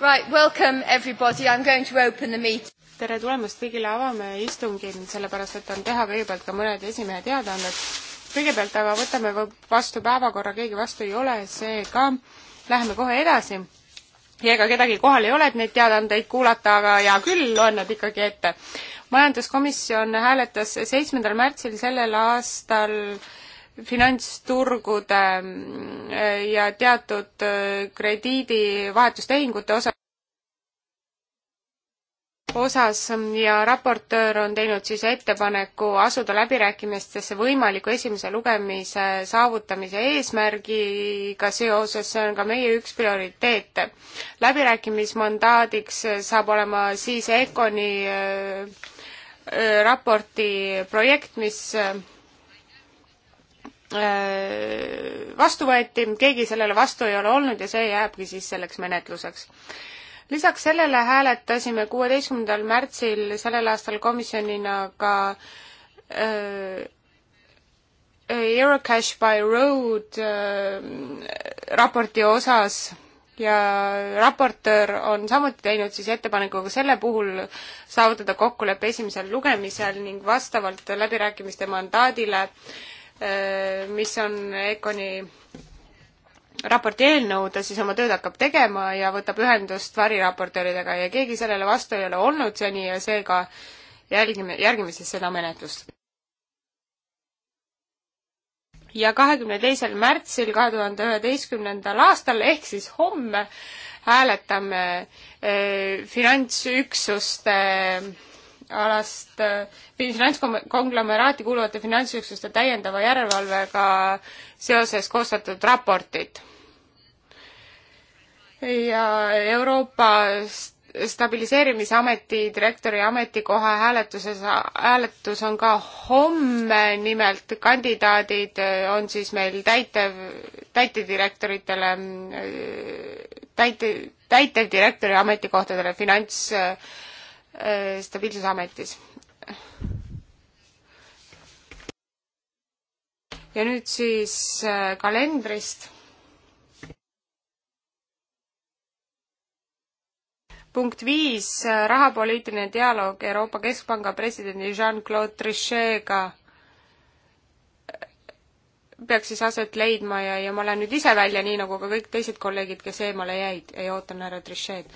Right, welcome everybody, I am going to open the meet-. tere tulemast kõigile, avame istungi, sellepärast et on teha kõigepealt ka mõned esimehe teadaanded. kõigepealt aga võtame vastu päevakorra, keegi vastu ei ole, seega läheme kohe edasi. ja ega kedagi kohal ei ole, et neid teadaandeid kuulata, aga hea küll, loen nad ikkagi ette. majanduskomisjon hääletas seitsmendal märtsil sellel aastal äh, finantsturgude mm, ja teatud äh, krediidivahetustehingute osa osas mm, ja raportöör on teinud siis ettepaneku asuda läbirääkimistesse võimaliku esimese lugemise saavutamise eesmärgiga seoses, see on ka meie üks prioriteete. läbirääkimismandaadiks saab olema siis ECONi äh, äh, raporti projekt, mis Äh, vastu võeti, keegi sellele vastu ei ole olnud ja see jääbki siis selleks menetluseks. lisaks sellele hääletasime kuueteistkümnendal märtsil sellel aastal komisjonina ka äh, Eurocash by Road äh, raporti osas ja raportöör on samuti teinud siis ettepaneku ka selle puhul saavutada kokkulepe esimesel lugemisel ning vastavalt läbirääkimiste mandaadile äh, Äh, mis on EKONi raporti eelnõu, ta siis oma tööd hakkab tegema ja võtab ühendust variraportööridega ja keegi sellele vastu ei ole olnud seni ja seega jälgime, järgime siis seda menetlust. ja kahekümne teisel märtsil kahe tuhande üheteistkümnendal aastal ehk siis homme hääletame eh, finantsüksuste eh, alast äh, finantskonglomeraati kuuluvate finantsüksuste täiendava järelevalvega seoses koostatud raportit. ja Euroopa stabiliseerimisameti direktori ametikoha hääletuses, hääletus on ka homme, nimelt kandidaadid äh, on siis meil täitev, täitedirektoritele, äh, täite, täitevdirektori ametikohtadele finants äh, Äh, stabiilsusametis. ja nüüd siis äh, kalendrist. punkt viis, äh, rahapoliitiline dialoog Euroopa Keskpanga presidendi Jean-Claude Trichet'ga peaks siis aset leidma ja, ja ma lähen nüüd ise välja, nii nagu ka kõik teised kolleegid, kes eemale jäid ja ootan härra Trichet.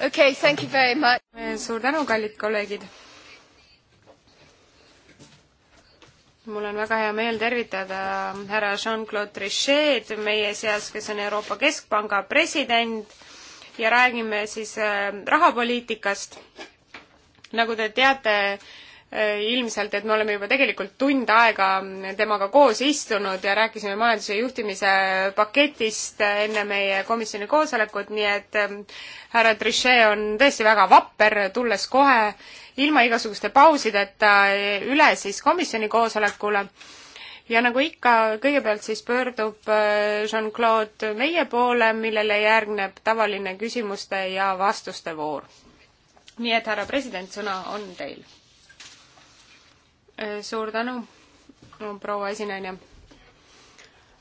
okay,. suur tänu, kallid kolleegid. mul on väga hea meel tervitada härra Jean-Claude Trichet meie seas, kes on Euroopa Keskpanga president ja räägime siis äh, rahapoliitikast. nagu te teate, Äh, ilmselt, et me oleme juba tegelikult tund aega temaga koos istunud ja rääkisime majanduse juhtimise paketist enne meie komisjoni koosolekut, nii et ähm, härra Trichet on tõesti väga vapper, tulles kohe ilma igasuguste pausideta üle siis komisjoni koosolekule. ja nagu ikka, kõigepealt siis pöördub äh, Jean-Claude meie poole, millele järgneb tavaline küsimuste ja vastuste voor. nii et härra president, sõna on teil Äh, suur tänu, proua esinaine.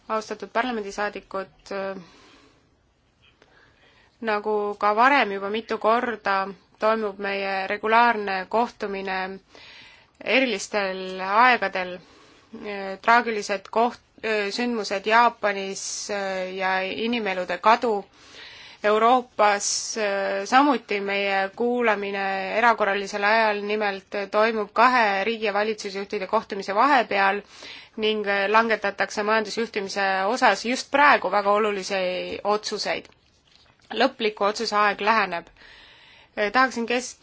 austatud parlamendisaadikud, äh, nagu ka varem juba mitu korda, toimub meie regulaarne kohtumine erilistel aegadel, äh, traagilised koht-, sündmused Jaapanis ja inimelude kadu Euroopas äh, samuti meie kuulamine erakorralisel ajal, nimelt toimub kahe riigi ja valitsusjuhtide kohtumise vahepeal ning äh, langetatakse majandusjuhtimise osas just praegu väga olulisi otsuseid. lõpliku otsuse aeg läheneb. Äh, tahaksin kes-,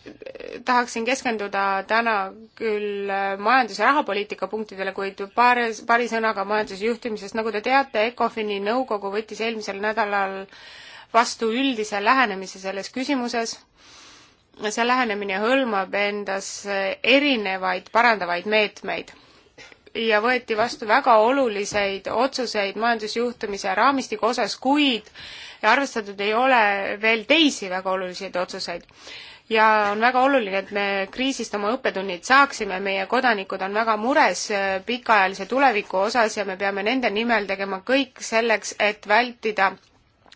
tahaksin keskenduda täna küll majandus- ja rahapoliitika punktidele, kuid paar, paari sõnaga majandusjuhtimisest. nagu te teate, ECOFIN-i nõukogu võttis eelmisel nädalal äh, vastu üldise lähenemise selles küsimuses. see lähenemine hõlmab endas erinevaid parandavaid meetmeid ja võeti vastu väga oluliseid otsuseid majandusjuhtimise raamistiku osas, kuid arvestatud ei ole veel teisi väga olulisi otsuseid. ja on väga oluline, et me kriisist oma õppetunnid saaksime, meie kodanikud on väga mures pikaajalise tuleviku osas ja me peame nende nimel tegema kõik selleks, et vältida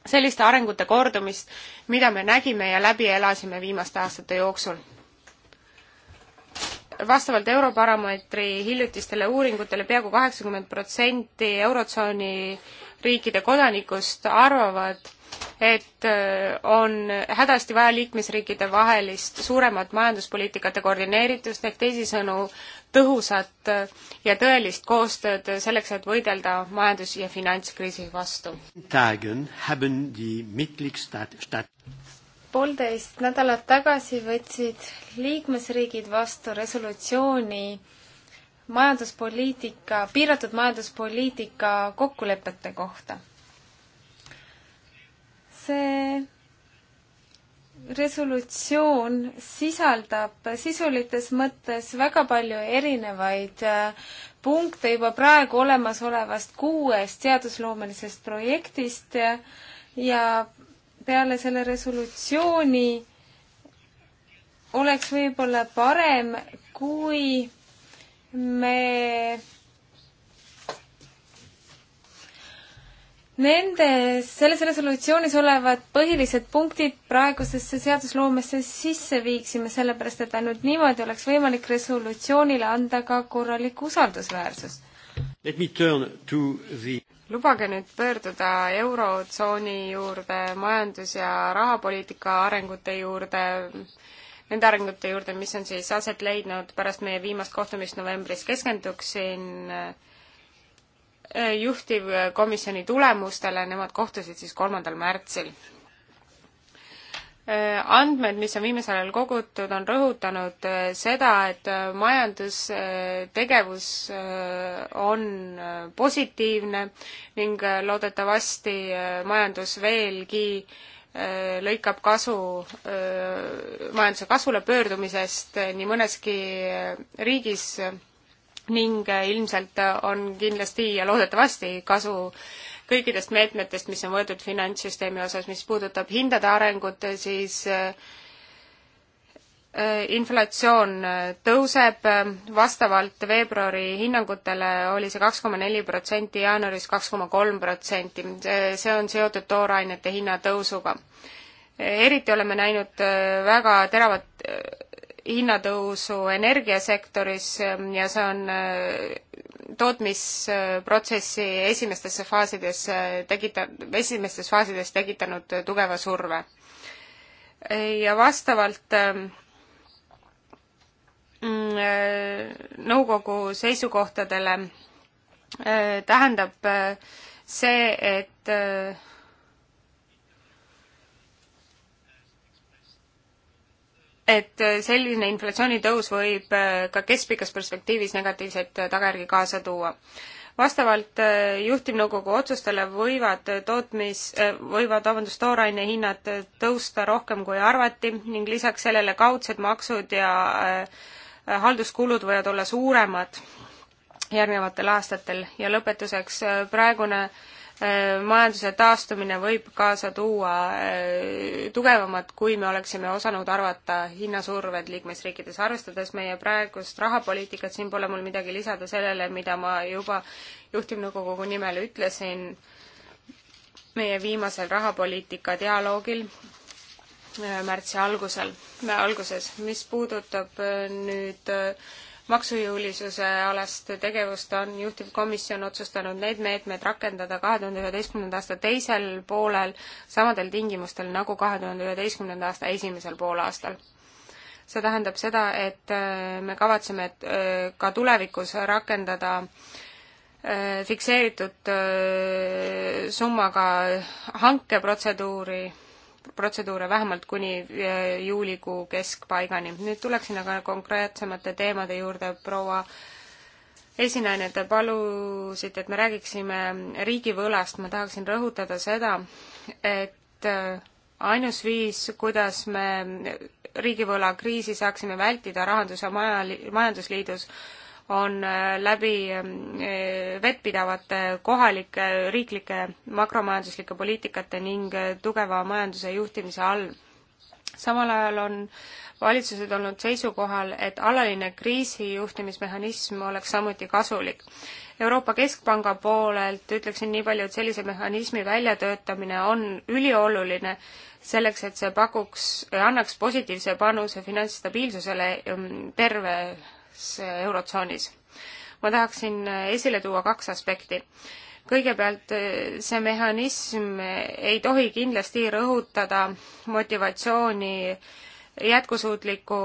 selliste arengute kordumist, mida me nägime ja läbi elasime viimaste aastate jooksul. vastavalt Europarameetri hiljutistele uuringutele peaaegu kaheksakümmend protsenti Eurotsooni riikide kodanikust arvavad, et äh, on hädasti vaja liikmesriikide vahelist suuremat majanduspoliitikate koordineeritust ehk teisisõnu tõhusat äh, ja tõelist koostööd selleks, et võidelda majandus- ja finantskriisi vastu. poolteist nädalat tagasi võtsid liikmesriigid vastu resolutsiooni majanduspoliitika, piiratud majanduspoliitika kokkulepete kohta see resolutsioon sisaldab sisulites mõttes väga palju erinevaid äh, punkte juba praegu olemasolevast kuuest seadusloomelisest projektist ja peale selle resolutsiooni oleks võib-olla parem, kui me Nendes, selles resolutsioonis olevad põhilised punktid praegusesse seadusloomesse sisse viiksime, sellepärast et ainult niimoodi oleks võimalik resolutsioonile anda ka korralik usaldusväärsus. The... lubage nüüd pöörduda Eurotsooni juurde, majandus- ja rahapoliitika arengute juurde, nende arengute juurde, mis on siis aset leidnud pärast meie viimast kohtumist novembris, keskenduksin äh, juhtivkomisjoni tulemustele, nemad kohtusid siis kolmandal märtsil. Andmed, mis on viimasel ajal kogutud, on rõhutanud äh, seda, et äh, majandustegevus äh, on positiivne ning loodetavasti majandus veelgi lõikab kasu majanduse kasvule pöördumisest nii mõneski riigis ning äh, ilmselt äh, on kindlasti ja loodetavasti kasu kõikidest meetmetest, mis on võetud finantssüsteemi osas, mis puudutab hindade arengut, siis äh, inflatsioon tõuseb, vastavalt veebruari hinnangutele oli see kaks koma neli protsenti, jaanuaris kaks koma kolm protsenti. see on seotud toorainete hinnatõusuga. eriti oleme näinud väga teravat hinnatõusu energiasektoris ehm, ja see on ehm, tootmisprotsessi esimestesse faasidesse tekita-, esimestes faasides tekitanud tugeva surve. ja vastavalt ehm, mm, nõukogu seisukohtadele tähendab see, et et äh, selline inflatsioonitõus võib äh, ka keskpikas perspektiivis negatiivseid äh, tagajärgi kaasa tuua. vastavalt juhtivnõukogu otsustele võivad tootmis, võivad, vabandust, tooraine hinnad tõusta rohkem kui arvati ning lisaks sellele kaudsed maksud ja halduskulud võivad olla suuremad järgnevatel aastatel ja lõpetuseks praegune äh, Äh, majanduse taastumine võib kaasa tuua äh, tugevamat, kui me oleksime osanud arvata hinnasurved liikmesriikides. arvestades meie praegust rahapoliitikat, siin pole mul midagi lisada sellele, mida ma juba juhtivnõukogu nimel ütlesin meie viimasel rahapoliitika dialoogil äh, märtsi algusel, alguses. mis puudutab nüüd maksujõulisuse alast tegevust on juhtivkomisjon otsustanud need meetmed rakendada kahe tuhande üheteistkümnenda aasta teisel poolel samadel tingimustel nagu kahe tuhande üheteistkümnenda aasta esimesel poolaastal. see tähendab seda, et äh, me kavatseme äh, ka tulevikus rakendada äh, fikseeritud summaga hankeprotseduuri protseduure vähemalt kuni eh, juulikuu keskpaigani. nüüd tuleksin aga konkreetsemate teemade juurde, proua esinaine, te palusite, et me räägiksime riigivõlast, ma tahaksin rõhutada seda, et eh, ainus viis, kuidas me riigivõlakriisi saaksime vältida Rahandus- ja Majali-, Majandusliidus, on äh, läbi ähm, äh, vettpidavate kohalike riiklike makromajanduslike poliitikate ning äh, tugeva majanduse juhtimise all. samal ajal on valitsused olnud seisukohal, et alaline kriisijuhtimismehhanism oleks samuti kasulik. Euroopa Keskpanga poolelt ütleksin nii palju, et sellise mehhanismi väljatöötamine on ülioluline selleks, et see pakuks, annaks positiivse panuse finantsstabiilsusele mm, terve Eurotsoonis. ma tahaksin esile tuua kaks aspekti. kõigepealt eh, see mehhanism ei tohi kindlasti rõhutada motivatsiooni jätkusuutliku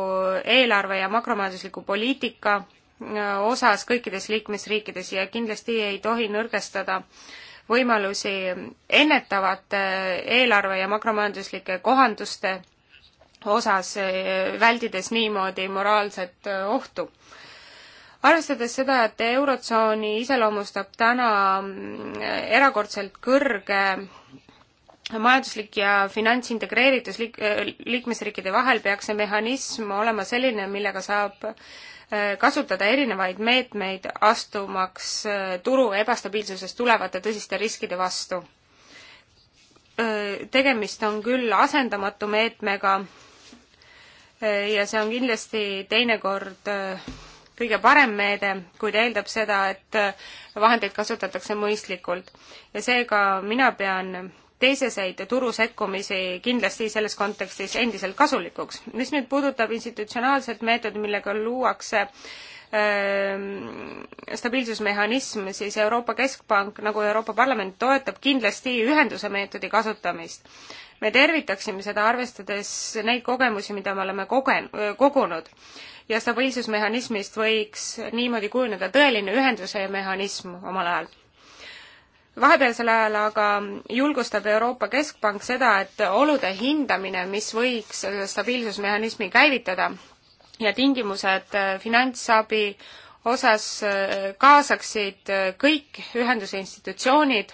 eelarve ja makromajandusliku poliitika eh, osas kõikides liikmesriikides ja kindlasti ei tohi nõrgestada võimalusi ennetavate eh, eelarve ja makromajanduslike kohanduste osas, eh, väldides niimoodi moraalset eh, ohtu. arvestades seda, et Eurotsooni iseloomustab täna mm, erakordselt kõrge majanduslik ja finantsintegreeritus liik-, eh, liikmesriikide vahel, peaks see mehhanism olema selline, millega saab kasutada erinevaid meetmeid, astumaks turu ebastabiilsusest tulevate tõsiste riskide vastu. Tegemist on küll asendamatu meetmega, Äh, ja see on kindlasti teinekord äh, kõige parem meede, kuid eeldab seda, et äh, vahendeid kasutatakse mõistlikult. ja seega mina pean teiseseid turu sekkumisi kindlasti selles kontekstis endiselt kasulikuks. mis nüüd puudutab institutsionaalset meetodit, millega luuakse ähm, stabiilsusmehhanism, siis Euroopa Keskpank nagu Euroopa Parlament toetab kindlasti ühenduse meetodi kasutamist me tervitaksime seda, arvestades neid kogemusi, mida me oleme kogen-, kogunud. ja stabiilsusmehhanismist võiks niimoodi kujuneda tõeline ühenduse mehhanism omal ajal vahepealsel ajal aga julgustab Euroopa Keskpank seda, et olude hindamine, mis võiks stabiilsusmehhanismi käivitada ja tingimused finantsabi osas kaasaksid kõik ühenduse institutsioonid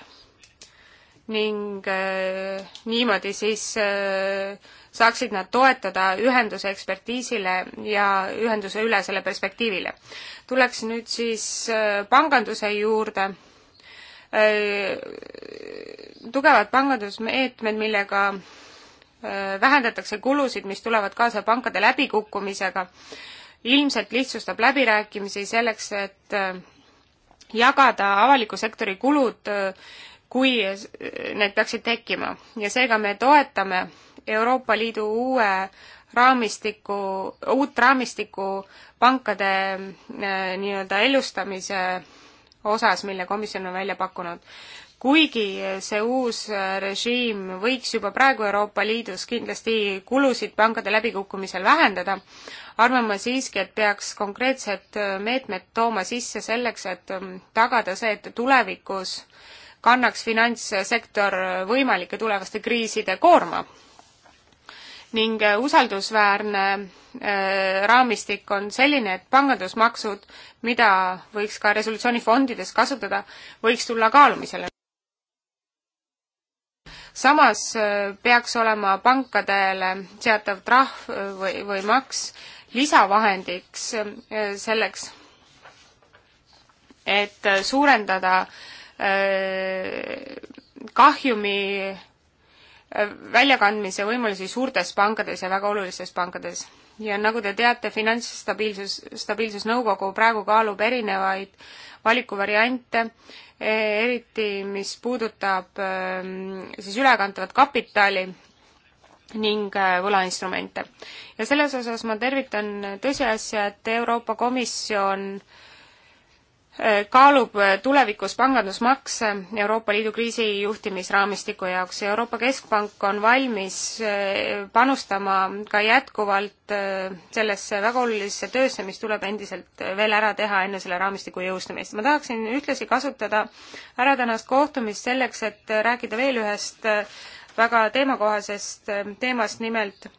ning äh, niimoodi siis äh, saaksid nad toetada ühenduse ekspertiisile ja ühenduse ülesele perspektiivile. tuleks nüüd siis äh, panganduse juurde äh,. tugevad pangandusmeetmed, millega äh, vähendatakse kulusid, mis tulevad kaasa pankade läbikukkumisega, ilmselt lihtsustab läbirääkimisi selleks, et äh, jagada avaliku sektori kulud äh, kui need peaksid tekkima ja seega me toetame Euroopa Liidu uue raamistiku, uut raamistikku pankade äh, nii-öelda ellustamise osas, mille komisjon on välja pakkunud. kuigi see uus äh, režiim võiks juba praegu Euroopa Liidus kindlasti kulusid pankade läbikukkumisel vähendada, arvan ma siiski, et peaks konkreetsed äh, meetmed tooma sisse selleks, et ähm, tagada see, et tulevikus äh, kannaks finantssektor võimalike tulevaste kriiside koorma. ning äh, usaldusväärne äh, raamistik on selline, et pangandusmaksud, mida võiks ka resolutsioonifondides kasutada, võiks tulla kaalumisele samas äh, peaks olema pankadele seatav trahv või, või maks lisavahendiks selleks, et suurendada Äh, kahjumi äh, väljakandmise võimalusi suurtes pankades ja väga olulistes pankades. ja nagu te teate, Finantsstabiilsus, Stabiilsusnõukogu praegu kaalub erinevaid valikuvariante, e, eriti mis puudutab ähm, siis ülekantavat kapitali ning äh, võlainstrumente. ja selles osas ma tervitan tõsiasja, et Euroopa Komisjon äh, kaalub tulevikus pangandusmakse Euroopa Liidu kriisijuhtimisraamistiku jaoks ja Euroopa Keskpank on valmis eh, panustama ka jätkuvalt eh, sellesse väga olulisesse töösse, mis tuleb endiselt veel ära teha enne selle raamistiku jõustumist. ma tahaksin ühtlasi kasutada ära tänast kohtumist selleks, et rääkida veel ühest eh, väga teemakohasest teemast, nimelt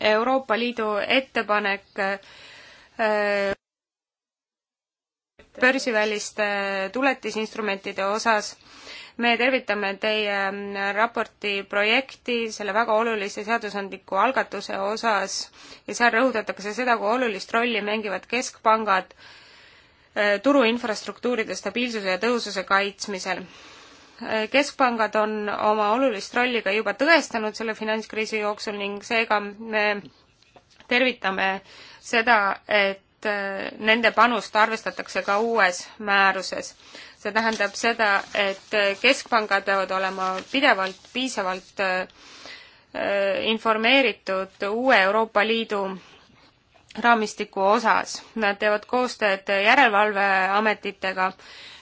Euroopa Liidu ettepanek börsiväliste tuletisinstrumentide osas. me tervitame teie mm, raporti projekti selle väga olulise seadusandliku algatuse osas ja seal rõhutatakse seda, kui olulist rolli mängivad keskpangad e, turu infrastruktuuride stabiilsuse ja tõhususe kaitsmisel e, keskpangad on oma olulist rolli ka juba tõestanud selle finantskriisi jooksul ning seega me tervitame seda, et et äh, nende panust arvestatakse ka uues määruses. see tähendab seda, et äh, keskpangad peavad olema pidevalt piisavalt äh, informeeritud uue Euroopa Liidu raamistiku osas. Nad teevad koostööd järelevalveametitega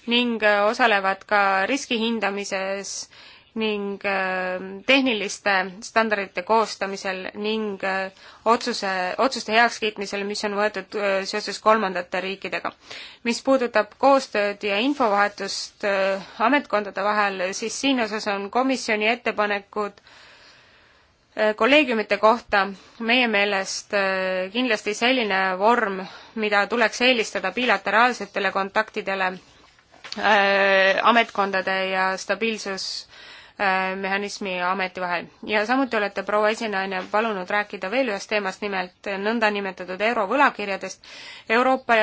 ning osalevad ka riski hindamises ning äh, tehniliste standardite koostamisel ning äh, otsuse, otsuste heakskiitmisel, mis on võetud äh, seoses kolmandate riikidega. mis puudutab koostööd ja infovahetust ametkondade vahel, siis siin osas on komisjoni ettepanekud kolleegiumite kohta meie meelest kindlasti selline vorm, mida tuleks eelistada bilateraalsetele kontaktidele äh, ametkondade ja stabiilsus mehhanismi ja ameti vahel. ja samuti olete, proua esinaine, palunud rääkida veel ühest teemast, nimelt nõndanimetatud eurovõlakirjadest. Euroopa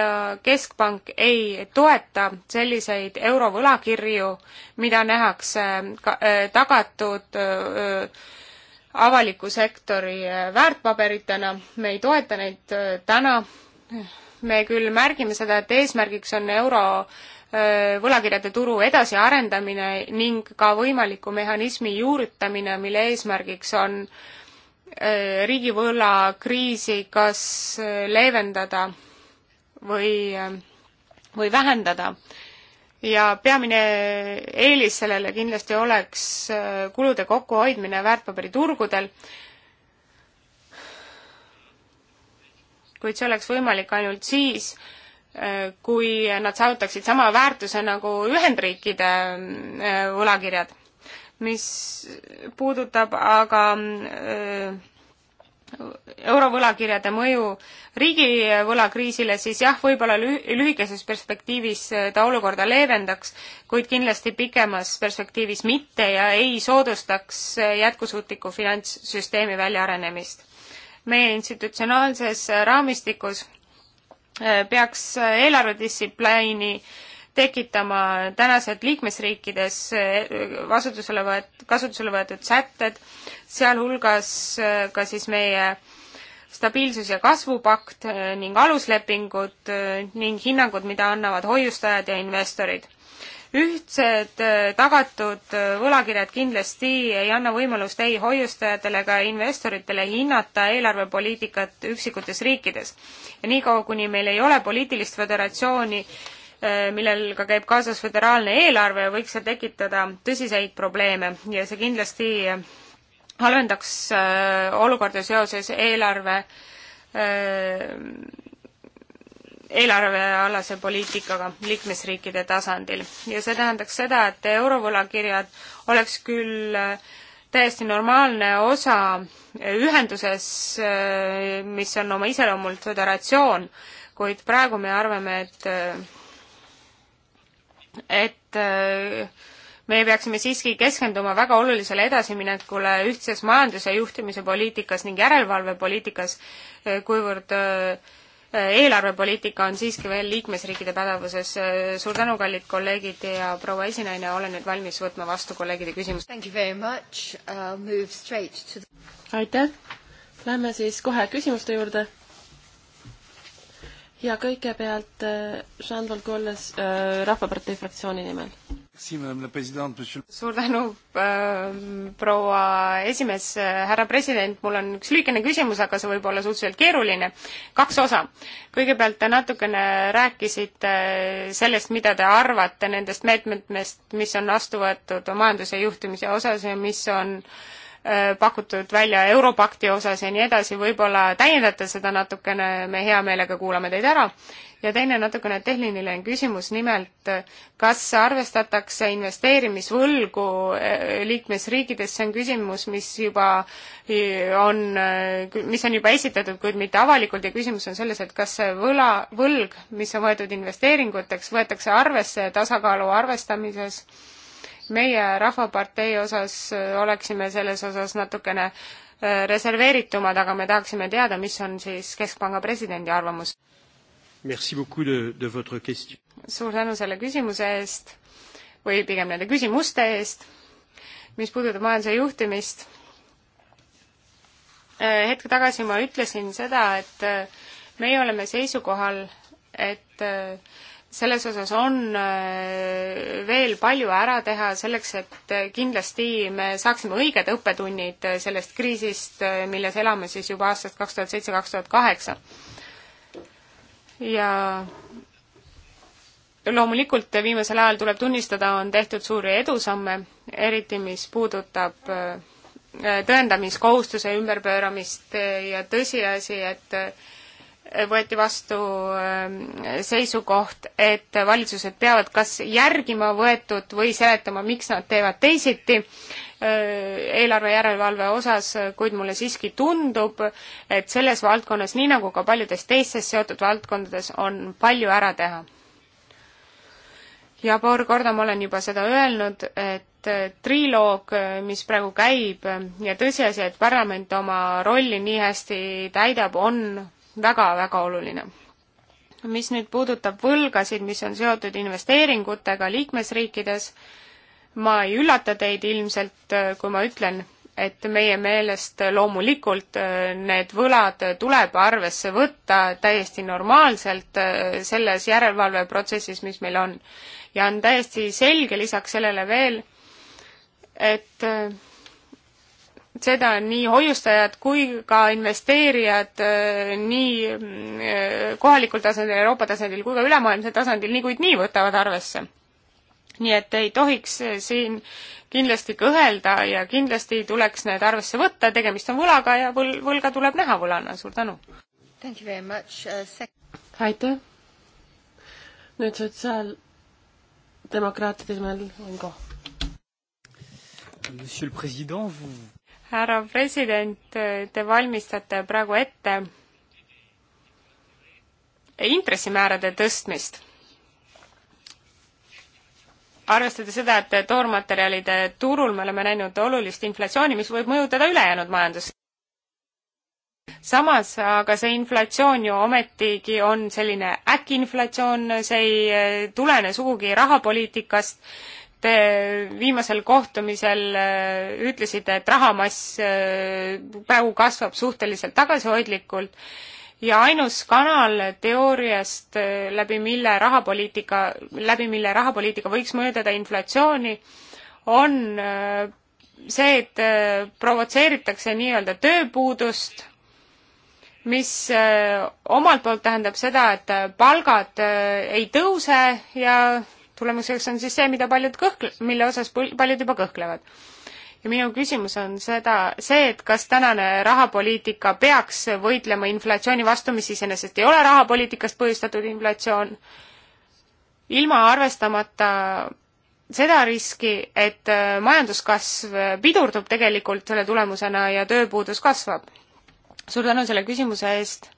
Keskpank ei toeta selliseid eurovõlakirju, mida nähakse ka, äh, tagatud öö, äh, avaliku sektori äh, väärtpaberitena, me ei toeta neid äh, täna, me küll märgime seda, et eesmärgiks on euro Äh, võlakirjade turu edasiarendamine ning ka võimaliku mehhanismi juurutamine, mille eesmärgiks on äh, riigivõlakriisi kas äh, leevendada või, või vähendada. ja peamine eelis sellele kindlasti oleks kulude kokkuhoidmine väärtpaberiturgudel, kuid see oleks võimalik ainult siis, Äh, kui nad saavutaksid sama väärtuse nagu Ühendriikide äh, võlakirjad. mis puudutab aga äh, eurovõlakirjade mõju riigi võlakriisile, siis jah, võib-olla lühikeses perspektiivis ta olukorda leevendaks, kuid kindlasti pikemas perspektiivis mitte ja ei soodustaks jätkusuutliku finantssüsteemi väljaarenemist. meie institutsionaalses raamistikus Äh, peaks äh, eelarvedistsipliini tekitama tänased liikmesriikides äh, vastutusele võet-, kasutusele võetud sätted, sealhulgas ka siis meie stabiilsus- ja kasvupakt ning aluslepingud ning hinnangud, mida annavad hoiustajad ja investorid ühtsed äh, tagatud äh, võlakirjad kindlasti ei anna võimalust ei hoiustajatele ega investoritele hinnata eelarvepoliitikat üksikutes riikides. ja niikaua, kuni meil ei ole poliitilist föderatsiooni, äh, millel ka käib kaasas föderaalne eelarve, võiks see tekitada tõsiseid probleeme ja see kindlasti halvendaks olukorda seoses eelarve eelarvealase poliitikaga liikmesriikide tasandil. ja see tähendaks seda, et eurovõlakirjad oleks küll äh, täiesti normaalne osa äh, ühenduses, äh, mis on oma iseloomult föderatsioon, kuid praegu me arvame, et et me peaksime siiski keskenduma väga olulisele edasiminekule ühtses majanduse juhtimise poliitikas ning järelevalvepoliitikas, kuivõrd äh, eelarvepoliitika on siiski veel liikmesriikide pädevuses. suur tänu, kallid kolleegid ja proua esinaine, olen nüüd valmis võtma vastu kolleegide küsimust. The... aitäh, lähme siis kohe küsimuste juurde ja kõigepealt äh, Jean-Paul Colles äh, Rahvapartei fraktsiooni nimel. suur tänu äh,, proua esimees, äh, härra president, mul on üks lühikene küsimus, aga see võib olla suhteliselt keeruline. kaks osa. kõigepealt te natukene rääkisite äh, sellest, mida te arvate nendest meetmetest, mis on vastu võetud majanduse juhtimise osas ja mis on äh, Äh, pakutud välja Europakti osas ja nii edasi, võib-olla täiendate seda natukene, me hea meelega kuulame teid ära. ja teine natukene tehniline küsimus, nimelt kas arvestatakse investeerimisvõlgu äh, liikmesriikides, see on küsimus, mis juba äh, on, mis on juba esitatud, kuid mitte avalikult ja küsimus on selles, et kas see võla, võlg, mis on võetud investeeringuteks, võetakse arvesse tasakaalu arvestamises meie Rahvapartei osas äh, oleksime selles osas natukene äh, reserveeritumad, aga me tahaksime teada, mis on siis Keskpanga presidendi arvamus. suur tänu selle küsimuse eest või pigem nende küsimuste eest, mis puudutab majanduse juhtimist. Äh, hetk tagasi ma ütlesin seda, et meie oleme seisukohal, et selles osas on äh, veel palju ära teha selleks, et äh, kindlasti me saaksime õiged õppetunnid äh, sellest kriisist, milles elame siis juba aastast kaks tuhat seitse, kaks tuhat kaheksa. ja loomulikult viimasel ajal tuleb tunnistada, on tehtud suuri edusamme, eriti mis puudutab tõendamiskohustuse ümberpööramist ja tõsiasi, et võeti vastu ähm, seisukoht, et valitsused peavad kas järgima võetud või seletama, miks nad teevad teisiti äh, eelarve järelevalve osas, kuid mulle siiski tundub, et selles valdkonnas, nii nagu ka paljudes teistes seotud valdkondades, on palju ära teha. ja paar korda ma olen juba seda öelnud, et äh, triloog, äh, mis praegu käib ja tõsiasi, et parlament oma rolli nii hästi täidab, on väga-väga oluline. mis nüüd puudutab võlgasid, mis on seotud investeeringutega liikmesriikides, ma ei üllata teid ilmselt, äh, kui ma ütlen, et meie meelest loomulikult äh, need võlad tuleb arvesse võtta täiesti normaalselt äh, selles järelevalveprotsessis, mis meil on. ja on täiesti selge lisaks sellele veel, et seda nii hoiustajad kui ka investeerijad äh, nii äh, kohalikul tasandil, Euroopa tasandil kui ka ülemaailmsel tasandil niikuinii võtavad arvesse. nii et ei tohiks äh, siin kindlasti kõhelda ja kindlasti tuleks need arvesse võtta, tegemist on võlaga ja võl-, võlga tuleb näha võlana, suur tänu! Uh, aitäh! nüüd sotsiaaldemokraatide nimel Ungo. Monsieur le Président, vous härra president, te valmistate praegu ette intressimäärade tõstmist. arvestades seda, et toormaterjalide turul me oleme näinud olulist inflatsiooni, mis võib mõjutada ülejäänud majandust. samas aga see inflatsioon ju ometigi on selline äkkinflatsioon, see ei eh, tulene sugugi rahapoliitikast Te viimasel kohtumisel äh, ütlesite, et rahamass äh, praegu kasvab suhteliselt tagasihoidlikult ja ainus kanal teooriast, äh, läbi mille rahapoliitika, läbi mille rahapoliitika võiks mõjutada inflatsiooni, on see, et provotseeritakse nii-öelda tööpuudust, mis omalt poolt tähendab seda, et palgad ei tõuse ja tulemuseks on siis see, mida paljud kõhk-, mille osas paljud juba kõhklevad. ja minu küsimus on seda, see, et kas tänane rahapoliitika peaks võitlema inflatsiooni vastu, mis iseenesest ei ole rahapoliitikast põhjustatud inflatsioon, ilma arvestamata seda riski, et äh, majanduskasv pidurdub tegelikult selle tulemusena ja tööpuudus kasvab. suur tänu selle küsimuse eest.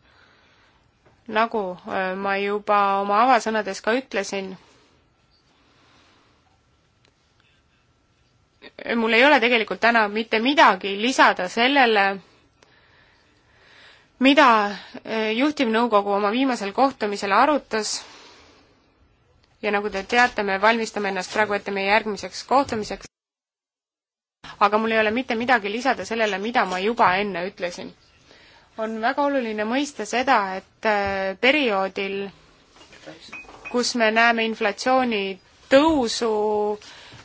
nagu äh, ma juba oma avasõnades ka ütlesin mul ei ole tegelikult täna mitte midagi lisada sellele, mida eh, juhtivnõukogu oma viimasel kohtumisel arutas ja nagu te teate, me valmistame ennast praegu ette meie järgmiseks kohtumiseks. aga mul ei ole mitte midagi lisada sellele, mida ma juba enne ütlesin. on väga oluline mõista seda, et eh, perioodil, kus me näeme inflatsiooni tõusu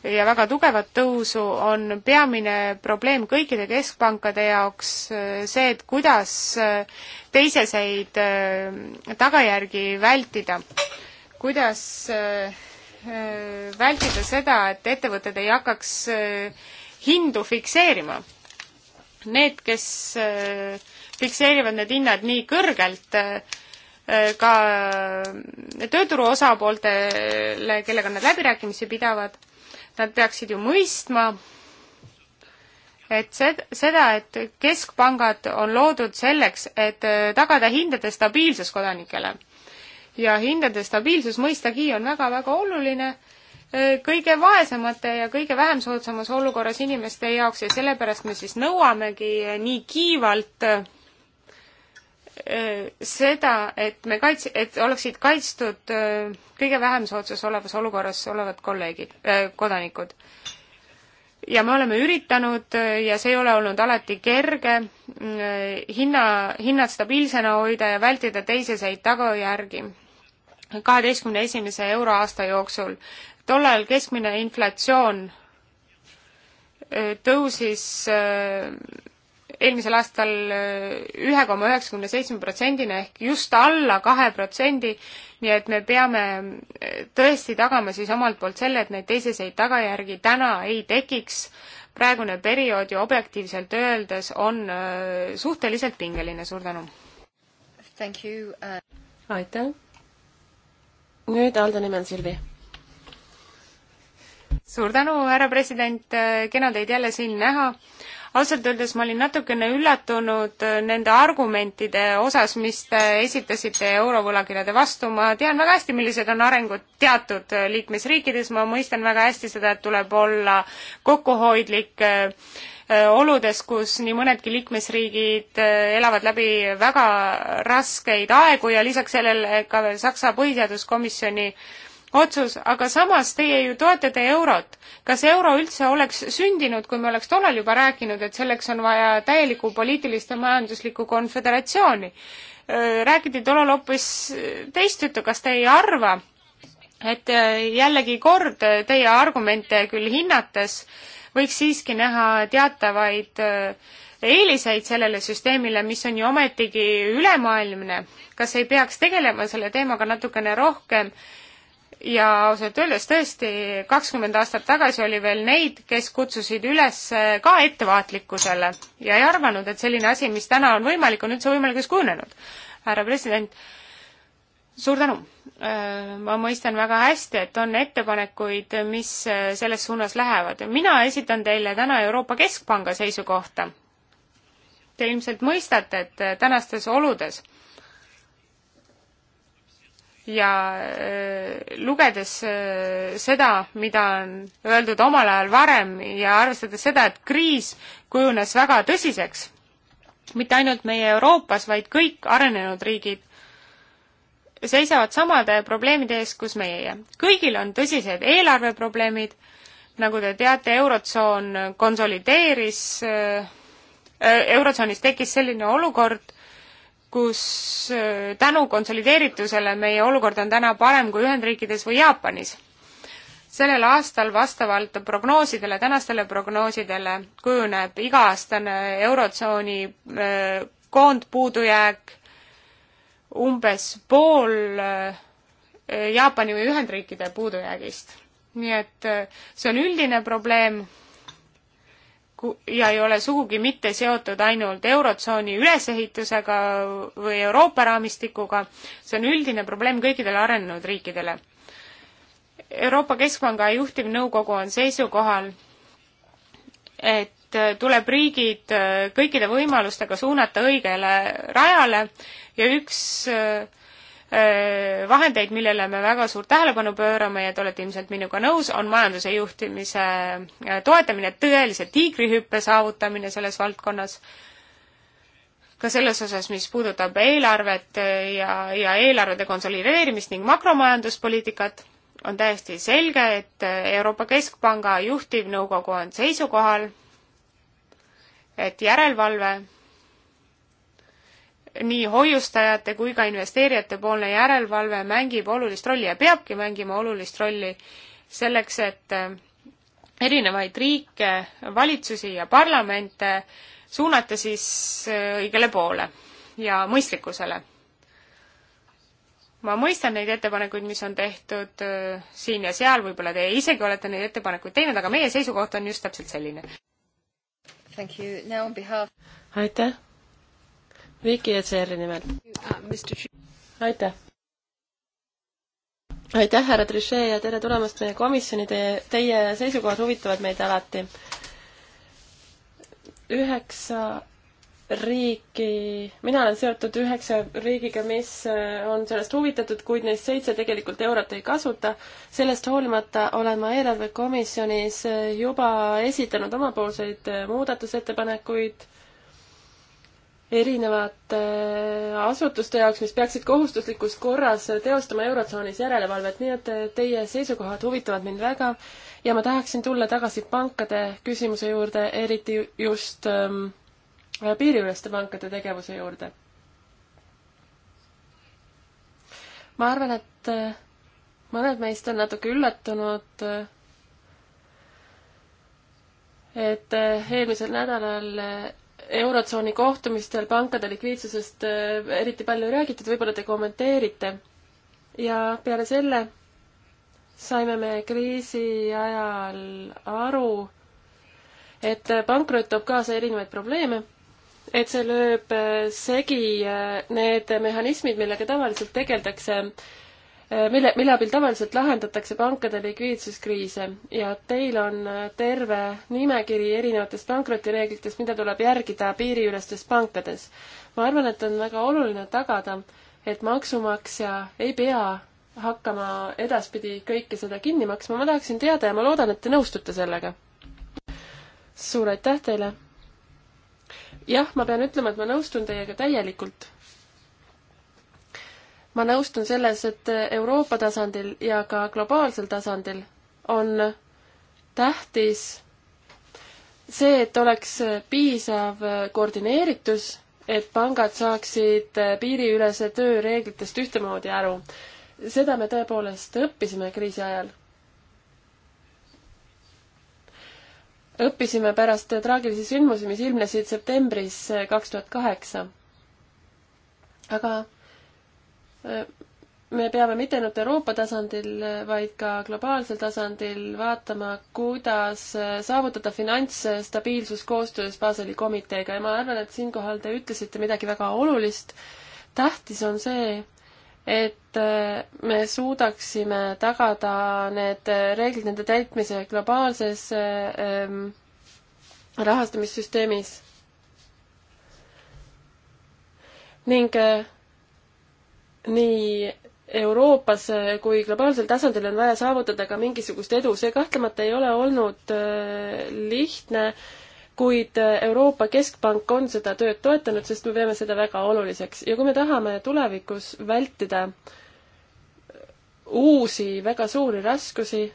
ja väga tugevat tõusu, on peamine probleem kõikide keskpankade jaoks äh, see, et kuidas äh, teiseseid äh, tagajärgi vältida. kuidas vältida seda, et ettevõtted ei hakkaks hindu fikseerima. Need, kes fikseerivad need hinnad nii kõrgelt, ka tööturu osapooltele, kellega nad läbirääkimisi pidavad, Nad peaksid ju mõistma, et seda, et keskpangad on loodud selleks, et äh, tagada hindade stabiilsus kodanikele. ja hindade stabiilsus mõistagi on väga-väga oluline äh, kõige vaesemate ja kõige vähem soodsamas olukorras inimeste jaoks ja sellepärast me siis nõuamegi äh, nii kiivalt Äh, seda, et me kaits-, et oleksid kaitstud äh, kõige vähem soodsas olevas olukorras olevad kolleegid, äh, kodanikud. ja me oleme üritanud ja see ei ole olnud alati kerge, hinna, hinnad stabiilsena hoida ja vältida teiseseid tagajärgi kaheteistkümne esimese euroaasta jooksul. tollal keskmine inflatsioon tõusis eelmisel aastal äh, ühe koma üheksakümne seitsme protsendina ehk just alla kahe protsendi, nii et me peame äh, tõesti tagama siis omalt poolt selle, et neid teiseseid tagajärgi täna ei tekiks. praegune periood ju objektiivselt öeldes on äh, suhteliselt pingeline, suur tänu! Uh, aitäh! nüüd Aldo nimel Silvi suur tänu, härra president, kena teid jälle siin näha ausalt öeldes ma olin natukene üllatunud äh, nende argumentide osas, mis te esitasite eurovõlakirjade vastu, ma tean väga hästi, millised on arengud teatud äh, liikmesriikides, ma mõistan väga hästi seda, et tuleb olla kokkuhoidlik äh, oludes, kus nii mõnedki liikmesriigid elavad läbi väga raskeid aegu ja lisaks sellele ka veel Saksa põhiseaduskomisjoni äh, otsus, aga samas teie ju toetate eurot. kas euro üldse oleks sündinud, kui me oleks tollal juba rääkinud, et selleks on vaja täielikku poliitilist ja majanduslikku konföderatsiooni? räägiti tollal hoopis teist juttu, kas te ei arva, et jällegi kord teie argumente küll hinnates võiks siiski näha teatavaid eeliseid sellele süsteemile, mis on ju ometigi ülemaailmne, kas ei peaks tegelema selle teemaga natukene rohkem äh, ja ausalt öeldes tõesti, kakskümmend aastat tagasi oli veel neid, kes kutsusid üles äh, ka ettevaatlikkusele ja ei arvanud, et selline asi, mis täna on võimalik, on üldse võimalikuks kujunenud. härra president, suur tänu! Äh, ma mõistan väga hästi, et on ettepanekuid, mis äh, selles suunas lähevad. mina esitan teile täna Euroopa Keskpanga seisukohta. Te ilmselt mõistate, et tänastes oludes ja äh, lugedes äh, seda, mida on öeldud omal ajal varem ja arvestades seda, et kriis kujunes väga tõsiseks, mitte ainult meie Euroopas, vaid kõik arenenud riigid seisavad samade probleemide ees, kus meie. kõigil on tõsised eelarveprobleemid, nagu te teate, Eurotsoon konsolideeris, äh, Eurotsoonis tekkis selline olukord, kus äh, tänu konsolideeritusele meie olukord on täna parem kui Ühendriikides või Jaapanis. sellel aastal vastavalt prognoosidele, tänastele prognoosidele kujuneb iga-aastane Eurotsooni äh, koondpuudujääk umbes pool äh, Jaapani või Ühendriikide puudujäägist. nii et see on üldine probleem ja ei ole sugugi mitte seotud ainult Eurotsooni ülesehitusega või Euroopa raamistikuga, see on üldine probleem kõikidele arenenud riikidele. Euroopa Keskpanga juhtivnõukogu on seisukohal, et tuleb riigid kõikide võimalustega suunata õigele rajale ja üks äh, Äh, vahendeid, millele me väga suurt tähelepanu pöörame ja te olete ilmselt minuga nõus, on majanduse juhtimise äh, toetamine, tõelise tiigrihüppe saavutamine selles valdkonnas, ka selles osas, mis puudutab eelarvet äh, ja, ja eelarvete konsolideerimist ning makromajanduspoliitikat, on täiesti selge, et Euroopa Keskpanga juhtivnõukogu on seisukohal, et järelevalve nii hoiustajate kui ka investeerijate poolne järelevalve mängib olulist rolli ja peabki mängima olulist rolli selleks, et eh, erinevaid riike, valitsusi ja parlamente suunata siis eh, õigele poole ja mõistlikkusele. ma mõistan neid ettepanekuid, mis on tehtud eh, siin ja seal, võib-olla teie isegi olete neid ettepanekuid teinud, aga meie seisukoht on just täpselt selline. aitäh! Viki Etseri nimel. Uh, aitäh! aitäh, härra Trichet ja tere tulemast meie komisjoni, teie, teie seisukohad huvitavad meid alati. üheksa riiki, mina olen seotud üheksa riigiga, mis äh, on sellest huvitatud, kuid neist seitse tegelikult eurot ei kasuta. sellest hoolimata olen ma eelarvekomisjonis äh, juba esitanud omapoolseid äh, muudatusettepanekuid erinevate asutuste jaoks, mis peaksid kohustuslikus korras teostama Eurotsoonis järelevalvet, nii et teie seisukohad huvitavad mind väga ja ma tahaksin tulla tagasi pankade küsimuse juurde, eriti just ähm, piiriüleste pankade tegevuse juurde. ma arvan, et äh, mõned meist on natuke üllatunud äh, et äh, eelmisel nädalal Eurotsooni kohtumistel pankade likviidsusest eh, eriti palju ei räägitud, võib-olla te kommenteerite. ja peale selle saime me kriisi ajal aru, et pankrot toob kaasa erinevaid probleeme, et see lööb segi eh, need mehhanismid, millega tavaliselt tegeldakse äh, Äh, mille, mille abil tavaliselt lahendatakse pankade likviidsuskriise ja teil on äh, terve nimekiri erinevatest pankrotireeglitest, mida tuleb järgida piiriülestes pankades. ma arvan, et on väga oluline tagada, et maksumaksja ei pea hakkama edaspidi kõike seda kinni maksma, ma tahaksin teada ja ma loodan, et te nõustute sellega. suur aitäh teile! jah, ma pean ütlema, et ma nõustun teiega täielikult ma nõustun selles, et Euroopa tasandil ja ka globaalsel tasandil on tähtis see, et oleks piisav koordineeritus, et pangad saaksid piiriülese töö reeglitest ühtemoodi aru. seda me tõepoolest õppisime kriisi ajal. õppisime pärast traagilisi sündmusi, mis ilmnesid septembris kaks tuhat kaheksa. aga me peame mitte ainult Euroopa tasandil, vaid ka globaalsel tasandil vaatama, kuidas saavutada finantsstabiilsus koostöös Baseli komiteega ja ma arvan, et siinkohal te ütlesite midagi väga olulist. tähtis on see, et me suudaksime tagada need reeglid, nende täitmise globaalses ähm, rahastamissüsteemis ning äh, nii Euroopas kui globaalsel tasandil on vaja saavutada ka mingisugust edu, see kahtlemata ei ole olnud äh, lihtne, kuid äh, Euroopa Keskpank on seda tööd toetanud, sest me peame seda väga oluliseks ja kui me tahame tulevikus vältida äh, uusi väga suuri raskusi,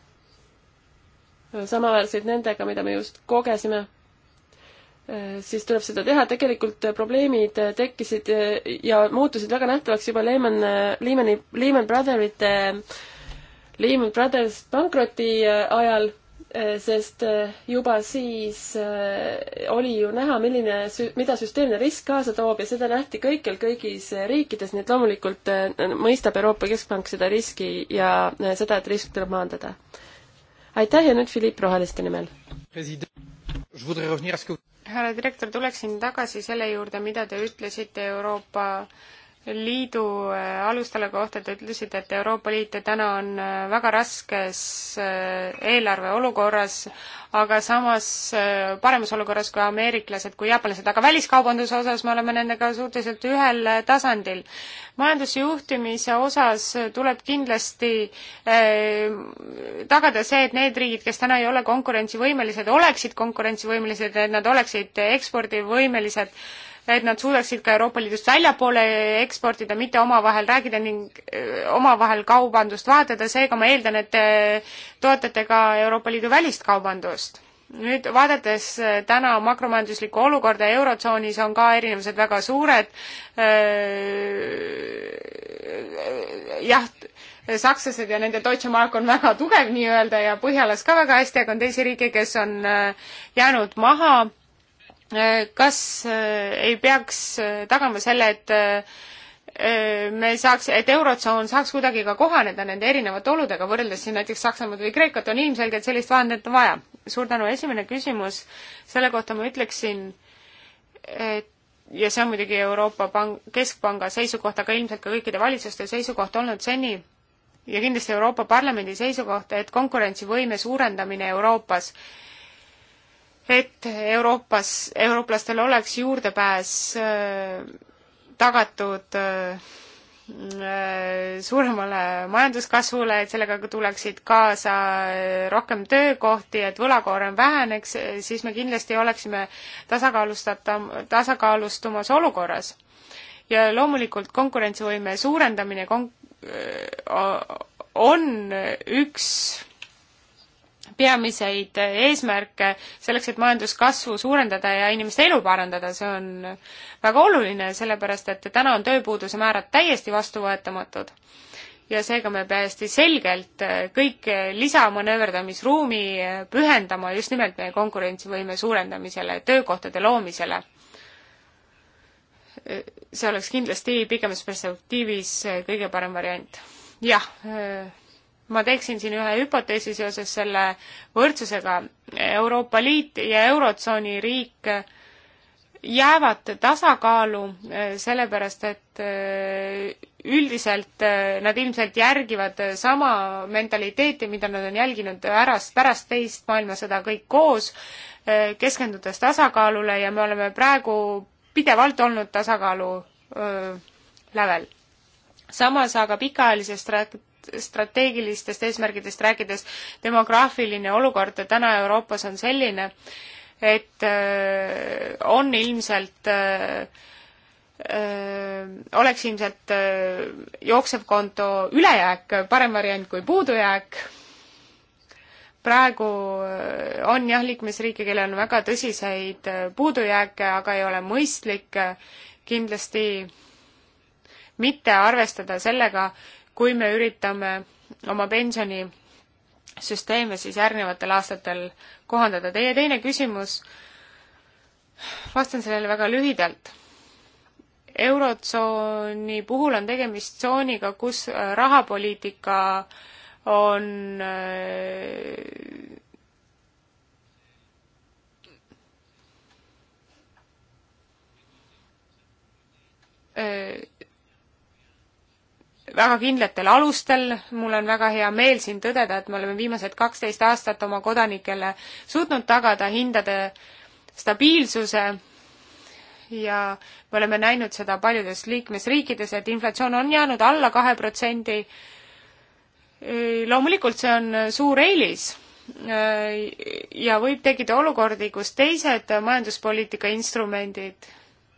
samaväärseid nendega, mida me just kogesime Äh, siis tuleb seda teha, tegelikult äh, probleemid äh, tekkisid ja muutusid väga nähtavaks juba Lehman, Lehmani, Lehman Brotherite, Lehman Brothers pankroti ajal, sest juba siis oli ju näha, milline, mida süsteemne risk kaasa toob ja seda nähti kõikjal kõigis riikides, nii et loomulikult mõistab Euroopa Keskpank seda riski ja seda, et risk tuleb maandada. aitäh ja nüüd Philipp Roheliste nimel. president, je voudrais revenir à ce que härra direktor, tuleksin tagasi selle juurde, mida te ütlesite Euroopa Liidu äh, alustala kohta te ütlesite, et Euroopa Liit täna on äh, väga raskes äh, eelarve olukorras, aga samas paremas olukorras kui ameeriklased, kui jaapanlased, aga väliskaubanduse osas me oleme nendega suhteliselt ühel tasandil. majandusjuhtimise osas tuleb kindlasti tagada see, et need riigid, kes täna ei ole konkurentsivõimelised, oleksid konkurentsivõimelised, et nad oleksid ekspordivõimelised et nad suudaksid ka Euroopa Liidust väljapoole eksportida, mitte omavahel rääkida ning omavahel kaubandust vahetada, seega ma eeldan, et te toetate ka Euroopa Liidu välist kaubandust nüüd vaadates täna makromajanduslikku olukorda Eurotsoonis on ka erinevused väga suured. Äh, jah, sakslased ja nende Deutsche Mark on väga tugev nii-öelda ja Põhjalas ka väga hästi, aga on teisi riike, kes on äh, jäänud maha kas äh, ei peaks äh, tagama selle, et äh, me saaks, et Eurotsoon saaks kuidagi ka kohaneda nende erinevate oludega, võrreldes siin näiteks Saksamaad või Kreekat, on ilmselge, et sellist vahendit on vaja. suur tänu, esimene küsimus, selle kohta ma ütleksin, et ja see on muidugi Euroopa Pang-, Keskpanga seisukoht, aga ilmselt ka kõikide valitsuste seisukoht olnud seni ja kindlasti Euroopa Parlamendi seisukoht, et konkurentsivõime suurendamine Euroopas et Euroopas, eurooplastel oleks juurdepääs äh, tagatud äh, äh, suuremale majanduskasvule, et sellega tuleksid kaasa rohkem töökohti, et võlakoorem väheneks, siis me kindlasti oleksime tasakaalustatam, tasakaalustumas olukorras. ja loomulikult konkurentsivõime suurendamine kon-, on üks peamiseid eesmärke selleks, et majanduskasvu suurendada ja inimeste elu parandada, see on väga oluline, sellepärast et täna on tööpuuduse määrad täiesti vastuvõetamatud. ja seega me täiesti selgelt kõik lisamanööverdamisruumi pühendama just nimelt meie konkurentsivõime suurendamisele, töökohtade loomisele see oleks kindlasti pikemas perspektiivis kõige parem variant. jah ma teeksin siin ühe hüpoteesi seoses selle võrdsusega. Euroopa Liit ja Eurotsooni riik jäävad tasakaalu, eh, sellepärast et eh, üldiselt eh, nad ilmselt järgivad sama mentaliteeti, mida nad on jälginud ärast, pärast teist maailmasõda kõik koos, keskendudes tasakaalule ja me oleme praegu pidevalt olnud tasakaalu öö, lävel. samas aga pikaajalise strate-, strateegilistest eesmärgidest rääkides, demograafiline olukord täna Euroopas on selline, et äh, on ilmselt Öö, äh, äh, oleks ilmselt öö, jooksevkonto ülejääk parem variant kui puudujääk. praegu on jah liikmesriike, kellel on väga tõsiseid puudujääke, aga ei ole mõistlik kindlasti mitte arvestada sellega, kui me üritame oma pensionisüsteeme siis järgnevatel aastatel kohandada. Teie teine küsimus, vastan sellele väga lühidalt. eurotsooni puhul on tegemist tsooniga, kus rahapoliitika on öö, äh, äh, väga kindlatel alustel, mul on väga hea meel siin tõdeda, et me oleme viimased kaksteist aastat oma kodanikele suutnud tagada hindade stabiilsuse ja me oleme näinud seda paljudes liikmesriikides, et inflatsioon on jäänud alla kahe protsendi. loomulikult see on suur eelis ja võib tekkida olukordi, kus teised majanduspoliitika instrumendid,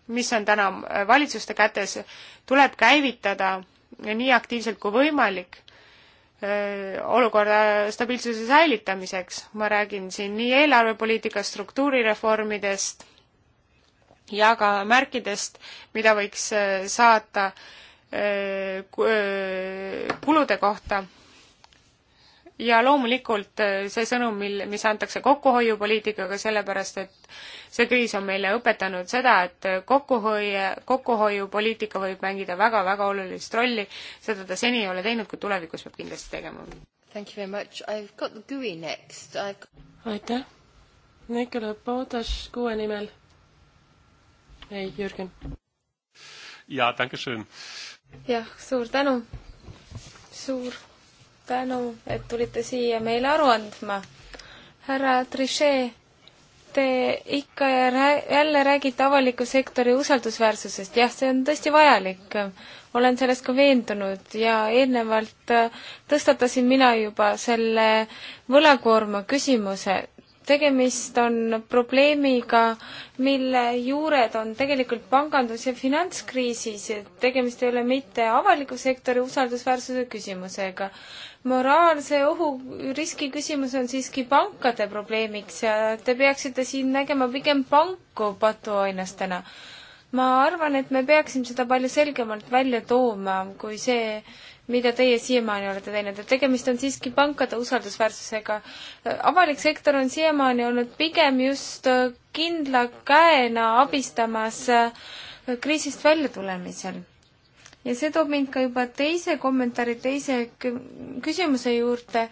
mis on täna valitsuste kätes, tuleb käivitada nii aktiivselt kui võimalik olukorra stabiilsuse säilitamiseks. ma räägin siin nii eelarvepoliitikast, struktuurireformidest ja ka märkidest, mida võiks saata kulude kohta ja loomulikult äh, see sõnum, mil, mis antakse kokkuhoiupoliitikaga, sellepärast et see kriis on meile õpetanud seda, et äh, kokkuhoi-, kokkuhoiupoliitika võib mängida väga-väga olulist rolli, seda ta seni ei ole teinud, kuid tulevikus peab kindlasti tegema. Thank you very much, I have got the GUI next got.... aitäh, Nikola Podas kuue nimel. ei, Jürgen. jaa, tänke schön. jah, suur tänu, suur tänu, et tulite siia meile aru andma. härra Trichet, te ikka ja rää-, jälle räägite avaliku sektori usaldusväärsusest, jah, see on tõesti vajalik, olen selles ka veendunud ja eelnevalt äh, tõstatasin mina juba selle võlakoorma küsimuse, tegemist on probleemiga, mille juured on tegelikult pangandus- ja finantskriisis, et tegemist ei ole mitte avaliku sektori usaldusväärsuse küsimusega, moraalse ohuriski küsimus on siiski pankade probleemiks ja te peaksite siin nägema pigem panku patuoinastena. ma arvan, et me peaksime seda palju selgemalt välja tooma kui see, mida teie siiamaani olete teinud, et tegemist on siiski pankade usaldusväärsusega. avalik sektor on siiamaani olnud pigem just kindla käena abistamas kriisist väljatulemisel ja see toob mind ka juba teise kommentaari, teise küsimuse juurde,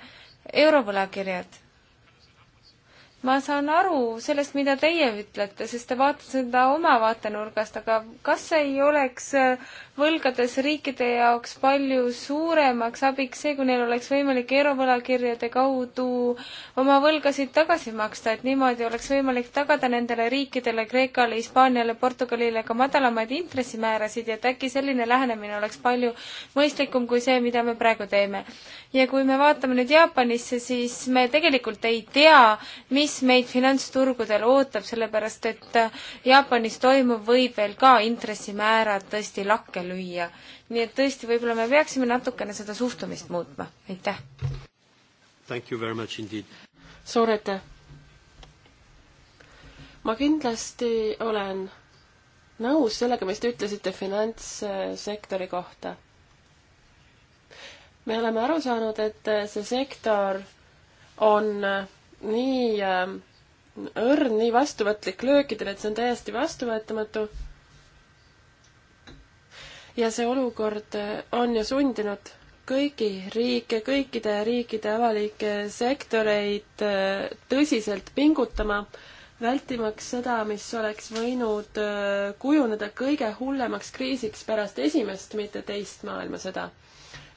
eurovõlakirjad ma saan aru sellest, mida teie ütlete, sest te vaatate seda oma vaatenurgast, aga kas ei oleks äh, võlgades riikide jaoks palju suuremaks abiks see, kui neil oleks võimalik eurovõlakirjade kaudu oma võlgasid tagasi maksta, et niimoodi oleks võimalik tagada nendele riikidele, Kreekale, Hispaaniale, Portugalile ka madalamaid intressimäärasid ja et äkki selline lähenemine oleks palju mõistlikum kui see, mida me praegu teeme. ja kui me vaatame nüüd Jaapanisse, siis me tegelikult ei tea, mis mis meid finantsturgudel ootab, sellepärast et äh, Jaapanis toimuv võib veel ka intressimäärad tõesti lakke lüüa. nii et tõesti, võib-olla me peaksime natukene seda suhtumist muutma, aitäh! suur aitäh! ma kindlasti olen nõus sellega, mis te ütlesite finantssektori kohta. me oleme aru saanud, et see sektor on nii äh, õrn, nii vastuvõtlik löökidele, et see on täiesti vastuvõetamatu. ja see olukord äh, on ju sundinud kõiki riike, kõikide riikide avalikke sektoreid äh, tõsiselt pingutama, vältimaks seda, mis oleks võinud kujuneda kõige hullemaks kriisiks pärast esimest, mitte teist maailmasõda.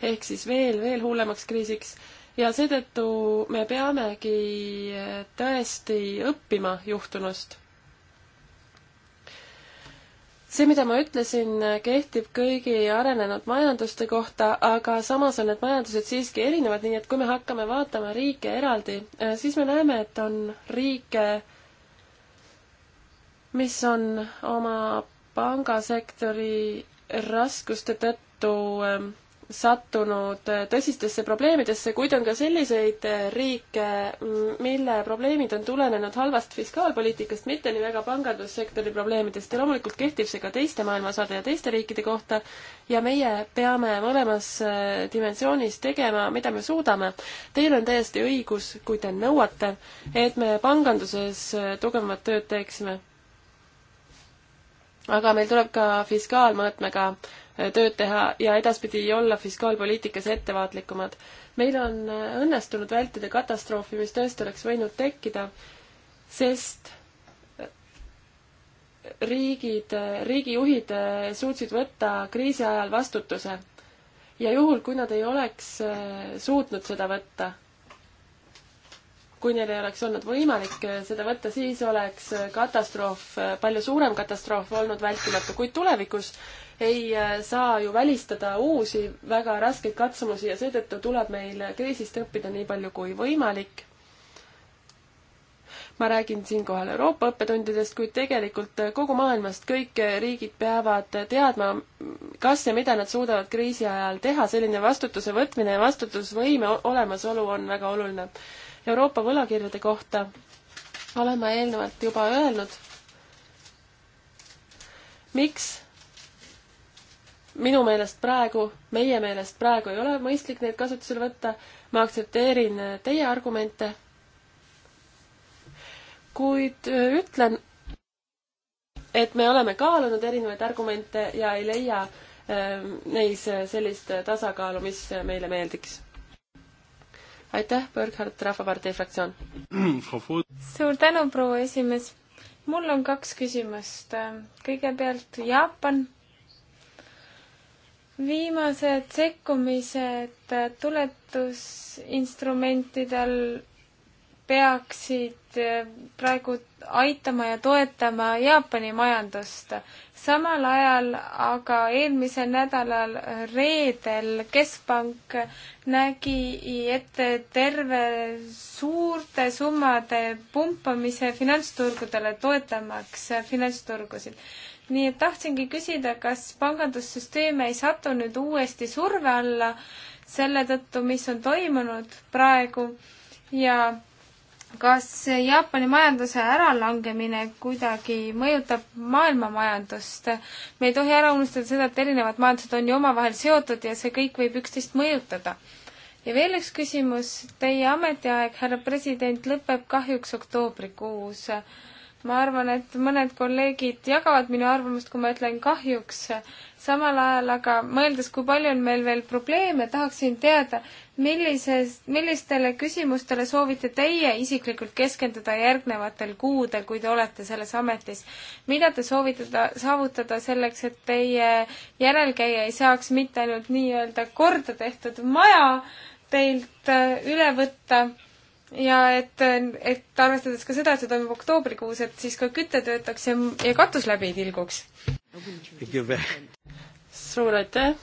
ehk siis veel, veel hullemaks kriisiks ja seetõttu me peamegi tõesti õppima juhtunust. see, mida ma ütlesin, kehtib kõigi arenenud majanduste kohta, aga samas on need majandused siiski erinevad, nii et kui me hakkame vaatama riike eraldi, siis me näeme, et on riike, mis on oma pangasektori raskuste tõttu ähm, sattunud tõsistesse probleemidesse, kuid on ka selliseid riike, mille probleemid on tulenenud halvast fiskaalpoliitikast, mitte nii väga pangandussektori probleemidest ja loomulikult kehtib see ka teiste maailmasade ja teiste riikide kohta ja meie peame mõlemas äh, dimensioonis tegema, mida me suudame. Teil on täiesti õigus, kui te nõuate, et me panganduses äh, tugevamat tööd teeksime. aga meil tuleb ka fiskaalmõõtmega tööd teha ja edaspidi olla fiskaalpoliitikas ettevaatlikumad. meil on õnnestunud vältida katastroofi, mis tõesti oleks võinud tekkida, sest riigid, riigijuhid suutsid võtta kriisi ajal vastutuse. ja juhul, kui nad ei oleks suutnud seda võtta, kui neil ei oleks olnud võimalik seda võtta, siis oleks katastroof, palju suurem katastroof olnud vältimatu, kuid tulevikus ei äh, saa ju välistada uusi väga raskeid katsumusi ja seetõttu tuleb meil kriisist õppida nii palju kui võimalik. ma räägin siinkohal Euroopa õppetundidest, kuid tegelikult äh, kogu maailmast kõik riigid peavad teadma, kas ja mida nad suudavad kriisi ajal teha, selline vastutuse võtmine ja vastutusvõime olemasolu on väga oluline. Euroopa võlakirjade kohta olen ma eelnevalt juba öelnud, miks minu meelest praegu, meie meelest praegu ei ole mõistlik neid kasutusele võtta. ma aktsepteerin äh, teie argumente. kuid äh, ütlen, et me oleme kaalunud erinevaid argumente ja ei leia ähm, neis äh, sellist tasakaalu, mis meile meeldiks. aitäh, Berghardt, Rahvapartei fraktsioon. suur tänu, proua esimees. mul on kaks küsimust. kõigepealt Jaapan viimased sekkumised tuletusinstrumentidel peaksid eh, praegu aitama ja toetama Jaapani majandust. samal ajal aga eelmisel nädalal reedel Keskpank nägi ette terve suurte summade pumpamise finantsturgudele, toetamaks finantsturgusid nii et tahtsingi küsida, kas pangandussüsteem ei satu nüüd uuesti surve alla selle tõttu, mis on toimunud praegu ja kas Jaapani majanduse äralangemine kuidagi mõjutab maailma majandust? me ei tohi ära unustada seda, et erinevad majandused on ju omavahel seotud ja see kõik võib üksteist mõjutada. ja veel üks küsimus, teie ametiaeg, härra president, lõpeb kahjuks oktoobrikuus äh, ma arvan, et mõned kolleegid jagavad minu arvamust, kui ma ütlen kahjuks. samal ajal aga mõeldes, kui palju on meil veel probleeme, tahaksin teada, millises, millistele küsimustele soovite teie isiklikult keskenduda järgnevatel kuudel, kui te olete selles ametis? mida te soovite saavutada selleks, et teie järelkäija ei saaks mitte ainult nii-öelda korda tehtud maja teilt äh, üle võtta, ja et, et arvestades ka seda, et see toimub oktoobrikuus, et siis ka küte töötaks ja, ja katus läbi ei tilguks. suur aitäh!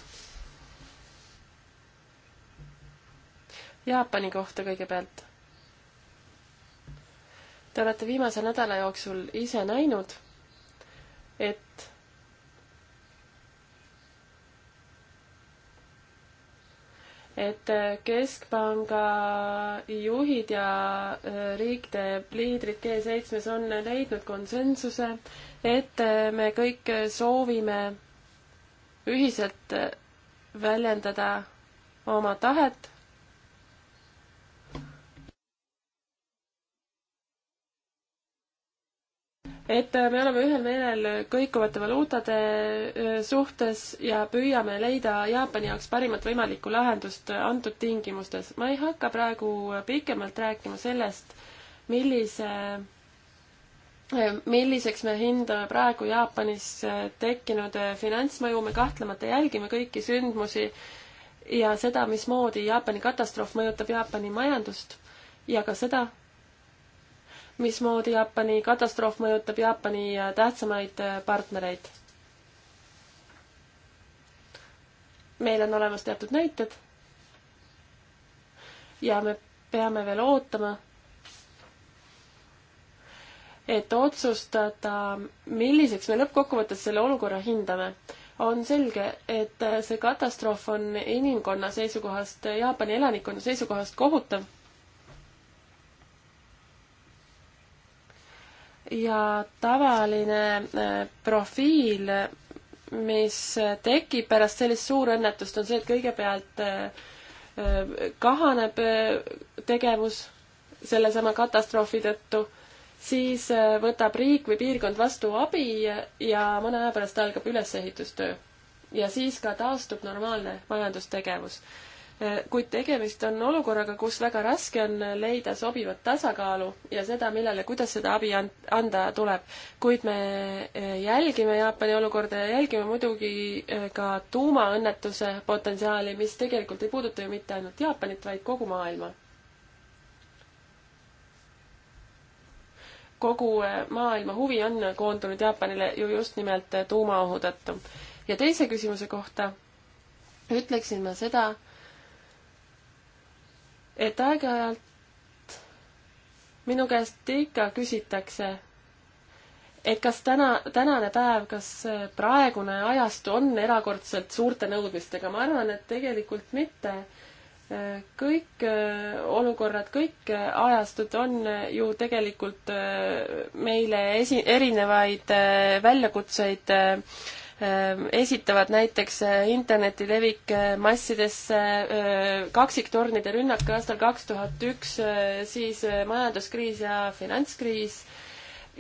Jaapani kohta kõigepealt. Te olete viimase nädala jooksul ise näinud, et et äh, keskpanga juhid ja äh, riikide liidrid G7-s on leidnud konsensuse, et äh, me kõik soovime ühiselt väljendada oma tahet et me oleme ühel meelel kõikuvate valuutade äh, suhtes ja püüame leida Jaapani jaoks parimat võimalikku lahendust antud tingimustes. ma ei hakka praegu pikemalt rääkima sellest, millise, äh, milliseks me hindame praegu Jaapanis äh, tekkinud finantsmõju, me kahtlemata jälgime kõiki sündmusi ja seda, mismoodi Jaapani katastroof mõjutab Jaapani majandust ja ka seda, mismoodi Jaapani katastroof mõjutab Jaapani tähtsamaid äh, partnereid. meil on olemas teatud näited. ja me peame veel ootama, et otsustada, milliseks me lõppkokkuvõttes selle olukorra hindame. on selge, et see katastroof on inimkonna seisukohast, Jaapani elanikkonna seisukohast kohutav ja tavaline äh, profiil, mis tekib pärast sellist suurõnnetust, on see, et kõigepealt äh, äh, kahaneb tegevus sellesama katastroofi tõttu, siis võtab riik või piirkond vastu abi ja mõne aja pärast algab ülesehitustöö. ja siis ka taastub normaalne majandustegevus Äh, kuid tegemist on olukorraga, kus väga raske on leida sobivat tasakaalu ja seda, millele, kuidas seda abi anda tuleb. kuid me äh, jälgime Jaapani olukorda ja jälgime muidugi äh, ka tuumaõnnetuse potentsiaali, mis tegelikult ei puuduta ju mitte ainult Jaapanit, vaid kogu maailma. kogu maailma huvi on koondunud Jaapanile ju just nimelt tuumaohu tõttu. ja teise küsimuse kohta ütleksin ma seda, et aeg-ajalt minu käest ikka küsitakse, et kas täna, tänane päev, kas praegune ajastu on erakordselt suurte nõudmistega, ma arvan, et tegelikult mitte. kõik äh, olukorrad, kõik äh, ajastud on äh, ju tegelikult meile esi-, erinevaid väljakutseid Ehm, esitavad näiteks eh, interneti levik eh, massidesse, eh, kaksiktornide rünnak aastal kaks tuhat üks, siis majanduskriis ja finantskriis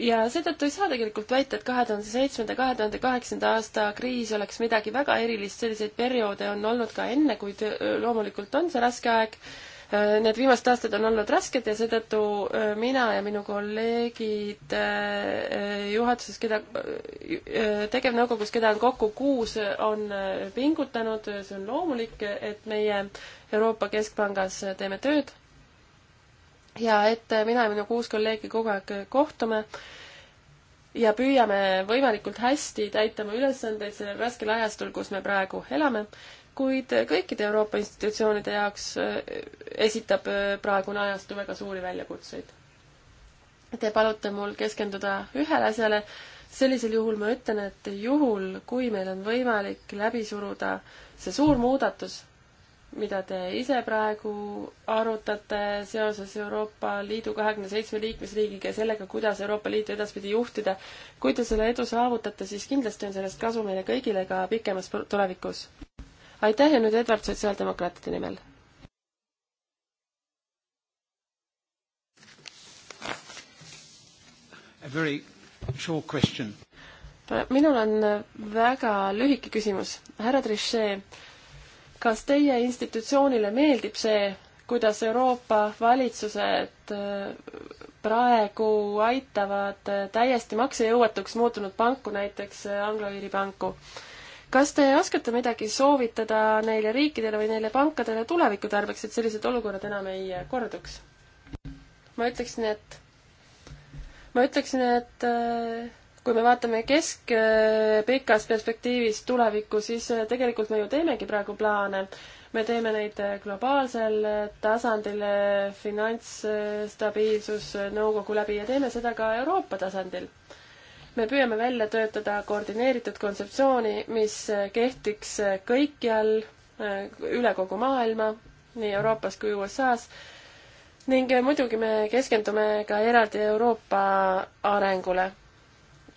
ja seetõttu ei saa tegelikult väita, et kahe tuhande seitsmenda, kahe tuhande kaheksanda aasta kriis oleks midagi väga erilist, selliseid perioode on olnud ka enne, kuid loomulikult on see raske aeg Äh, need viimased aastad on olnud rasked ja seetõttu äh, mina ja minu kolleegid äh, juhatuses, keda, tegevnõukogus, keda on kokku kuus, on pingutanud, see on loomulik, et meie Euroopa Keskpangas teeme tööd ja et mina ja minu kuus kolleegi kogu aeg kohtume ja püüame võimalikult hästi täita oma ülesandeid sellel raskel ajastul, kus me praegu elame kuid kõikide Euroopa institutsioonide jaoks äh, esitab äh, praegune ajastu väga suuri väljakutseid. Te palute mul keskenduda ühele asjale, sellisel juhul ma ütlen, et juhul, kui meil on võimalik läbi suruda see suur muudatus, mida te ise praegu arutate seoses Euroopa Liidu kahekümne seitsme liikmesriigiga ja sellega, kuidas Euroopa Liitu edaspidi juhtida. kui te selle edu saavutate, siis kindlasti on sellest kasu meile kõigile ka pikemas tulevikus aitäh ja nüüd Edward sotsiaaldemokraatide nimel. A very short question. Äh, minul on äh, väga lühike küsimus. härra Trichet, kas teie institutsioonile meeldib see, kuidas Euroopa valitsused äh, praegu aitavad täiesti maksejõuetuks muutunud panku, näiteks Anglo-Iiri panku? kas te oskate midagi soovitada neile riikidele või neile pankadele tuleviku tarbeks, et sellised olukorrad enam ei eh, korduks? ma ütleksin, et, ma ütleksin, et eh, kui me vaatame keskpikas eh, perspektiivis tulevikku, siis tegelikult me ju teemegi praegu plaane. me teeme neid globaalsel tasandil, finantsstabiilsusnõukogu läbi ja teeme seda ka Euroopa tasandil me püüame välja töötada koordineeritud kontseptsiooni, mis kehtiks kõikjal eh, üle kogu maailma, nii Euroopas kui USA-s, ning muidugi me keskendume ka eraldi Euroopa arengule.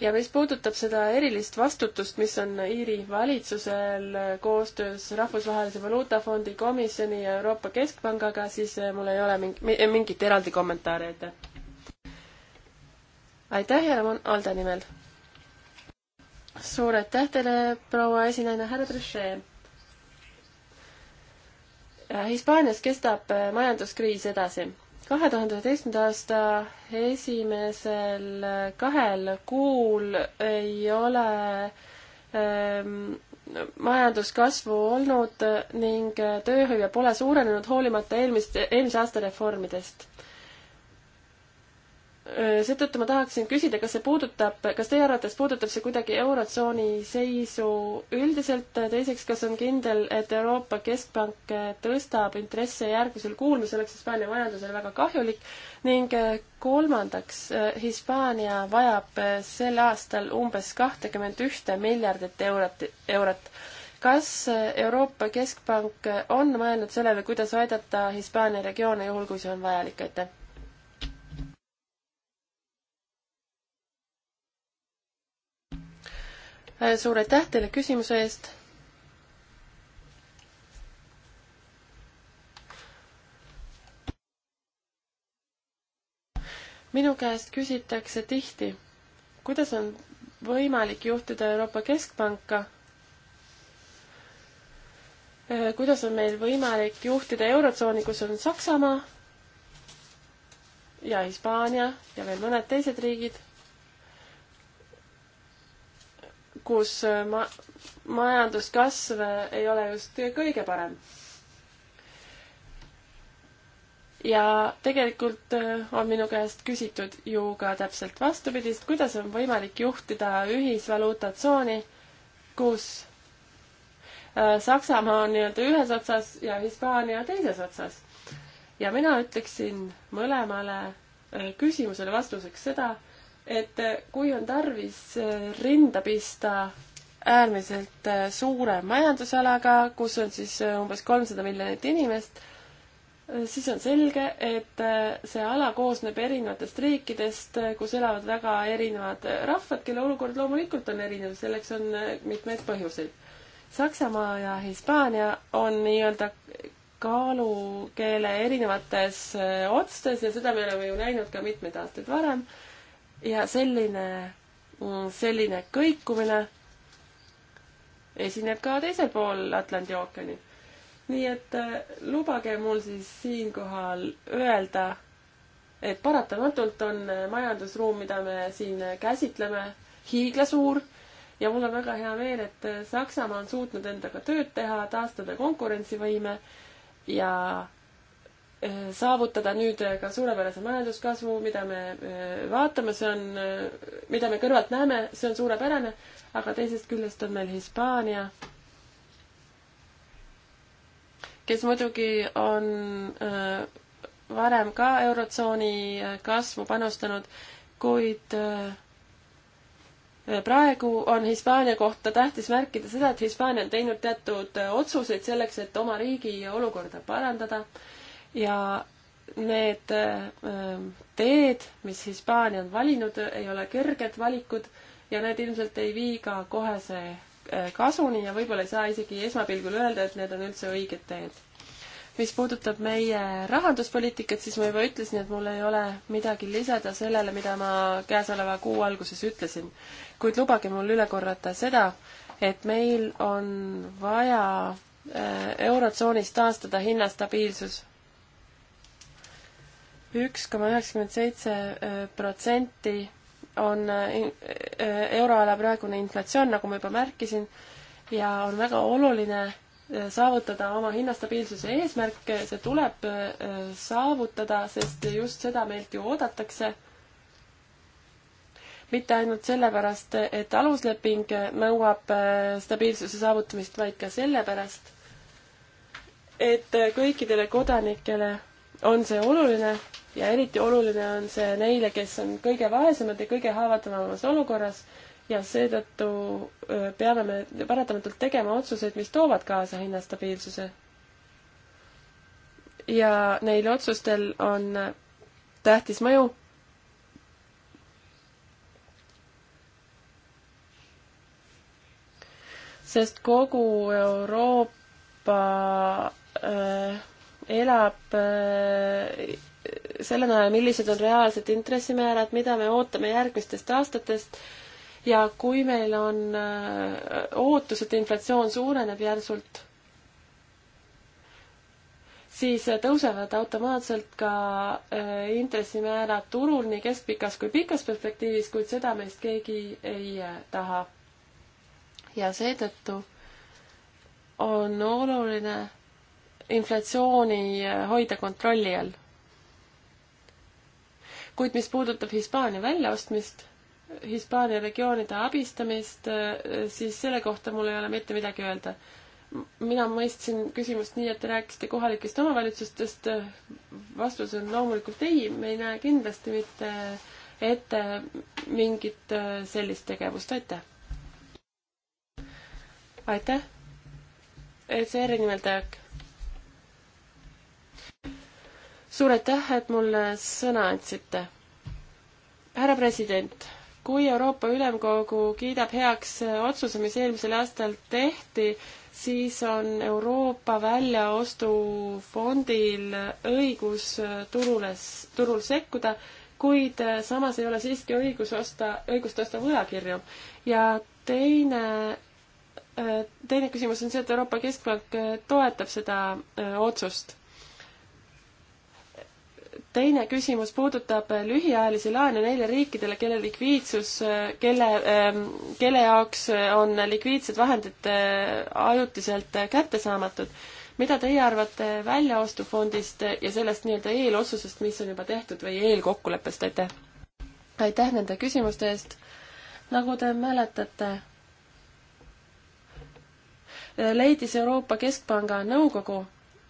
ja mis puudutab seda erilist vastutust, mis on Iiri valitsusel koostöös Rahvusvahelise Valuutafondi komisjoni ja Euroopa Keskpangaga, siis mul ei ole mingit, mingit eraldi kommentaari, aitäh aitäh ja Ramon Alde nimel. suur aitäh teile, proua esinaine, härra Trichet. Hispaanias kestab äh, majanduskriis edasi. kahe tuhande üheteistkümnenda aasta esimesel äh, kahel kuul ei ole ähm, majanduskasvu olnud äh, ning tööhõive pole suurenenud hoolimata eelmist, eelmise aasta reformidest seetõttu ma tahaksin küsida, kas see puudutab, kas teie arvates puudutab see kuidagi Eurotsooni seisu üldiselt, teiseks, kas on kindel, et Euroopa Keskpank tõstab intresse järgmisel kuul, mis oleks Hispaania majandusele väga kahjulik, ning kolmandaks, Hispaania vajab sel aastal umbes kahtekümmet ühte miljardit eurot, eurot. kas Euroopa Keskpank on mõelnud sellele, kuidas aidata Hispaania regioone, juhul kui see on vajalik, aitäh? Äh, suur aitäh teile küsimuse eest. minu käest küsitakse tihti, kuidas on võimalik juhtida Euroopa Keskpanka äh, kuidas on meil võimalik juhtida Eurotsooni, kus on Saksamaa ja Hispaania ja veel mõned teised riigid. kus äh, ma-, majanduskasv äh, ei ole just kõige parem. ja tegelikult äh, on minu käest küsitud ju ka täpselt vastupidist, kuidas on võimalik juhtida ühisvaluutatsooni, kus Saksamaa on nii-öelda ühes otsas ja Hispaania teises otsas. ja mina ütleksin mõlemale küsimusele vastuseks seda, et kui on tarvis eh, rinda pista äärmiselt eh, suure majandusalaga, kus on siis eh, umbes kolmsada miljonit inimest, siis on selge, et see ala koosneb erinevatest riikidest, kus elavad väga erinevad rahvad, kelle olukord loomulikult on erinev, selleks on mitmeid põhjuseid. Saksamaa ja Hispaania on nii-öelda kaalukeele erinevates otstes ja seda me oleme ju näinud ka mitmeid aastaid varem ja selline, selline kõikumine esineb ka teisel pool Atlandi ookeani. nii et äh, lubage mul siis siinkohal öelda, et paratamatult on äh, majandusruum, mida me siin äh, käsitleme, hiiglasuur ja mul on väga hea meel, et Saksamaa on suutnud endaga tööd teha, taastada konkurentsivõime ja Äh, saavutada nüüd ka suurepärase majanduskasvu, mida me äh, vaatame, see on, äh, mida me kõrvalt näeme, see on suurepärane, aga teisest küljest on meil Hispaania, kes muidugi on varem ka Eurotsooni kasvu panustanud, kuid praegu on Hispaania kohta tähtis märkida seda, et Hispaania on teinud teatud otsuseid selleks, et oma riigi olukorda parandada ja need ähm, teed, mis Hispaania on valinud, ei ole kerged valikud ja need ilmselt ei vii ka kohese äh, kasuni ja võib-olla ei saa isegi esmapilgul öelda, et need on üldse õiged teed. mis puudutab meie rahanduspoliitikat, siis ma juba ütlesin, et mul ei ole midagi lisada sellele, mida ma käesoleva kuu alguses ütlesin. kuid lubage mul üle korrata seda, et meil on vaja äh, Eurotsoonis taastada hinnastabiilsus üks koma üheksakümmend seitse äh, protsenti on äh, äh, euroala praegune inflatsioon, nagu ma juba märkisin, ja on väga oluline saavutada oma hinnastabiilsuse eesmärk, see tuleb saavutada, sest just seda meilt ju oodatakse. mitte ainult sellepärast, et alusleping nõuab stabiilsuse saavutamist, vaid ka sellepärast, et kõikidele kodanikele on see oluline ja eriti oluline on see neile, kes on kõige vaesemad ja kõige haavatavamas olukorras ja seetõttu peame me paratamatult tegema otsuseid, mis toovad kaasa hinnastabiilsuse. ja neil otsustel on tähtis mõju. sest kogu Euroopa äh, elab äh, selle najal, millised on reaalsed intressimäärad, mida me ootame järgmistest aastatest ja kui meil on äh, ootus, et inflatsioon suureneb järsult, siis tõusevad automaatselt ka äh, intressimäärad turul nii keskpikas kui pikas perspektiivis, kuid seda meist keegi ei taha. ja seetõttu on oluline inflatsiooni eh, hoida kontrolli all. kuid mis puudutab Hispaania väljaostmist, Hispaania regioonide abistamist, eh, siis selle kohta mul ei ole mitte midagi öelda. mina mõistsin küsimust nii, et te rääkisite kohalikest omavalitsustest. vastus on loomulikult ei, me ei näe kindlasti mitte ette mingit eh, sellist tegevust, aitäh. aitäh. ECR-i nimel Täak suur aitäh, et mulle sõna andsite. härra president, kui Euroopa Ülemkogu kiidab heaks otsuse, mis eelmisel aastal tehti, siis on Euroopa väljaostufondil õigus turules, turul sekkuda, kuid samas ei ole siiski õigus osta, õigust osta võlakirju. ja teine, teine küsimus on see, et Euroopa Keskpank toetab seda äh, otsust teine küsimus puudutab lühiajalisi laene neile riikidele, kelle likviidsus, kelle, ähm, kelle jaoks on likviidsed vahendid äh, ajutiselt kättesaamatud. mida teie arvate väljaostufondist ja sellest nii-öelda eelotsusest, mis on juba tehtud või eelkokkuleppest, aitäh! aitäh nende küsimuste eest! nagu te mäletate, leidis Euroopa Keskpanga nõukogu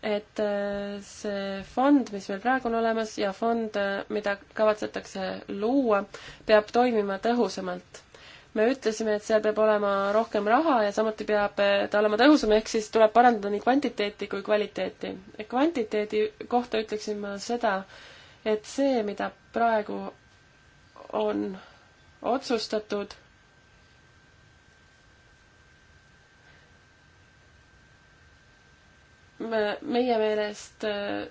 et äh, see fond, mis meil praegu on olemas ja fond, äh, mida kavatsetakse luua, peab toimima tõhusamalt. me ütlesime, et seal peab olema rohkem raha ja samuti peab äh, ta olema tõhusam, ehk siis tuleb parandada nii kvantiteeti kui kvaliteeti. kvantiteedi kohta ütleksin ma seda, et see, mida praegu on otsustatud meie meelest äh,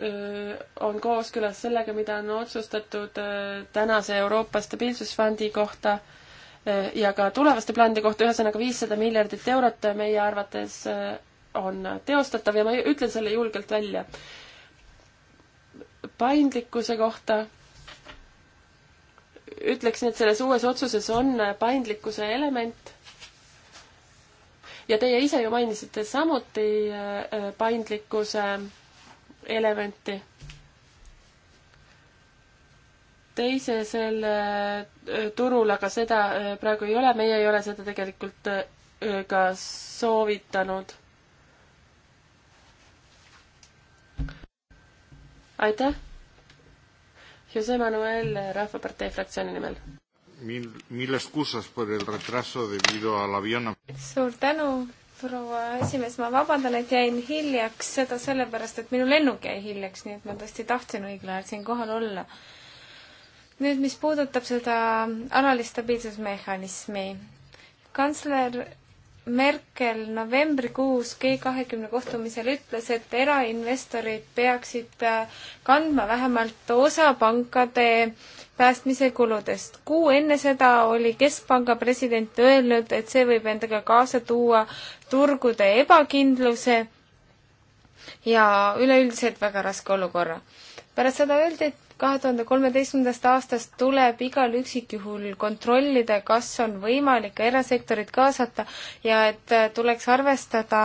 äh, on kooskõlas sellega, mida on otsustatud äh, tänase Euroopa Stabiilsusfondi kohta ja ka tulevaste plaanide kohta, ühesõnaga viissada miljardit eurot meie arvates on teostatav ja ma ütlen selle julgelt välja. paindlikkuse kohta ütleksin, et selles uues otsuses on paindlikkuse element ja teie ise ju mainisite samuti äh, paindlikkuse elementi. teisesel äh, turul aga seda äh, praegu ei ole, meie ei ole seda tegelikult ka soovitanud. aitäh! Jose Manuel Rahvapartei fraktsiooni nimel mil, mil excusas por el retraso debido al avión. suur tänu, proua esimees, ma vabandan, et jäin hiljaks, seda sellepärast, et minu lennuk jäi hiljaks, nii et ma tõesti tahtsin õigel ajal siin kohal olla. nüüd, mis puudutab seda alalist stabiilsusmehhanismi, kantsler Merkel novembrikuus G kahekümne kohtumisel ütles, et erainvestorid peaksid kandma vähemalt osa pankade äh, päästmise kuludest. Kuu enne seda oli Keskpanga president öelnud, et see võib endaga kaasa tuua turgude ebakindluse ja üleüldiselt väga raske olukorra. pärast seda öeldi, et kahe tuhande kolmeteistkümnendast aastast tuleb igal üksikjuhul kontrollida, kas on võimalik erasektorit kaasata ja et tuleks arvestada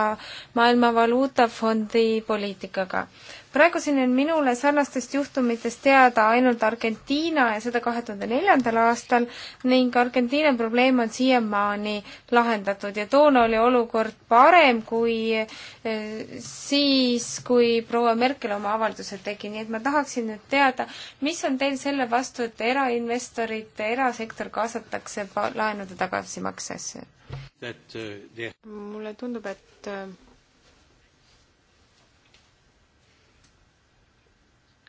Maailma Valuutafondi poliitikaga praeguseni on minule sarnastest juhtumitest teada ainult Argentiina ja seda kahe tuhande neljandal aastal ning Argentiina probleem on siiamaani lahendatud ja toona oli olukord parem kui eh, siis, kui proua Merkel oma avalduse tegi, nii et ma tahaksin nüüd teada, mis on teil selle vastu, et erainvestorid, erasektor kaasatakse laenude tagasimaksesse? Uh, mulle tundub, et uh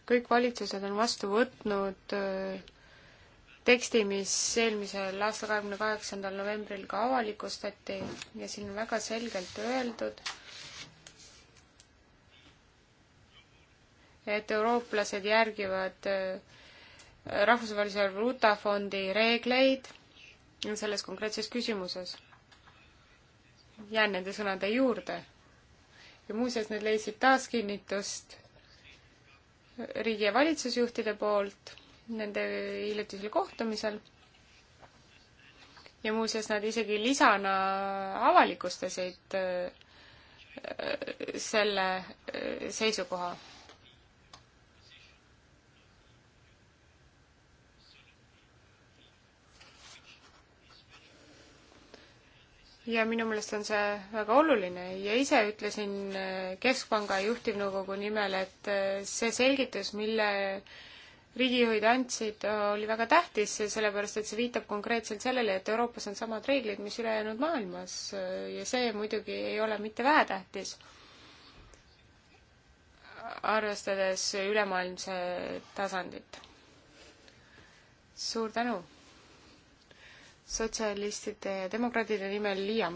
kõik valitsused on vastu võtnud äh, teksti, mis eelmisel aastal, kahekümne kaheksandal novembril ka avalikustati ja siin on väga selgelt öeldud, et eurooplased järgivad äh, rahvusvahelise valuutafondi reegleid selles konkreetses küsimuses. jään nende sõnade juurde. ja muuseas, need leidsid taas kinnitust riigi- ja valitsusjuhtide poolt nende hiljutisel kohtumisel. ja muuseas, nad isegi lisana avalikustasid äh, selle äh, seisukoha ja minu meelest on see väga oluline ja ise ütlesin äh, Keskpanga juhtivnõukogu nimel, et äh, see selgitus, mille riigijuhid andsid, oli väga tähtis, sellepärast et see viitab konkreetselt sellele, et Euroopas on samad reeglid, mis ülejäänud maailmas äh, ja see muidugi ei ole mitte vähetähtis. arvestades ülemaailmse tasandit. suur tänu! sotsialistide ja demokraatide nimel Liam.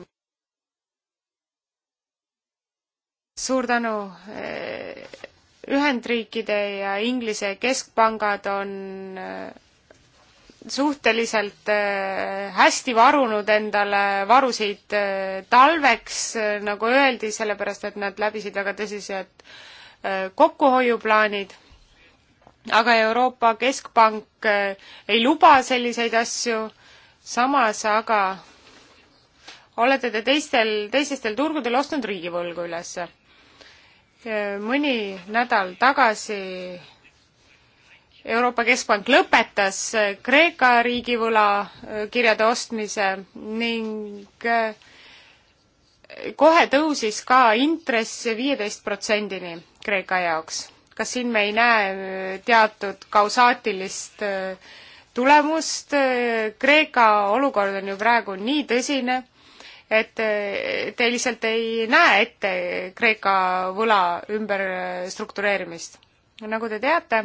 suur tänu. Eh, Ühendriikide ja Inglise keskpangad on eh, suhteliselt eh, hästi varunud endale varusid talveks, nagu öeldi, sellepärast et nad läbisid väga tõsised kokkuhoiuplaanid. aga Euroopa Keskpank ei luba selliseid asju samas aga olete te teistel, teisestel turgudel ostnud riigivõlgu üles. mõni nädal tagasi Euroopa Keskpank lõpetas Kreeka riigivõla e, kirjade ostmise ning e, kohe tõusis ka intress viieteist protsendini Kreeka jaoks. kas siin me ei näe e, teatud kausaatilist äh, tulemust. Äh, Kreeka olukord on ju praegu nii tõsine, et äh, te lihtsalt ei näe ette Kreeka võla ümberstruktureerimist. nagu te teate,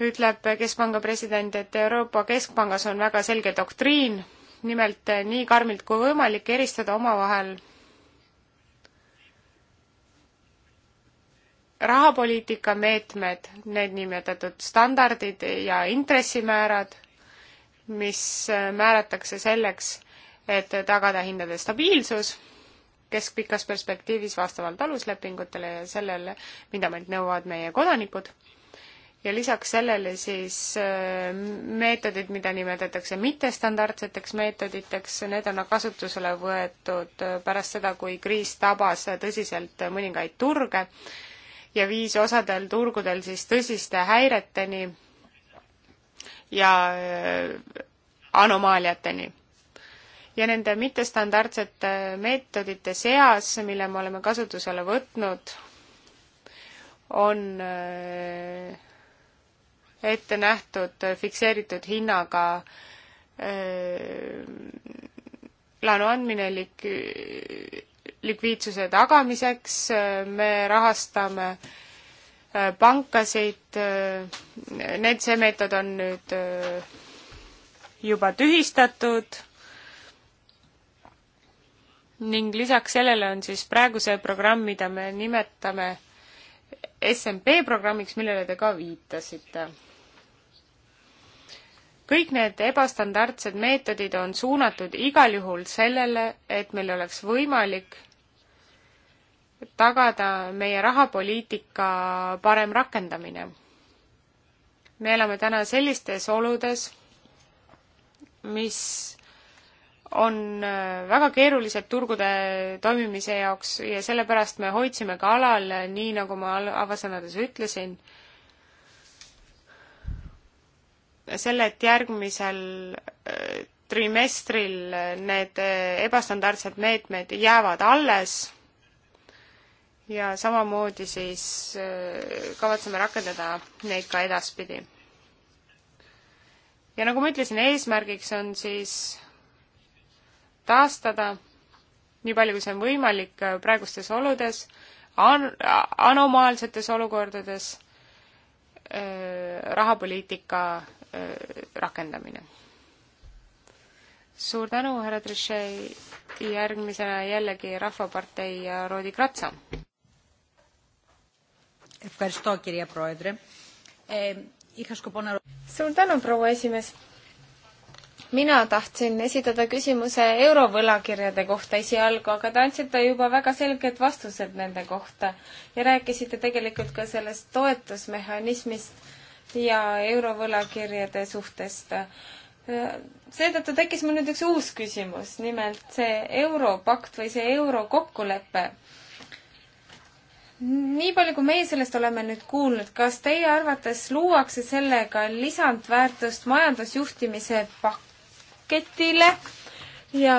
ütleb Keskpanga president, et Euroopa Keskpangas on väga selge doktriin, nimelt äh, nii karmilt kui võimalik eristada omavahel rahapoliitika meetmed, need nimetatud standardid ja intressimäärad, mis äh, määratakse selleks, et tagada hindade stabiilsus keskpikas perspektiivis vastavalt aluslepingutele ja sellele, mida meilt nõuavad meie kodanikud. ja lisaks sellele siis äh, meetodid, mida nimetatakse mittestandardseteks meetoditeks, need on kasutusele võetud äh, pärast seda, kui kriis tabas tõsiselt mõningaid turge ja viis osadel turgudel siis tõsiste häireteni ja äh, anomaaliateni. ja nende mittestandardsete meetodite seas, mille me oleme kasutusele võtnud, on äh, ette nähtud fikseeritud hinnaga äh, laenu andmine lik-, likviidsuse tagamiseks, äh, me rahastame äh, pankasid, äh, need, see meetod on nüüd juba tühistatud ning lisaks sellele on siis praegu see programm, mida me nimetame SMP programmiks, millele te ka viitasite. kõik need ebastandardsed meetodid on suunatud igal juhul sellele, et meil oleks võimalik tagada meie rahapoliitika parem rakendamine. me elame täna sellistes oludes, mis on äh, väga keerulised turgude toimimise jaoks ja sellepärast me hoidsime ka alal, nii nagu ma avasõnades ütlesin, selle, et järgmisel äh, trimestril need äh, ebastandardsed meetmed jäävad alles ja samamoodi siis äh, kavatseme rakendada neid ka edaspidi. ja nagu ma ütlesin, eesmärgiks on siis taastada nii palju, kui see on võimalik äh, praegustes oludes an-, anomaalsetes olukordades äh, rahapoliitika äh, rakendamine. suur tänu, härra Trichet, järgmisena jällegi Rahvapartei ja Roodi Kratsa suur tänu, proua esimees! mina tahtsin esitada küsimuse eurovõlakirjade kohta esialgu, aga te andsite juba väga selged vastused nende kohta ja rääkisite tegelikult ka sellest toetusmehhanismist ja eurovõlakirjade suhtest. Äh, seetõttu tekkis mul nüüd üks uus küsimus, nimelt see Europakt või see Eurokokkulepe nii palju, kui meie sellest oleme nüüd kuulnud, kas teie arvates luuakse sellega lisandväärtust majandusjuhtimise paketile ja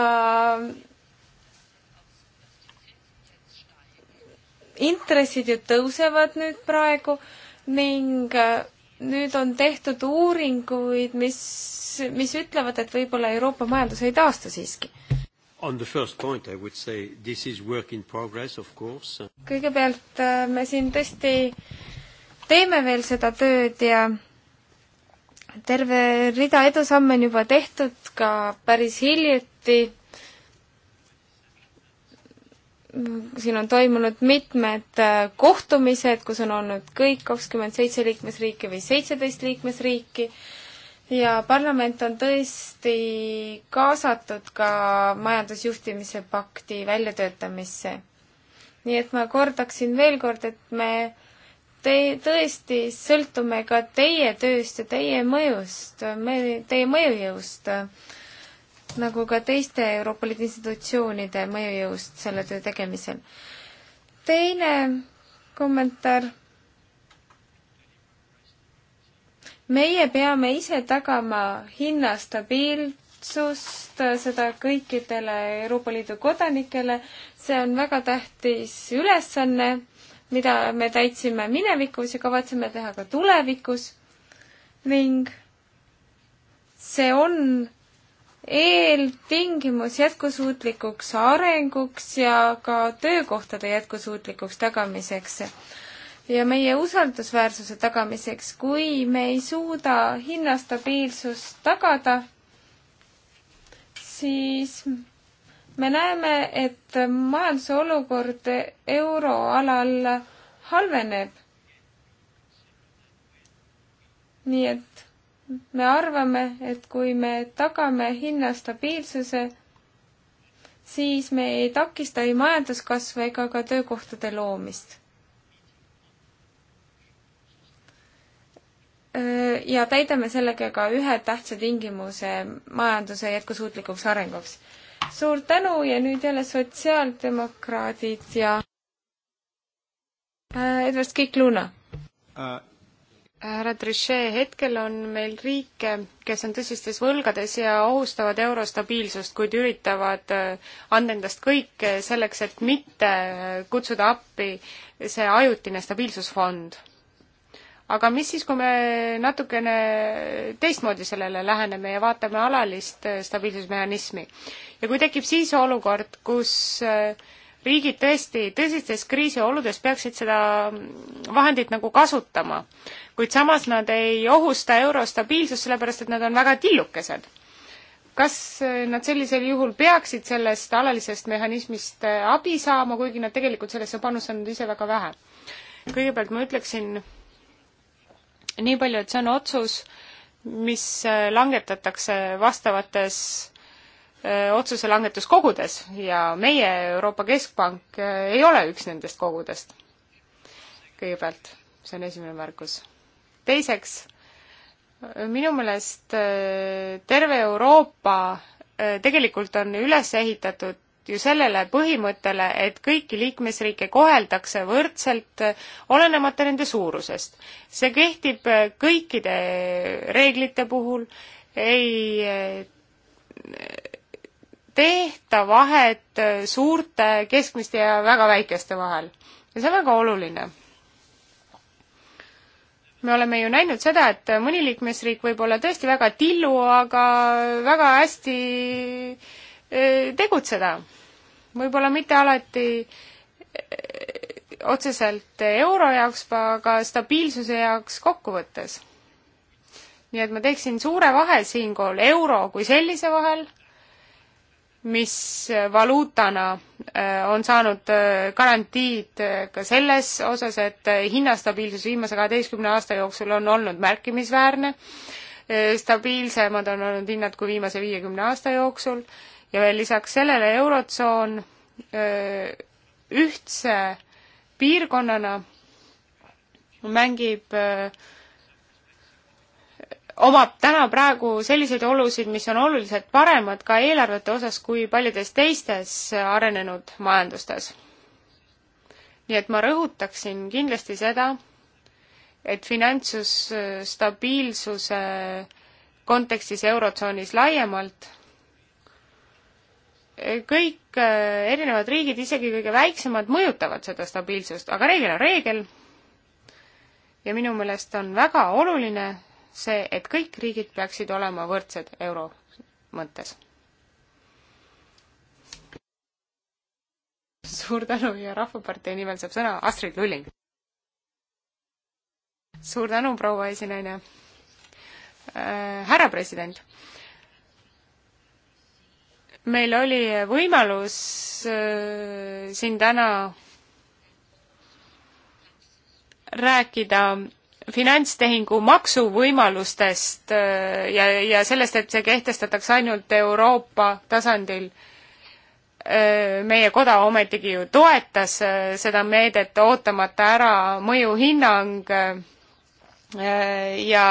intressid ju tõusevad nüüd praegu ning äh, nüüd on tehtud uuringuid, mis, mis ütlevad, et võib-olla Euroopa majandus ei taastu siiski. On the first point I would say this is work in progress of course. kõigepealt äh, me siin tõesti teeme veel seda tööd ja terve rida edusamme on juba tehtud, ka päris hiljuti. siin on toimunud mitmed äh, kohtumised, kus on olnud kõik kakskümmend seitse liikmesriiki või seitseteist liikmesriiki ja parlament on tõesti kaasatud ka majandusjuhtimise pakti väljatöötamisse. nii et ma kordaksin veel kord, et me te-, tõesti sõltume ka teie tööst ja teie mõjust, me, teie mõjujõust, nagu ka teiste Euroopa Liidu institutsioonide mõjujõust selle töö tegemisel. teine kommentaar meie peame ise tagama hinnastabiilsust, äh, seda kõikidele Euroopa Liidu kodanikele, see on väga tähtis ülesanne, mida me täitsime minevikus ja kavatseme teha ka tulevikus ning see on eeltingimus jätkusuutlikuks arenguks ja ka töökohtade jätkusuutlikuks tagamiseks ja meie usaldusväärsuse tagamiseks, kui me ei suuda hinnastabiilsust tagada, siis me näeme, et majanduse olukord euroalal halveneb. nii et me arvame, et kui me tagame hinnastabiilsuse, siis me ei takista ei majanduskasvu ega ka töökohtade loomist Äh, ja täidame sellega ka ühe tähtsa tingimuse majanduse jätkusuutlikuks arenguks. suur tänu ja nüüd jälle sotsiaaldemokraadid ja äh, Edward Kikluna uh.. Äh, härra Trichet, hetkel on meil riike, kes on tõsistes võlgades ja ohustavad euro stabiilsust, kuid üritavad anda endast kõik selleks, et mitte kutsuda appi see ajutine stabiilsusfond aga mis siis, kui me natukene teistmoodi sellele läheneme ja vaatame alalist äh, stabiilsusmehhanismi? ja kui tekib siis olukord, kus äh, riigid tõesti tõsistes kriisioludes peaksid seda mm, vahendit nagu kasutama, kuid samas nad ei ohusta euro stabiilsust, sellepärast et nad on väga tillukesed. kas äh, nad sellisel juhul peaksid sellest alalisest mehhanismist abi saama, kuigi nad tegelikult sellesse panustanud ise väga vähe? kõigepealt ma ütleksin nii palju, et see on otsus, mis äh, langetatakse vastavates äh, otsuse langetuskogudes ja meie, Euroopa Keskpank, äh, ei ole üks nendest kogudest. kõigepealt, see on esimene märkus. teiseks, minu meelest terve Euroopa tegelikult on üles ehitatud ju sellele põhimõttele, et kõiki liikmesriike koheldakse võrdselt, olenemata nende suurusest. see kehtib äh, kõikide äh, reeglite puhul, ei äh, tehta vahet suurte, keskmiste ja väga väikeste vahel. ja see on väga oluline. me oleme ju näinud seda, et mõni liikmesriik võib olla tõesti väga tillu, aga väga hästi äh, Äh, tegutseda. võib-olla mitte alati äh, otseselt euro jaoks, aga stabiilsuse jaoks kokkuvõttes. nii et ma teeksin suure vahe siinkohal euro kui sellise vahel, mis valuutana äh, on saanud garantiid ka selles osas, et hinnastabiilsus viimase kaheteistkümne aasta jooksul on olnud märkimisväärne, stabiilsemad on olnud hinnad kui viimase viiekümne aasta jooksul ja veel lisaks sellele Eurotsoon ühtse piirkonnana mängib omab täna praegu selliseid olusid, mis on oluliselt paremad ka eelarvete osas kui paljudes teistes arenenud majandustes. nii et ma rõhutaksin kindlasti seda, et finantsstabiilsuse kontekstis Eurotsoonis laiemalt kõik äh, erinevad riigid, isegi kõige väiksemad, mõjutavad seda stabiilsust, aga reegel on reegel. ja minu meelest on väga oluline see, et kõik riigid peaksid olema võrdsed euro mõttes. suur tänu ja Rahvapartei nimel saab sõna Astrid Lulling. suur tänu, proua esinaine äh,. härra president meil oli võimalus äh, siin täna rääkida finantstehingu maksuvõimalustest äh, ja, ja sellest, et see kehtestatakse ainult Euroopa tasandil. Äh, meie koda ometigi ju toetas seda meedet, ootamata ära mõjuhinnang ja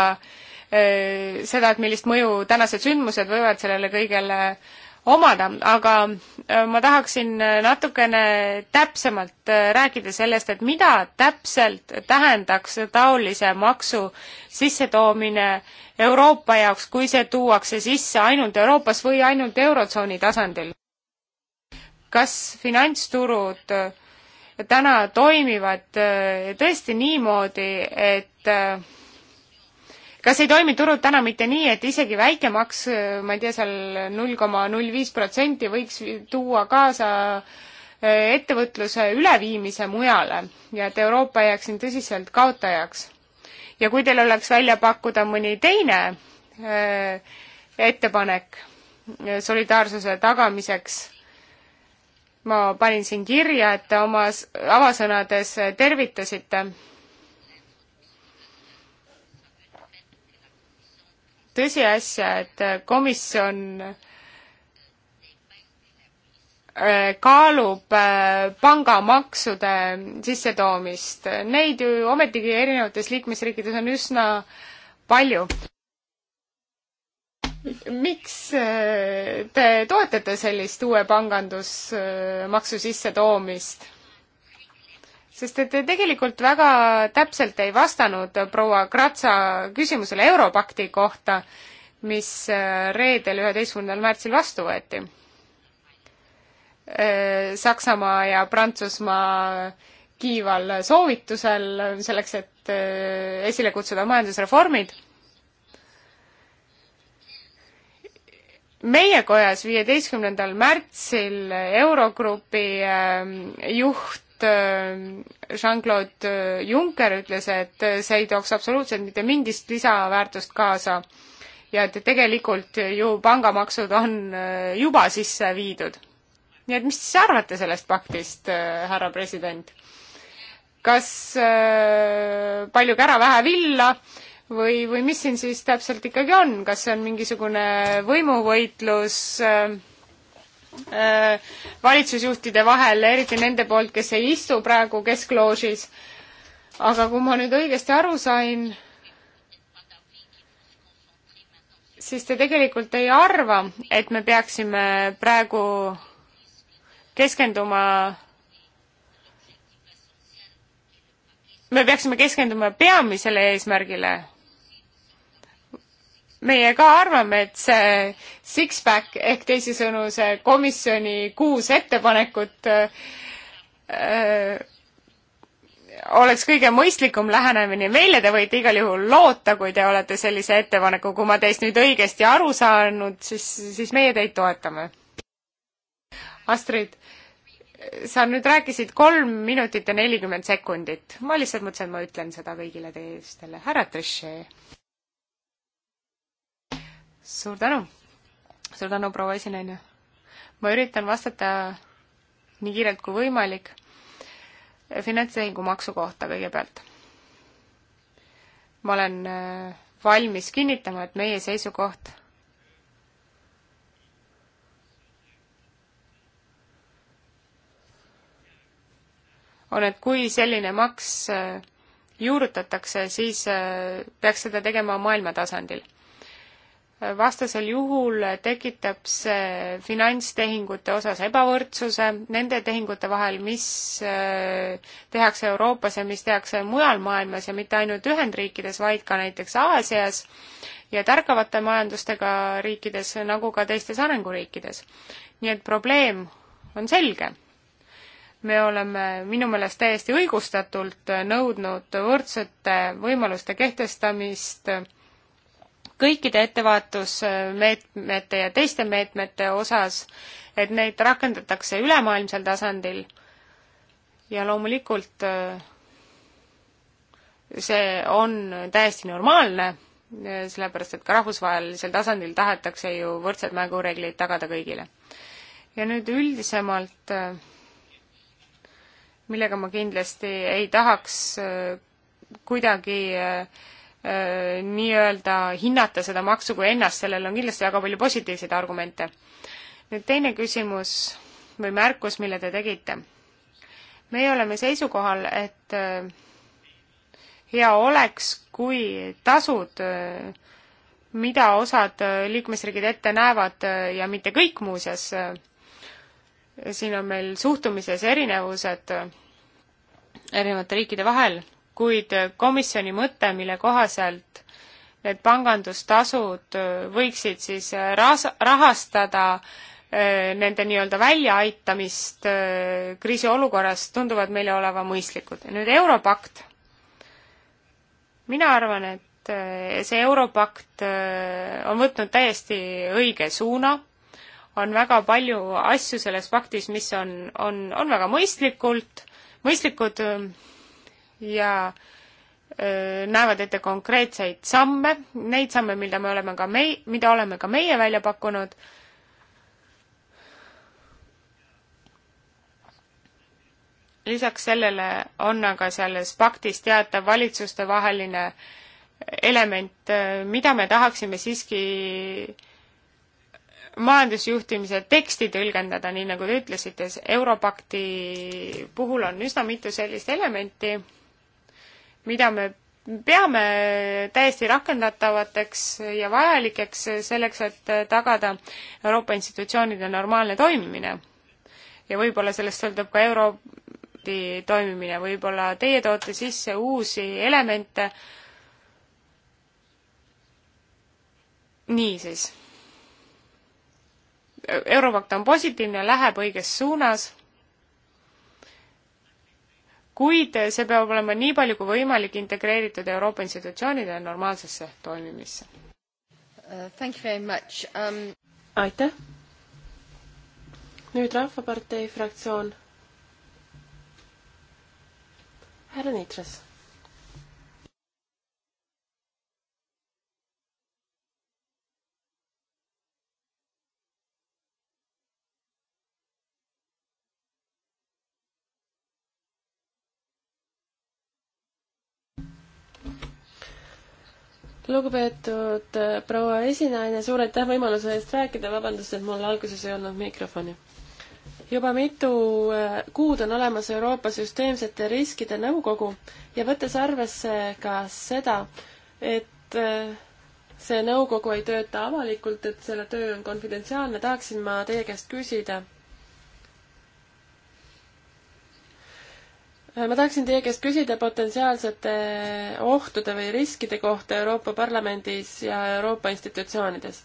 seda, et millist mõju tänased sündmused võivad sellele kõigele omada, aga äh, ma tahaksin äh, natukene täpsemalt äh, rääkida sellest, et mida täpselt tähendaks taolise maksu sissetoomine Euroopa jaoks, kui see tuuakse sisse ainult Euroopas või ainult Eurotsooni tasandil. kas finantsturud täna toimivad tõesti niimoodi, et kas ei toimi turud täna mitte nii, et isegi väike maks, äh, ma ei tea seal, seal null koma null viis protsenti võiks tuua kaasa äh, ettevõtluse üleviimise mujale ja et Euroopa jääks siin tõsiselt kaotajaks. ja kui teil oleks välja pakkuda mõni teine öö, äh, ettepanek solidaarsuse tagamiseks, ma panin siin kirja, et te oma avasõnades tervitasite tõsiasja, et komisjon äh, kaalub äh, pangamaksude sissetoomist. Neid ju ometigi erinevates liikmesriikides on üsna palju. miks äh, te toetate sellist uue pangandusmaksu sissetoomist? sest et te tegelikult väga täpselt ei vastanud proua Kratsa küsimusele Europakti kohta, mis äh, reedel, üheteistkümnendal märtsil vastu võeti. Äh, Saksamaa ja Prantsusmaa kiival soovitusel selleks, et äh, esile kutsuda majandusreformid meie kojas viieteistkümnendal märtsil Eurogrupi juht et äh, Jean-Claude äh, Juncker ütles, et äh, see ei tooks absoluutselt mitte mingist lisaväärtust kaasa ja et tegelikult ju pangamaksud on juba sisse viidud. nii et mis te arvate sellest paktist, härra president? kas äh, palju kära, vähe villa või, või mis siin siis täpselt ikkagi on, kas see on mingisugune võimuvõitlus äh, Äh, valitsusjuhtide vahel, eriti nende poolt, kes ei istu praegu keskloožis. aga kui ma nüüd õigesti aru sain, siis te tegelikult ei arva, et me peaksime praegu keskenduma me peaksime keskenduma peamisele eesmärgile meie ka arvame, et see six-pack ehk teisisõnu see komisjoni kuus ettepanekut öö, äh, oleks kõige mõistlikum lähenemine. meile te võite igal juhul loota, kui te olete sellise ettepaneku, kui ma teist nüüd õigesti aru saanud, siis, siis meie teid toetame. Astrid, sa nüüd rääkisid kolm minutit ja nelikümmend sekundit. ma lihtsalt mõtlesin, et ma ütlen seda kõigile teistele. härra Trichet suur tänu! suur tänu, proua esinaine! ma üritan vastata nii kiirelt kui võimalik finantstehingu maksu kohta kõigepealt. ma olen äh, valmis kinnitama, et meie seisukoht on, et kui selline maks äh, juurutatakse, siis äh, peaks seda tegema maailma tasandil vastasel juhul tekitab see finantstehingute osas ebavõrdsuse nende tehingute vahel, mis äh, tehakse Euroopas ja mis tehakse mujal maailmas ja mitte ainult Ühendriikides, vaid ka näiteks Aasias ja tärkavate majandustega riikides, nagu ka teistes arenguriikides. nii et probleem on selge. me oleme minu meelest täiesti õigustatult nõudnud võrdsete võimaluste kehtestamist kõikide ettevaatusmeetmete ja teiste meetmete osas, et neid rakendatakse ülemaailmsel tasandil ja loomulikult äh, see on täiesti normaalne, äh, sellepärast et ka rahvusvahelisel tasandil tahetakse ju võrdsed mängureeglid tagada kõigile. ja nüüd üldisemalt, äh, millega ma kindlasti ei tahaks kuidagi äh, Äh, nii-öelda hinnata seda maksu kui ennast, sellel on kindlasti väga palju positiivseid argumente. nüüd teine küsimus või märkus, mille te tegite. meie oleme seisukohal, et äh, hea oleks, kui tasud, äh, mida osad liikmesriigid ette näevad ja mitte kõik muuseas, siin on meil suhtumises erinevused erinevate riikide vahel kuid komisjoni mõte, mille kohaselt need pangandustasud võiksid siis ras-, rahastada eh, nende nii-öelda väljaaitamist eh, kriisiolukorras, tunduvad meile oleva mõistlikud. nüüd Europakt. mina arvan, et eh, see Europakt on võtnud täiesti õige suuna, on väga palju asju selles paktis, mis on, on, on väga mõistlikult, mõistlikud, mõistlikud ja öö, näevad ette konkreetseid samme, neid samme, mida me oleme ka mei-, mida oleme ka meie välja pakkunud. lisaks sellele on aga selles paktis teatav valitsustevaheline element, mida me tahaksime siiski majandusjuhtimise teksti tõlgendada, nii nagu te ütlesite, Europakti puhul on üsna mitu sellist elementi mida me peame täiesti rakendatavateks ja vajalikeks selleks, et tagada Euroopa institutsioonide normaalne toimimine. ja võib-olla sellest sõltub ka euro toimimine, võib-olla teie toote sisse uusi elemente. niisiis. Eurobakt on positiivne, läheb õiges suunas kuid see peab olema nii palju kui võimalik integreeritud Euroopa institutsioonide normaalsesse toimimisse uh,. Thank you very much um.... aitäh. nüüd Rahvapartei fraktsioon. härra Nitras lugupeetud äh, proua esinaine, suur aitäh võimaluse eest rääkida, vabandust, et mul alguses ei olnud mikrofoni. juba mitu äh, kuud on olemas Euroopa Süsteemsete Riskide Nõukogu ja võttes arvesse ka seda, et äh, see nõukogu ei tööta avalikult, et selle töö on konfidentsiaalne, tahaksin ma teie käest küsida ma tahaksin teie käest küsida potentsiaalsete ohtude või riskide kohta Euroopa Parlamendis ja Euroopa institutsioonides.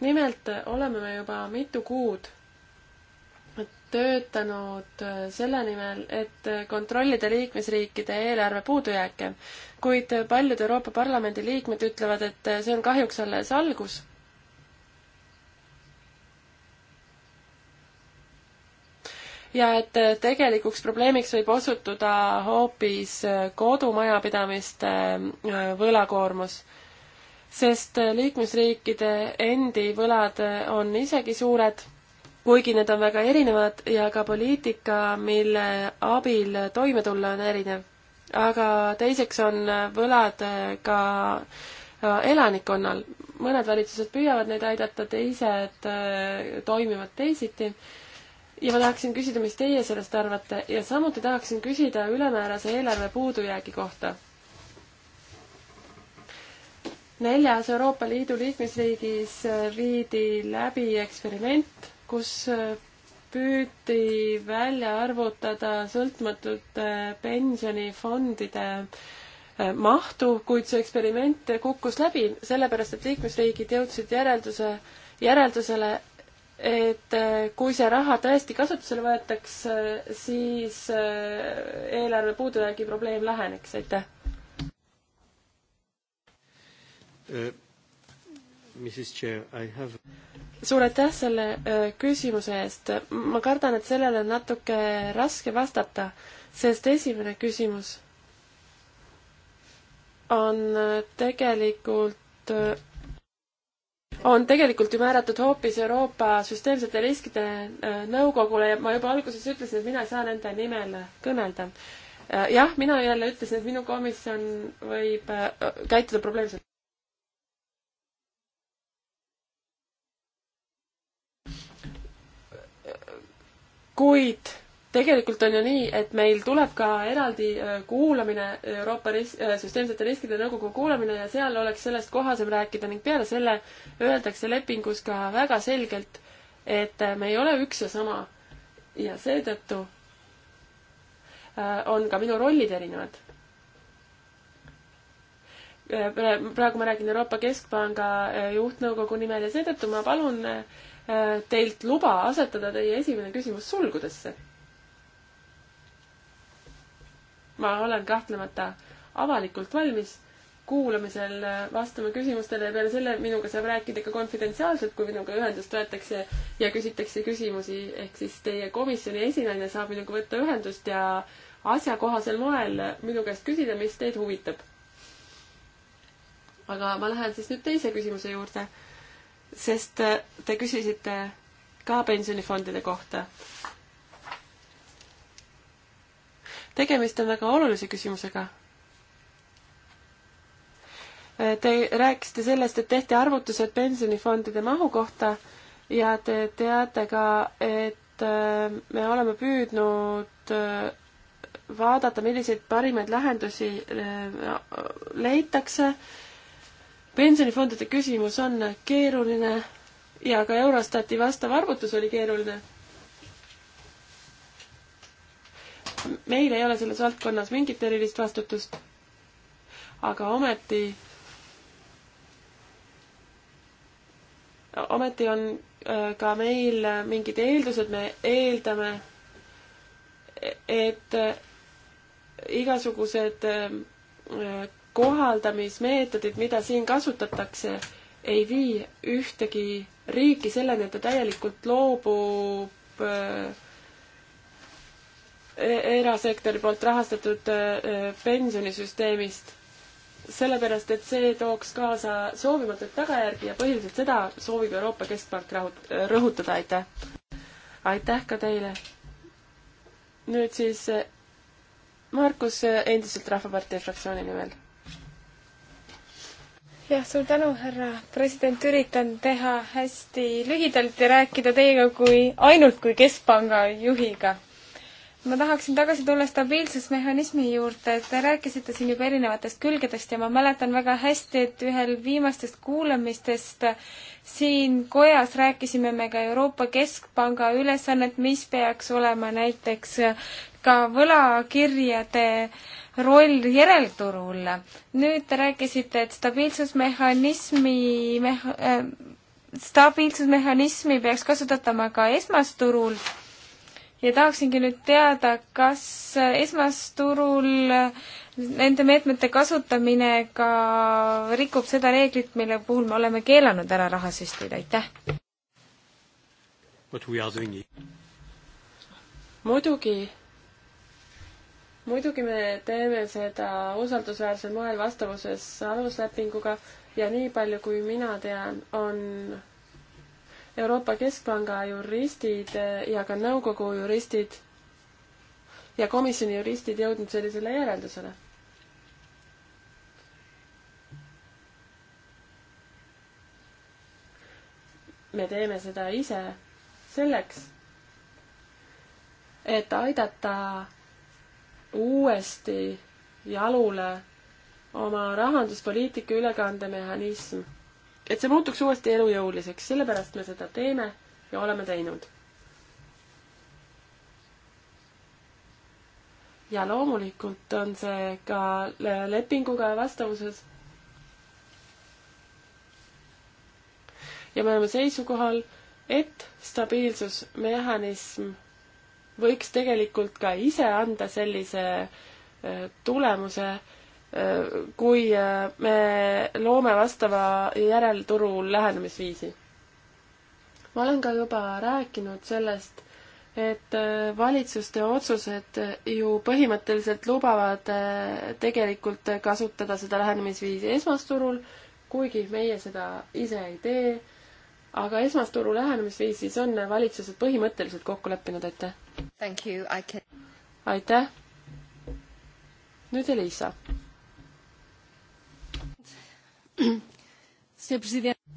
nimelt oleme me juba mitu kuud töötanud selle nimel, et kontrollida liikmesriikide eelarve puudujääke, kuid paljud Euroopa Parlamendi liikmed ütlevad, et see on kahjuks alles algus ja et tegelikuks probleemiks võib osutuda hoopis äh, kodumajapidamiste äh, võlakoormus sest äh, liikmesriikide endi võlad on isegi suured, kuigi need on väga erinevad ja ka poliitika, mille abil toime tulla, on erinev. aga teiseks on võlad ka elanikkonnal. mõned valitsused püüavad neid aidata, teised toimivad teisiti ja ma tahaksin küsida, mis teie sellest arvate ja samuti tahaksin küsida ülemäärase eelarve puudujäägi kohta. neljas Euroopa Liidu liikmesriigis viidi läbi eksperiment, kus püüti välja arvutada sõltumatute pensionifondide eh, mahtu, kuid see eksperiment kukkus läbi, sellepärast et liikmesriigid jõudsid järelduse, järeldusele, et äh, kui see raha tõesti kasutusele võetakse, siis äh, eelarve puudujäägi probleem laheneks, aitäh. Äh, suur aitäh selle küsimuse eest. ma kardan, et sellele on natuke raske vastata, sest esimene küsimus on tegelikult on tegelikult ju määratud hoopis Euroopa süsteemsete riskide äh, nõukogule ja ma juba alguses ütlesin, et mina ei saa nende nimel kõnelda. Äh, jah, mina jälle ütlesin, et minu komisjon võib äh, käituda probleemselt. kuid tegelikult on ju nii, et meil tuleb ka eraldi äh, kuulamine, Euroopa ris-, äh, süsteemsete riskide nõukogu kuulamine ja seal oleks sellest kohasem rääkida ning peale selle öeldakse lepingus ka väga selgelt, et äh, me ei ole üks ja sama. ja seetõttu on ka minu rollid erinevad. praegu ma räägin Euroopa Keskpanga juhtnõukogu nimel ja seetõttu ma palun teilt luba asetada teie esimene küsimus sulgudesse ma olen kahtlemata avalikult valmis kuulamisel äh, vastama küsimustele ja peale selle minuga saab rääkida ka konfidentsiaalselt, kui minuga ühendust võetakse ja küsitakse küsimusi, ehk siis teie komisjoni esinaine saab minuga võtta ühendust ja asjakohasel moel minu käest küsida, mis teid huvitab. aga ma lähen siis nüüd teise küsimuse juurde, sest äh, te küsisite ka pensionifondide kohta tegemist on väga olulise küsimusega. Äh, te rääkisite sellest, et tehti arvutused pensionifondide mahu kohta ja te teate ka, et äh, me oleme püüdnud äh, vaadata, milliseid parimaid lahendusi leitakse. pensionifondide küsimus on keeruline ja ka Eurostati vastav arvutus oli keeruline meil ei ole selles valdkonnas mingit erilist vastutust, aga ometi, ometi on äh, ka meil äh, mingid eeldused, me eeldame, e-, et äh, igasugused kohaldamismeetodid, mida siin kasutatakse, ei vii ühtegi riiki selleni, et ta täielikult loobub äh, E-, erasektori poolt rahastatud e, e, pensionisüsteemist, sellepärast et see tooks kaasa soovimatuid tagajärgi ja põhiliselt seda soovib Euroopa Keskpank rahut-, rõhutada, aitäh! aitäh ka teile! nüüd siis Markus endiselt Rahvapartei fraktsiooni nimel jah, suur tänu, härra president, üritan teha hästi lühidalt ja rääkida teiega kui, ainult kui keskpanga juhiga ma tahaksin tagasi tulla stabiilsusmehhanismi juurde, te rääkisite siin juba erinevatest külgedest ja ma mäletan väga hästi, et ühel viimastest kuulamistest siin kojas rääkisime me ka Euroopa Keskpanga ülesannet, mis peaks olema näiteks ka võlakirjade roll järelturul. nüüd te rääkisite, et stabiilsusmehhanismi meha- äh,, stabiilsusmehhanismi peaks kasutatama ka esmasturul ja tahaksingi nüüd teada, kas esmasturul nende meetmete kasutamine ka rikub seda reeglit, mille puhul me oleme keelanud ära rahasüstid, aitäh! muidugi, muidugi me teeme seda usaldusväärsel moel vastavuses aluslepinguga ja nii palju, kui mina tean, on Euroopa Keskpanga juristid ja ka nõukogu juristid ja komisjoni juristid jõudnud sellisele järeldusele me teeme seda ise selleks, et aidata uuesti jalule oma rahanduspoliitika ülekandemehhanism et see muutuks uuesti elujõuliseks, sellepärast me seda teeme ja oleme teinud. ja loomulikult on see ka lepinguga vastavuses. ja me oleme seisukohal, et stabiilsusmehhanism võiks tegelikult ka ise anda sellise eh, tulemuse, kui äh, me loome vastava järelturu lähenemisviisi. ma olen ka juba rääkinud sellest, et äh, valitsuste otsused ju põhimõtteliselt lubavad äh, tegelikult kasutada seda lähenemisviisi esmasturul, kuigi meie seda ise ei tee, aga esmasturu lähenemisviisis on valitsused põhimõtteliselt kokku leppinud, aitäh! aitäh! nüüd Elisa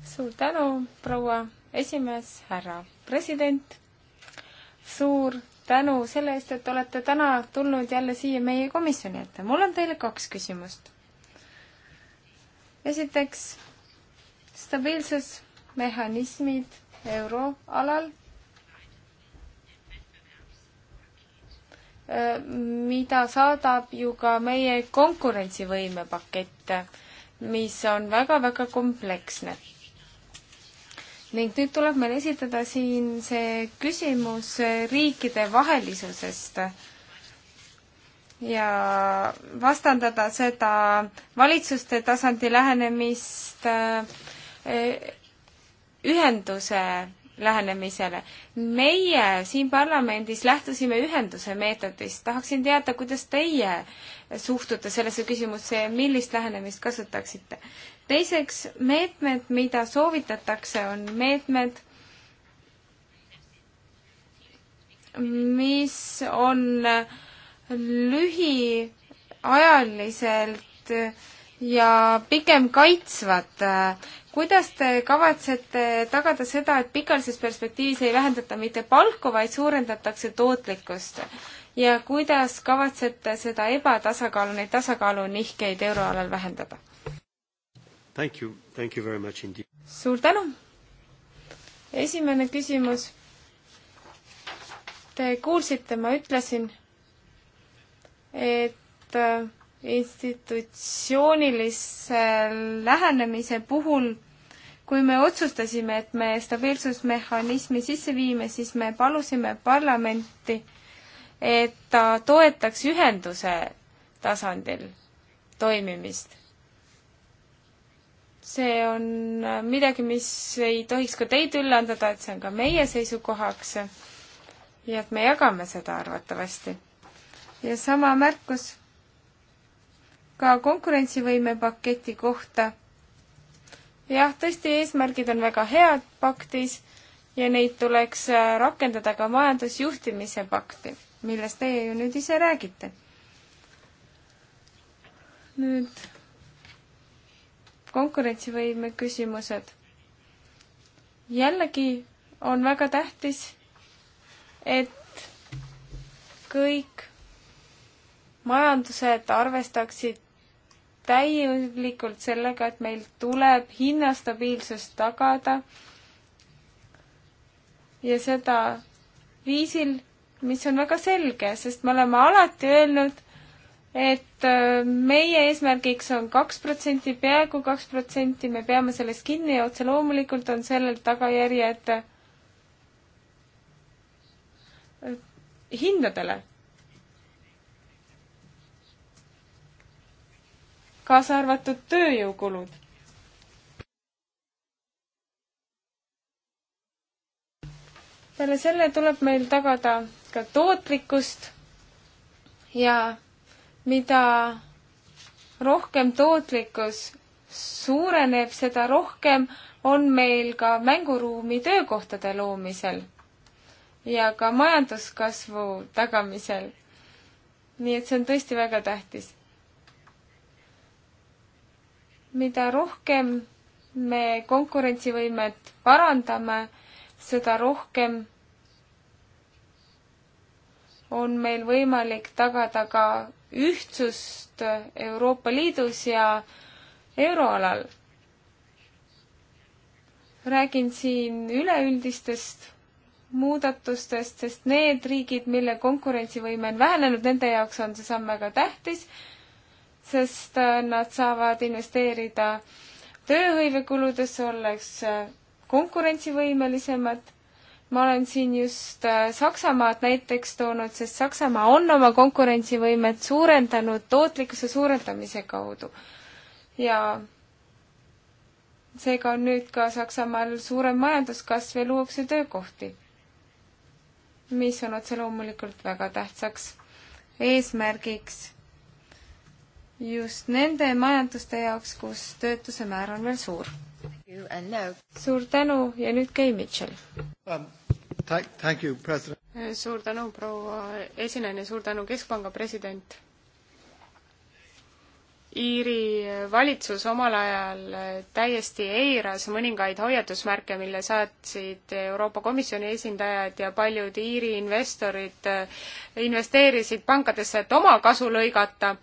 suur tänu, proua esimees, härra president. suur tänu selle eest, et olete täna tulnud jälle siia meie komisjoni ette. mul on teile kaks küsimust. esiteks, stabiilsusmehhanismid euroalal eh, mida saadab ju ka meie konkurentsivõime pakett mis on väga-väga kompleksne. ning nüüd tuleb meil esitada siin see küsimus riikide vahelisusest ja vastandada seda valitsuste tasandi lähenemist eh, ühenduse lähenemisele. meie siin parlamendis lähtusime ühenduse meetodist, tahaksin teada, kuidas teie suhtute sellesse küsimusse ja millist lähenemist kasutaksite. teiseks, meetmed, mida soovitatakse, on meetmed, mis on lühiajaliselt ja pigem kaitsvad kuidas te kavatsete tagada seda, et pikaajalises perspektiivis ei vähendata mitte palku, vaid suurendatakse tootlikkust? ja kuidas kavatsete seda ebatasakaalu, neid tasakaalunihkeid euroalal vähendada? Thank you, thank you very much indeed. suur tänu! esimene küsimus. Te kuulsite, ma ütlesin, et äh, institutsioonilise lähenemise puhul, kui me otsustasime, et me stabiilsusmehhanismi sisse viime, siis me palusime parlamenti, et ta toetaks ühenduse tasandil toimimist. see on midagi, mis ei tohiks ka teid üllandada, et see on ka meie seisukohaks ja et me jagame seda arvatavasti. ja sama märkus ka konkurentsivõimepaketi kohta. jah, tõesti, eesmärgid on väga head paktis ja neid tuleks äh, rakendada ka majandusjuhtimise pakti, millest teie ju nüüd ise räägite. nüüd konkurentsivõime küsimused. jällegi on väga tähtis, et kõik majandused arvestaksid täielikult sellega, et meil tuleb hinnastabiilsust tagada ja seda viisil, mis on väga selge, sest me oleme alati öelnud, et äh, meie eesmärgiks on kaks protsenti, peaaegu kaks protsenti, me peame sellest kinni ja otse loomulikult on sellel tagajärjed äh, hindadele kaasa arvatud tööjõukulud. peale selle tuleb meil tagada ka tootlikkust ja mida rohkem tootlikkus suureneb, seda rohkem on meil ka mänguruumi töökohtade loomisel ja ka majanduskasvu tagamisel. nii et see on tõesti väga tähtis mida rohkem me konkurentsivõimet parandame, seda rohkem on meil võimalik tagada ka ühtsust Euroopa Liidus ja euroalal. räägin siin üleüldistest muudatustest, sest need riigid, mille konkurentsivõime on vähenenud, nende jaoks on see samm väga tähtis sest äh, nad saavad investeerida tööhõivekuludesse, oleks äh, konkurentsivõimelisemad. ma olen siin just äh, Saksamaad näiteks toonud, sest Saksamaa on oma konkurentsivõimet suurendanud tootlikkuse suurendamise kaudu. ja seega on nüüd ka Saksamaal suurem majanduskasv ja luuakse töökohti, mis on otse loomulikult väga tähtsaks eesmärgiks just nende majanduste jaoks, kus töötuse määr on veel suur. suur tänu ja nüüd Kay Mitchell um,. Thank you, president. suur tänu, proua esinejana, suur tänu, Keskpanga president Iiri valitsus omal ajal täiesti eiras mõningaid hoiatusmärke, mille saatsid Euroopa Komisjoni esindajad ja paljud Iiri investorid investeerisid pankadesse, et oma kasu lõigata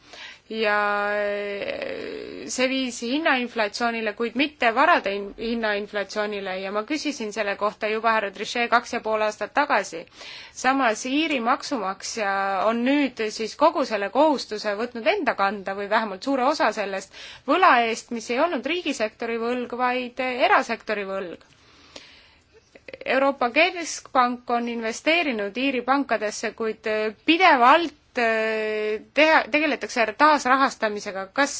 ja eh, see viis hinnainflatsioonile, kuid mitte varade hinnainflatsioonile ja ma küsisin selle kohta juba härra Trichet kaks ja pool aastat tagasi. samas Iiri maksumaksja on nüüd siis kogu selle kohustuse võtnud enda kanda või vähemalt suure osa sellest võla eest, mis ei olnud riigisektori võlg, vaid erasektori võlg Euroopa Keskpank on investeerinud Iiri pankadesse, kuid pidevalt Äh, teha, tegeletakse taasrahastamisega, kas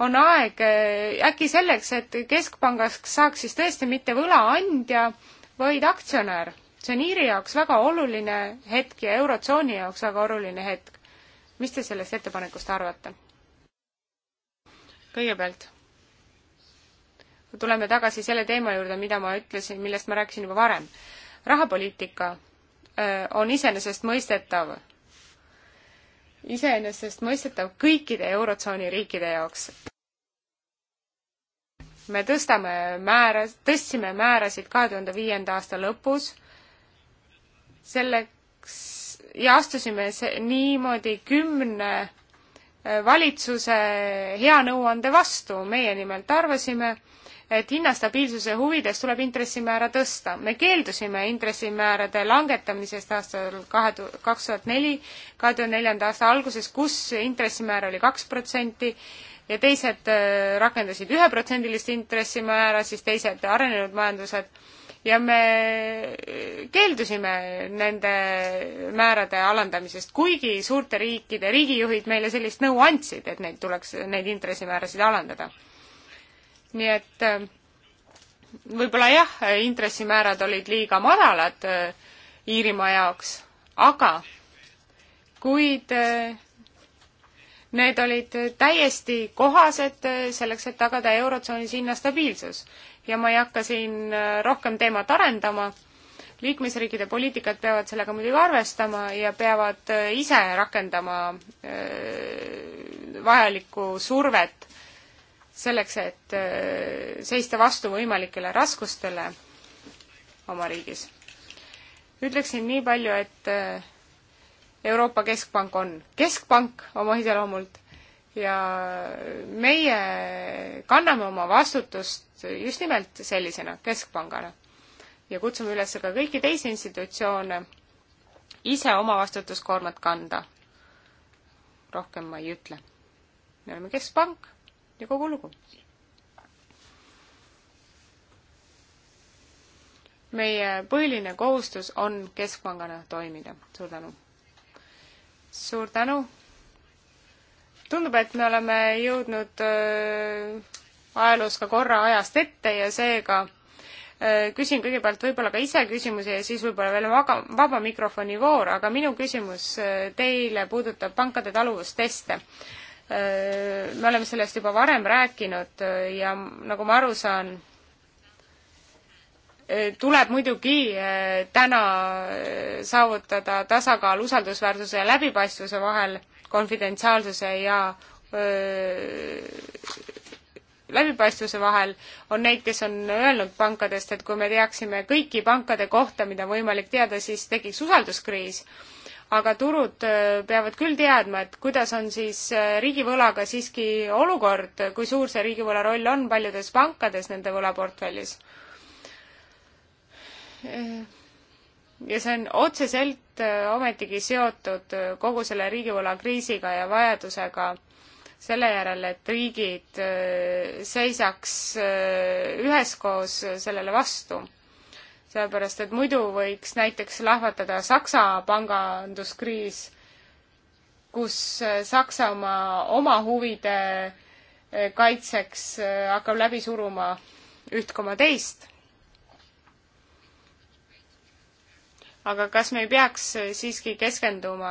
on aeg äh, äkki selleks, et keskpangast saaks siis tõesti mitte võlaandja, vaid aktsionär? see on Iiri jaoks väga oluline hetk ja Eurotsooni jaoks väga oluline hetk. mis te sellest ettepanekust arvate? kõigepealt tuleme tagasi selle teema juurde, mida ma ütlesin, millest ma rääkisin juba varem. rahapoliitika äh, on iseenesestmõistetav iseenesestmõistetav kõikide Eurotsooni riikide jaoks. me tõstame määra, tõstsime määrasid kahe tuhande viienda aasta lõpus, selleks ja astusime see, niimoodi kümne äh, valitsuse hea nõuande vastu, meie nimelt arvasime, et hinnastabiilsuse huvides tuleb intressimäära tõsta. me keeldusime intressimäärade langetamisest aastal kahe, kaks tuhat neli, kahe tuhande neljanda aasta alguses, kus intressimäär oli kaks protsenti ja teised äh, rakendasid üheprotsendilist intressimäära, siis teised arenenud majandused ja me äh, keeldusime nende määrade alandamisest, kuigi suurte riikide riigijuhid meile sellist nõu andsid, et neid tuleks, neid intressimäärasid alandada nii et äh, võib-olla jah, intressimäärad olid liiga madalad äh, Iirimaa jaoks, aga kuid äh, need olid täiesti kohased selleks, et tagada Eurotsoonis hinna stabiilsus. ja ma ei hakka siin rohkem teemat arendama, liikmesriikide poliitikad peavad sellega muidugi arvestama ja peavad ise rakendama vajalikku survet selleks, et äh, seista vastu võimalikele raskustele oma riigis. ütleksin nii palju, et äh, Euroopa Keskpank on keskpank oma iseloomult ja meie kanname oma vastutust just nimelt sellisena, keskpangana. ja kutsume üles ka kõiki teisi institutsioone ise oma vastutuskoormat kanda. rohkem ma ei ütle. me oleme keskpank ja kogu lugu. meie põhiline kohustus on keskpangana toimida. suur tänu! suur tänu! tundub, et me oleme jõudnud äh, ajaloos ka korra ajast ette ja seega äh, küsin kõigepealt võib-olla ka ise küsimuse ja siis võib-olla veel vaga, vaba mikrofoni voor, aga minu küsimus äh, teile puudutab pankade taluvusteste me oleme sellest juba varem rääkinud ja nagu ma aru saan, tuleb muidugi eh, täna eh, saavutada tasakaal usaldusväärsuse ja läbipaistvuse vahel, konfidentsiaalsuse ja öö, eh, läbipaistvuse vahel, on neid, kes on öelnud pankadest, et kui me teaksime kõiki pankade kohta, mida on võimalik teada, siis tekiks usalduskriis aga turud äh, peavad küll teadma, et kuidas on siis äh, riigivõlaga siiski olukord, kui suur see riigivõla roll on paljudes pankades nende võlaportfellis. Äh, ja see on otseselt ometigi seotud kogu selle riigivõlakriisiga ja vajadusega selle järel, et riigid seisaks üheskoos sellele vastu sellepärast et muidu võiks näiteks lahvatada Saksa panganduskriis, kus äh, Saksamaa oma huvide äh, kaitseks äh, hakkab läbi suruma üht koma teist. aga kas me ei peaks siiski keskenduma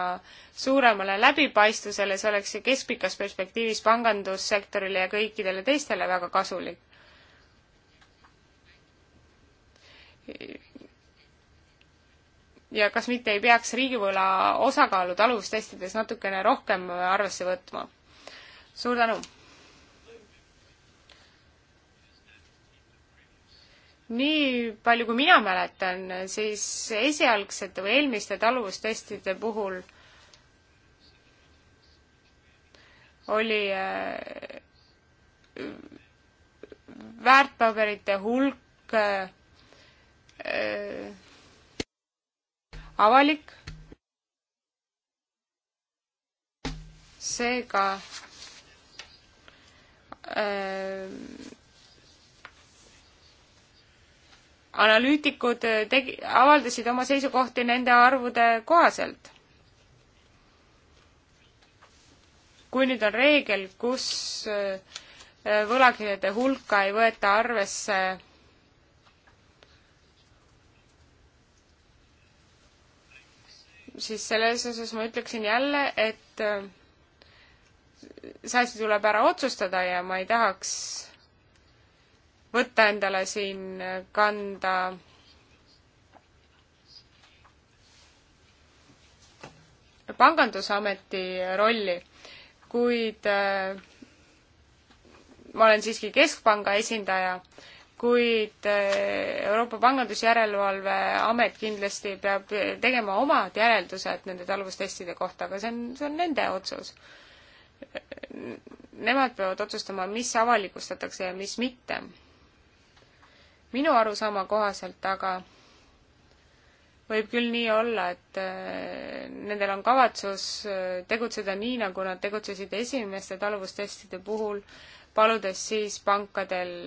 suuremale läbipaistvusele, see oleks keskpikas perspektiivis pangandussektorile ja kõikidele teistele väga kasulik ja kas mitte ei peaks riigivõla osakaalu taluvustestides natukene rohkem arvesse võtma? suur tänu! nii palju, kui mina mäletan, siis esialgsete või eelmiste taluvustestide puhul oli äh, väärtpaberite hulk äh, äh, avalik. seega äh, analüütikud äh, tegi, avaldasid oma seisukohti nende arvude kohaselt. kui nüüd on reegel, kus äh, võlakirjade hulka ei võeta arvesse siis selles osas ma ütleksin jälle, et see äh, asi tuleb ära otsustada ja ma ei tahaks võtta endale siin äh, kanda pangandusameti rolli, kuid äh, ma olen siiski keskpanga esindaja kuid eh, Euroopa Pangandusjärelevalve Amet kindlasti peab tegema omad järeldused nende taluvustestide kohta, aga see on, see on nende otsus. Nemad peavad otsustama, mis avalikustatakse ja mis mitte. minu arusaama kohaselt aga võib küll nii olla, et eh, nendel on kavatsus eh, tegutseda nii, nagu nad tegutsesid esimeste taluvustestide puhul, paludes siis pankadel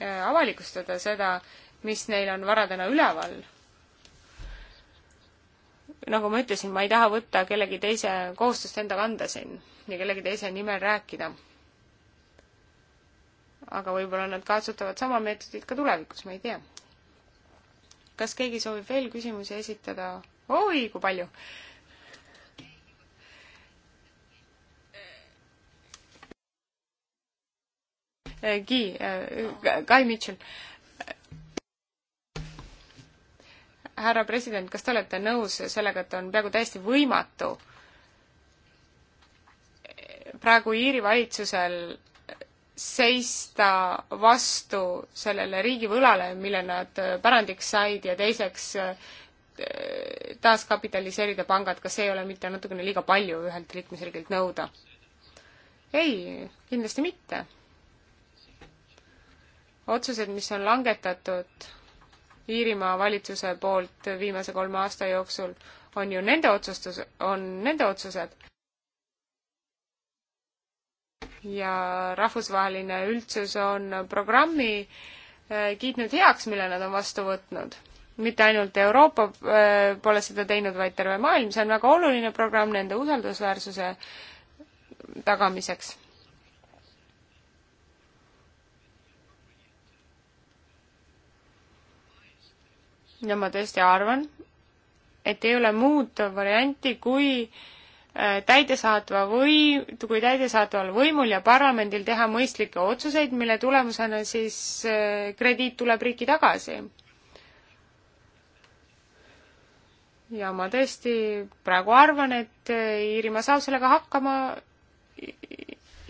Äh, avalikustada seda, mis neil on varadena üleval. nagu ma ütlesin, ma ei taha võtta kellegi teise kohustust enda kanda siin ja kellegi teise nimel rääkida. aga võib-olla nad katsutavad sama meetodit ka tulevikus, ma ei tea. kas keegi soovib veel küsimusi esitada? oi, kui palju! Guy, äh, Guy Mitchell. härra president, kas te olete nõus sellega, et on peaaegu täiesti võimatu praegu Iiri valitsusel seista vastu sellele riigivõlale, mille nad pärandiks said ja teiseks äh, taaskapitaliseerida pangad, kas ei ole mitte natukene liiga palju ühelt liikmesriigilt nõuda? ei, kindlasti mitte otsused, mis on langetatud Iirimaa valitsuse poolt viimase kolme aasta jooksul, on ju nende otsustus, on nende otsused. ja rahvusvaheline üldsus on programmi äh, kiitnud heaks, mille nad on vastu võtnud. mitte ainult Euroopa äh, pole seda teinud, vaid terve maailm, see on väga oluline programm nende usaldusväärsuse tagamiseks ja ma tõesti arvan, et ei ole muud varianti, kui äh, täidesaatva või, kui täidesaatval võimul ja parlamendil teha mõistlikke otsuseid, mille tulemusena siis äh, krediit tuleb riiki tagasi. ja ma tõesti praegu arvan, et äh, Iirimaa saab sellega hakkama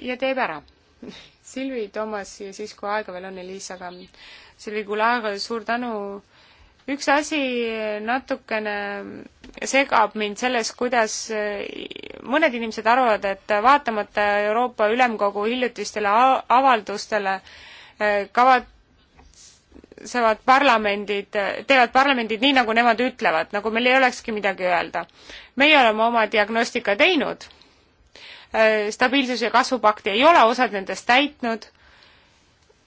ja teeb ära. Silvi, Toomas ja siis, kui aega veel on, Elisa ka. Silvi Kulaga suur tänu üks asi natukene segab mind selles, kuidas eh, mõned inimesed arvavad, et vaatamata Euroopa Ülemkogu hiljutistele avaldustele eh, kavatsevad parlamendid, teevad parlamendid nii, nagu nemad ütlevad, nagu meil ei olekski midagi öelda. meie oleme oma diagnostika teinud, eh, stabiilsus- ja kasvupakti ei ole osad nendest täitnud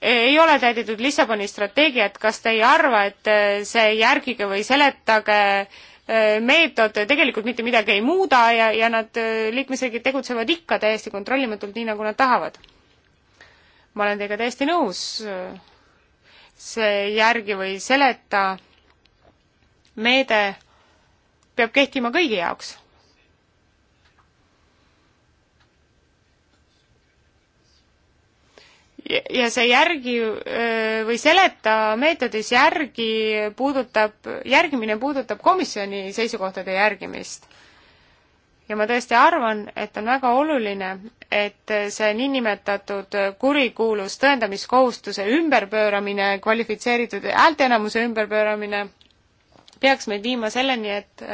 ei ole täidetud Lissaboni strateegiat, kas te ei arva, et äh, see järgige või seletage äh, meetod tegelikult mitte midagi ei muuda ja, ja nad äh, liikmesriigid tegutsevad ikka täiesti kontrollimatult, nii nagu nad tahavad? ma olen teiega täiesti nõus, see järgi või seleta meede peab kehtima kõigi jaoks ja see järgi või seleta meetodis järgi puudutab, järgimine puudutab komisjoni seisukohtade järgimist. ja ma tõesti arvan, et on väga oluline, et see niinimetatud kurikuulus tõendamiskohustuse ümberpööramine, kvalifitseeritud häälteenamuse ümberpööramine peaks meid viima selleni, et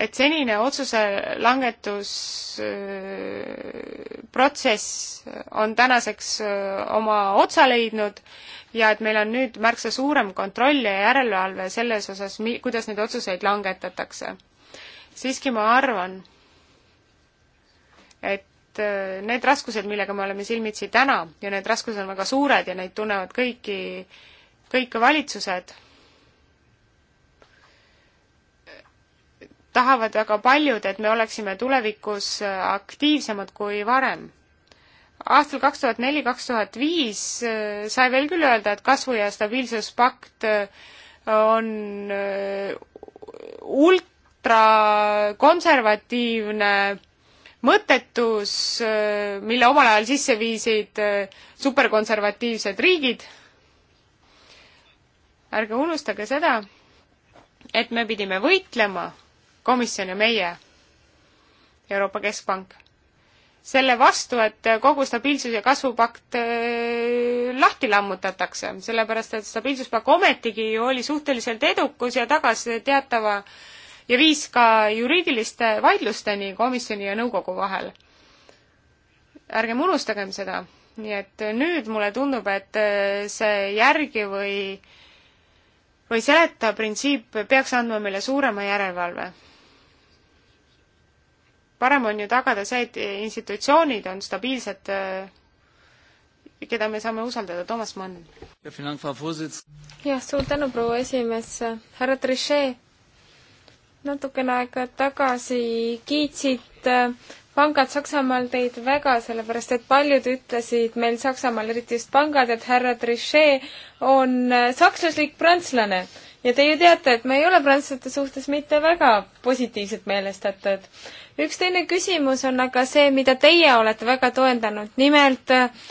et senine otsuse langetusprotsess äh, on tänaseks äh, oma otsa leidnud ja et meil on nüüd märksa suurem kontroll ja järelevalve selles osas, mi-, kuidas neid otsuseid langetatakse. siiski ma arvan, et äh, need raskused, millega me oleme silmitsi täna ja need raskused on väga suured ja neid tunnevad kõiki, kõik valitsused tahavad väga paljud, et me oleksime tulevikus aktiivsemad kui varem. aastal kaks tuhat neli, kaks tuhat viis äh, sai veel küll öelda, et kasvu- ja stabiilsuspakt äh, on äh, ultrakonservatiivne mõttetus, mille omal ajal sisse viisid superkonservatiivsed riigid. ärge unustage seda, et me pidime võitlema komisjon ja meie, Euroopa Keskpank, selle vastu, et kogu stabiilsus- ja kasvupakt äh, lahti lammutatakse, sellepärast et stabiilsuspakt ometigi ju oli suhteliselt edukus ja tagas teatava ja viis ka juriidiliste vaidlusteni komisjoni ja nõukogu vahel. ärgem unustagem seda, nii et nüüd mulle tundub, et äh, see järgi või või seletav printsiip peaks andma meile suurema järelevalve parem on ju tagada see, et institutsioonid on stabiilsed, äh, keda me saame usaldada, Toomas Mann. jah, suur tänu, proua esimees, härra Trichet, natukene aega tagasi kiitsid äh, pangad Saksamaal teid väga, sellepärast et paljud ütlesid meil Saksamaal, eriti just pangad, et härra Trichet on äh, sakslaslik prantslane. ja te ju teate, et me ei ole prantslaste suhtes mitte väga positiivselt meelestatud üks teine küsimus on aga see, mida teie olete väga toendanud, nimelt äh,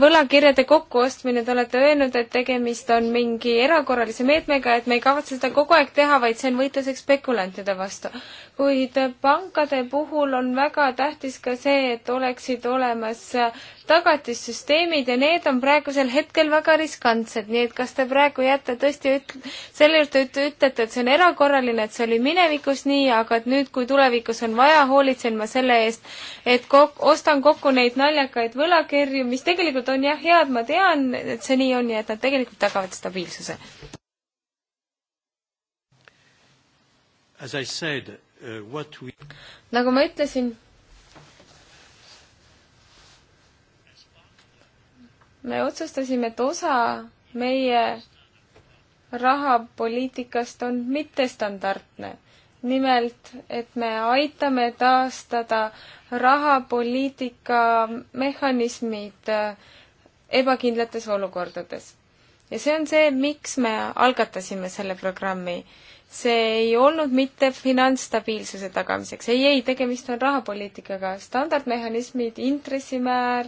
võlakirjade kokkuostmine, te olete öelnud, et tegemist on mingi erakorralise meetmega, et me ei kavatse seda kogu aeg teha, vaid see on võitluseks spekulantide vastu. kuid pankade puhul on väga tähtis ka see, et oleksid olemas äh, tagatissüsteemid ja need on praegusel hetkel väga riskantsed, nii et kas te praegu jääte tõesti üt-, selle juurde, et te ütlete, et see on erakorraline, et see oli minevikus nii, aga et nüüd, kui tulevikus on vaja hoolitsen ma selle eest, et kok-, ostan kokku neid naljakaid võlakirju, mis tegelikult on jah, head, ma tean, et see nii on ja et nad tegelikult tagavad stabiilsuse. Said, uh, we... nagu ma ütlesin, me otsustasime, et osa meie rahapoliitikast on mittestandardne nimelt, et me aitame taastada rahapoliitika mehhanismid äh, ebakindlates olukordades. ja see on see, miks me algatasime selle programmi. see ei olnud mitte finantsstabiilsuse tagamiseks, ei, ei, tegemist on rahapoliitikaga, standardmehhanismid, intressimäär,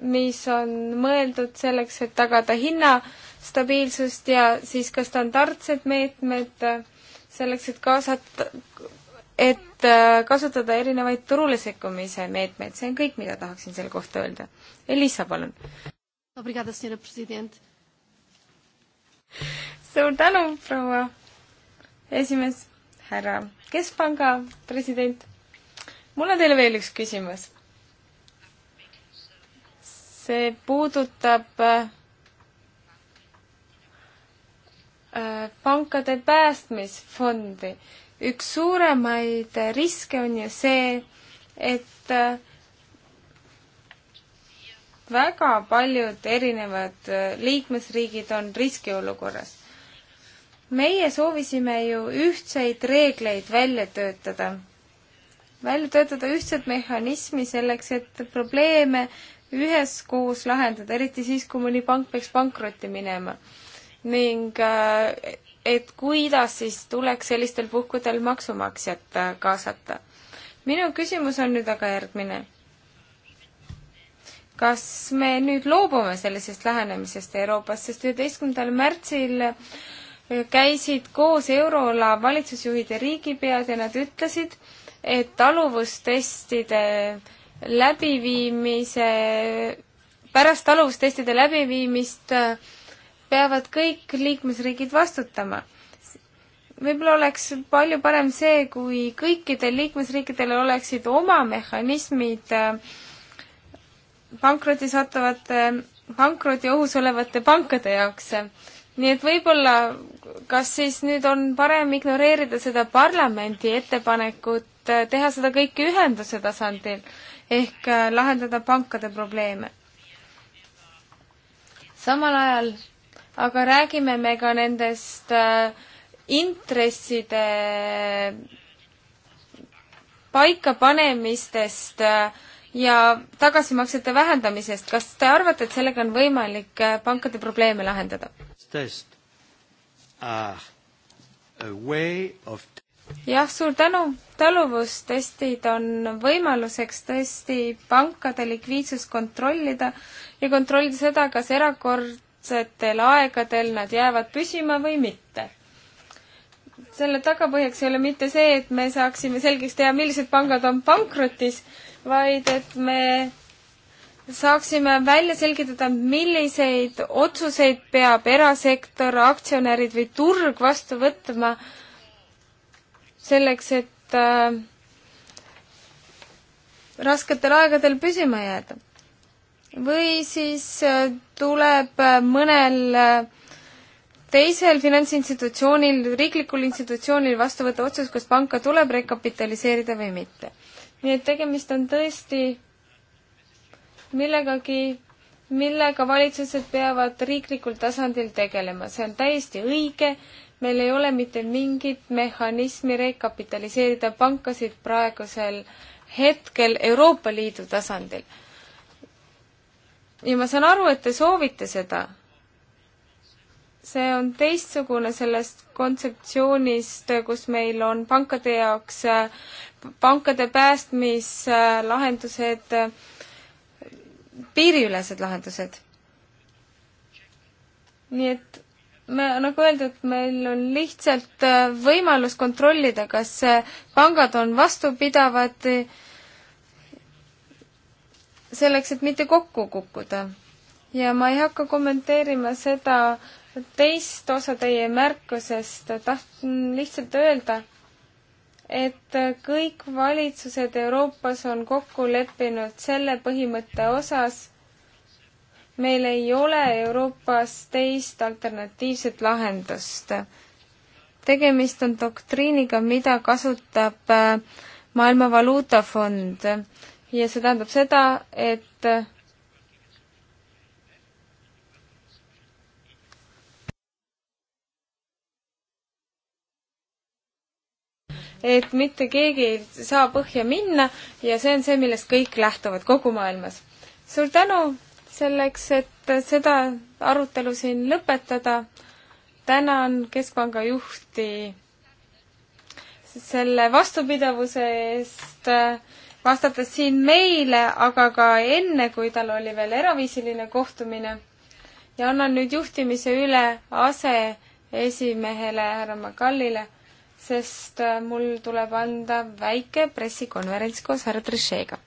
mis on mõeldud selleks, et tagada hinnastabiilsust ja siis ka standardsed meetmed, selleks, et kaasata, et äh, kasutada erinevaid turule sekkumise meetmeid, see on kõik, mida tahaksin selle kohta öelda. Elisa, palun. suur tänu, proua esimees, härra Keskpanga president. mul on teile veel üks küsimus. see puudutab äh, Äh, pankade päästmisfondi. üks suuremaid riske on ju see, et äh, väga paljud erinevad äh, liikmesriigid on riskiolukorras. meie soovisime ju ühtseid reegleid välja töötada, välja töötada ühtset mehhanismi selleks, et probleeme üheskoos lahendada, eriti siis, kui mõni pank peaks pankrotti minema ning äh, et kuidas siis tuleks sellistel puhkudel maksumaksjat äh, kaasata. minu küsimus on nüüd aga järgmine. kas me nüüd loobume sellisest lähenemisest Euroopas, sest üheteistkümnendal märtsil äh, käisid koos euroala valitsusjuhid ja riigipead ja nad ütlesid, et taluvustestide läbiviimise, pärast taluvustestide läbiviimist äh, peavad kõik liikmesriigid vastutama. võib-olla oleks palju parem see, kui kõikidel liikmesriikidel oleksid oma mehhanismid äh, pankrotti sattuvate, pankroti ohus olevate pankade jaoks. nii et võib-olla, kas siis nüüd on parem ignoreerida seda parlamendi ettepanekut, äh, teha seda kõike ühenduse tasandil ehk äh, lahendada pankade probleeme. samal ajal aga räägime me ka nendest äh, intresside paikapanemistest äh, ja tagasimaksete vähendamisest. kas te arvate, et sellega on võimalik äh, pankade probleeme lahendada? Uh, jah, suur tänu. taluvustestid on võimaluseks tõesti pankade likviidsust kontrollida ja kontrollida seda, kas erakord tähtsatel aegadel nad jäävad püsima või mitte. selle tagapõhjaks ei ole mitte see, et me saaksime selgeks teha, millised pangad on pankrotis, vaid et me saaksime välja selgitada, milliseid otsuseid peab erasektor, aktsionärid või turg vastu võtma selleks, et äh, rasketel aegadel püsima jääda või siis äh, tuleb äh, mõnel äh, teisel finantsinstitutsioonil, riiklikul institutsioonil vastu võtta otsus, kas panka tuleb rekapitaliseerida või mitte. nii et tegemist on tõesti millegagi, millega valitsused peavad riiklikul tasandil tegelema, see on täiesti õige, meil ei ole mitte mingit mehhanismi rekapitaliseerida pankasid praegusel hetkel Euroopa Liidu tasandil ja ma saan aru, et te soovite seda. see on teistsugune sellest kontseptsioonist, kus meil on pankade jaoks, pankade päästmislahendused, piiriülesed lahendused. nii et me, nagu öeldud, meil on lihtsalt võimalus kontrollida, kas pangad on vastupidavad äh, selleks, et mitte kokku kukkuda. ja ma ei hakka kommenteerima seda teist osa teie märkusest, tahtsin lihtsalt öelda, et kõik valitsused Euroopas on kokku leppinud selle põhimõtte osas, meil ei ole Euroopas teist alternatiivset lahendust. tegemist on doktriiniga, mida kasutab äh, Maailma Valuutafond ja see tähendab seda, et et mitte keegi ei saa põhja minna ja see on see, millest kõik lähtuvad kogu maailmas. suur tänu selleks, et seda arutelu siin lõpetada. tänan Keskpanga juhti selle vastupidavuse eest vastates siin meile, aga ka enne, kui tal oli veel eraviisiline kohtumine. ja annan nüüd juhtimise üle aseesimehele härra Makallile, sest äh, mul tuleb anda väike pressikonverents koos härra Trichet'ga.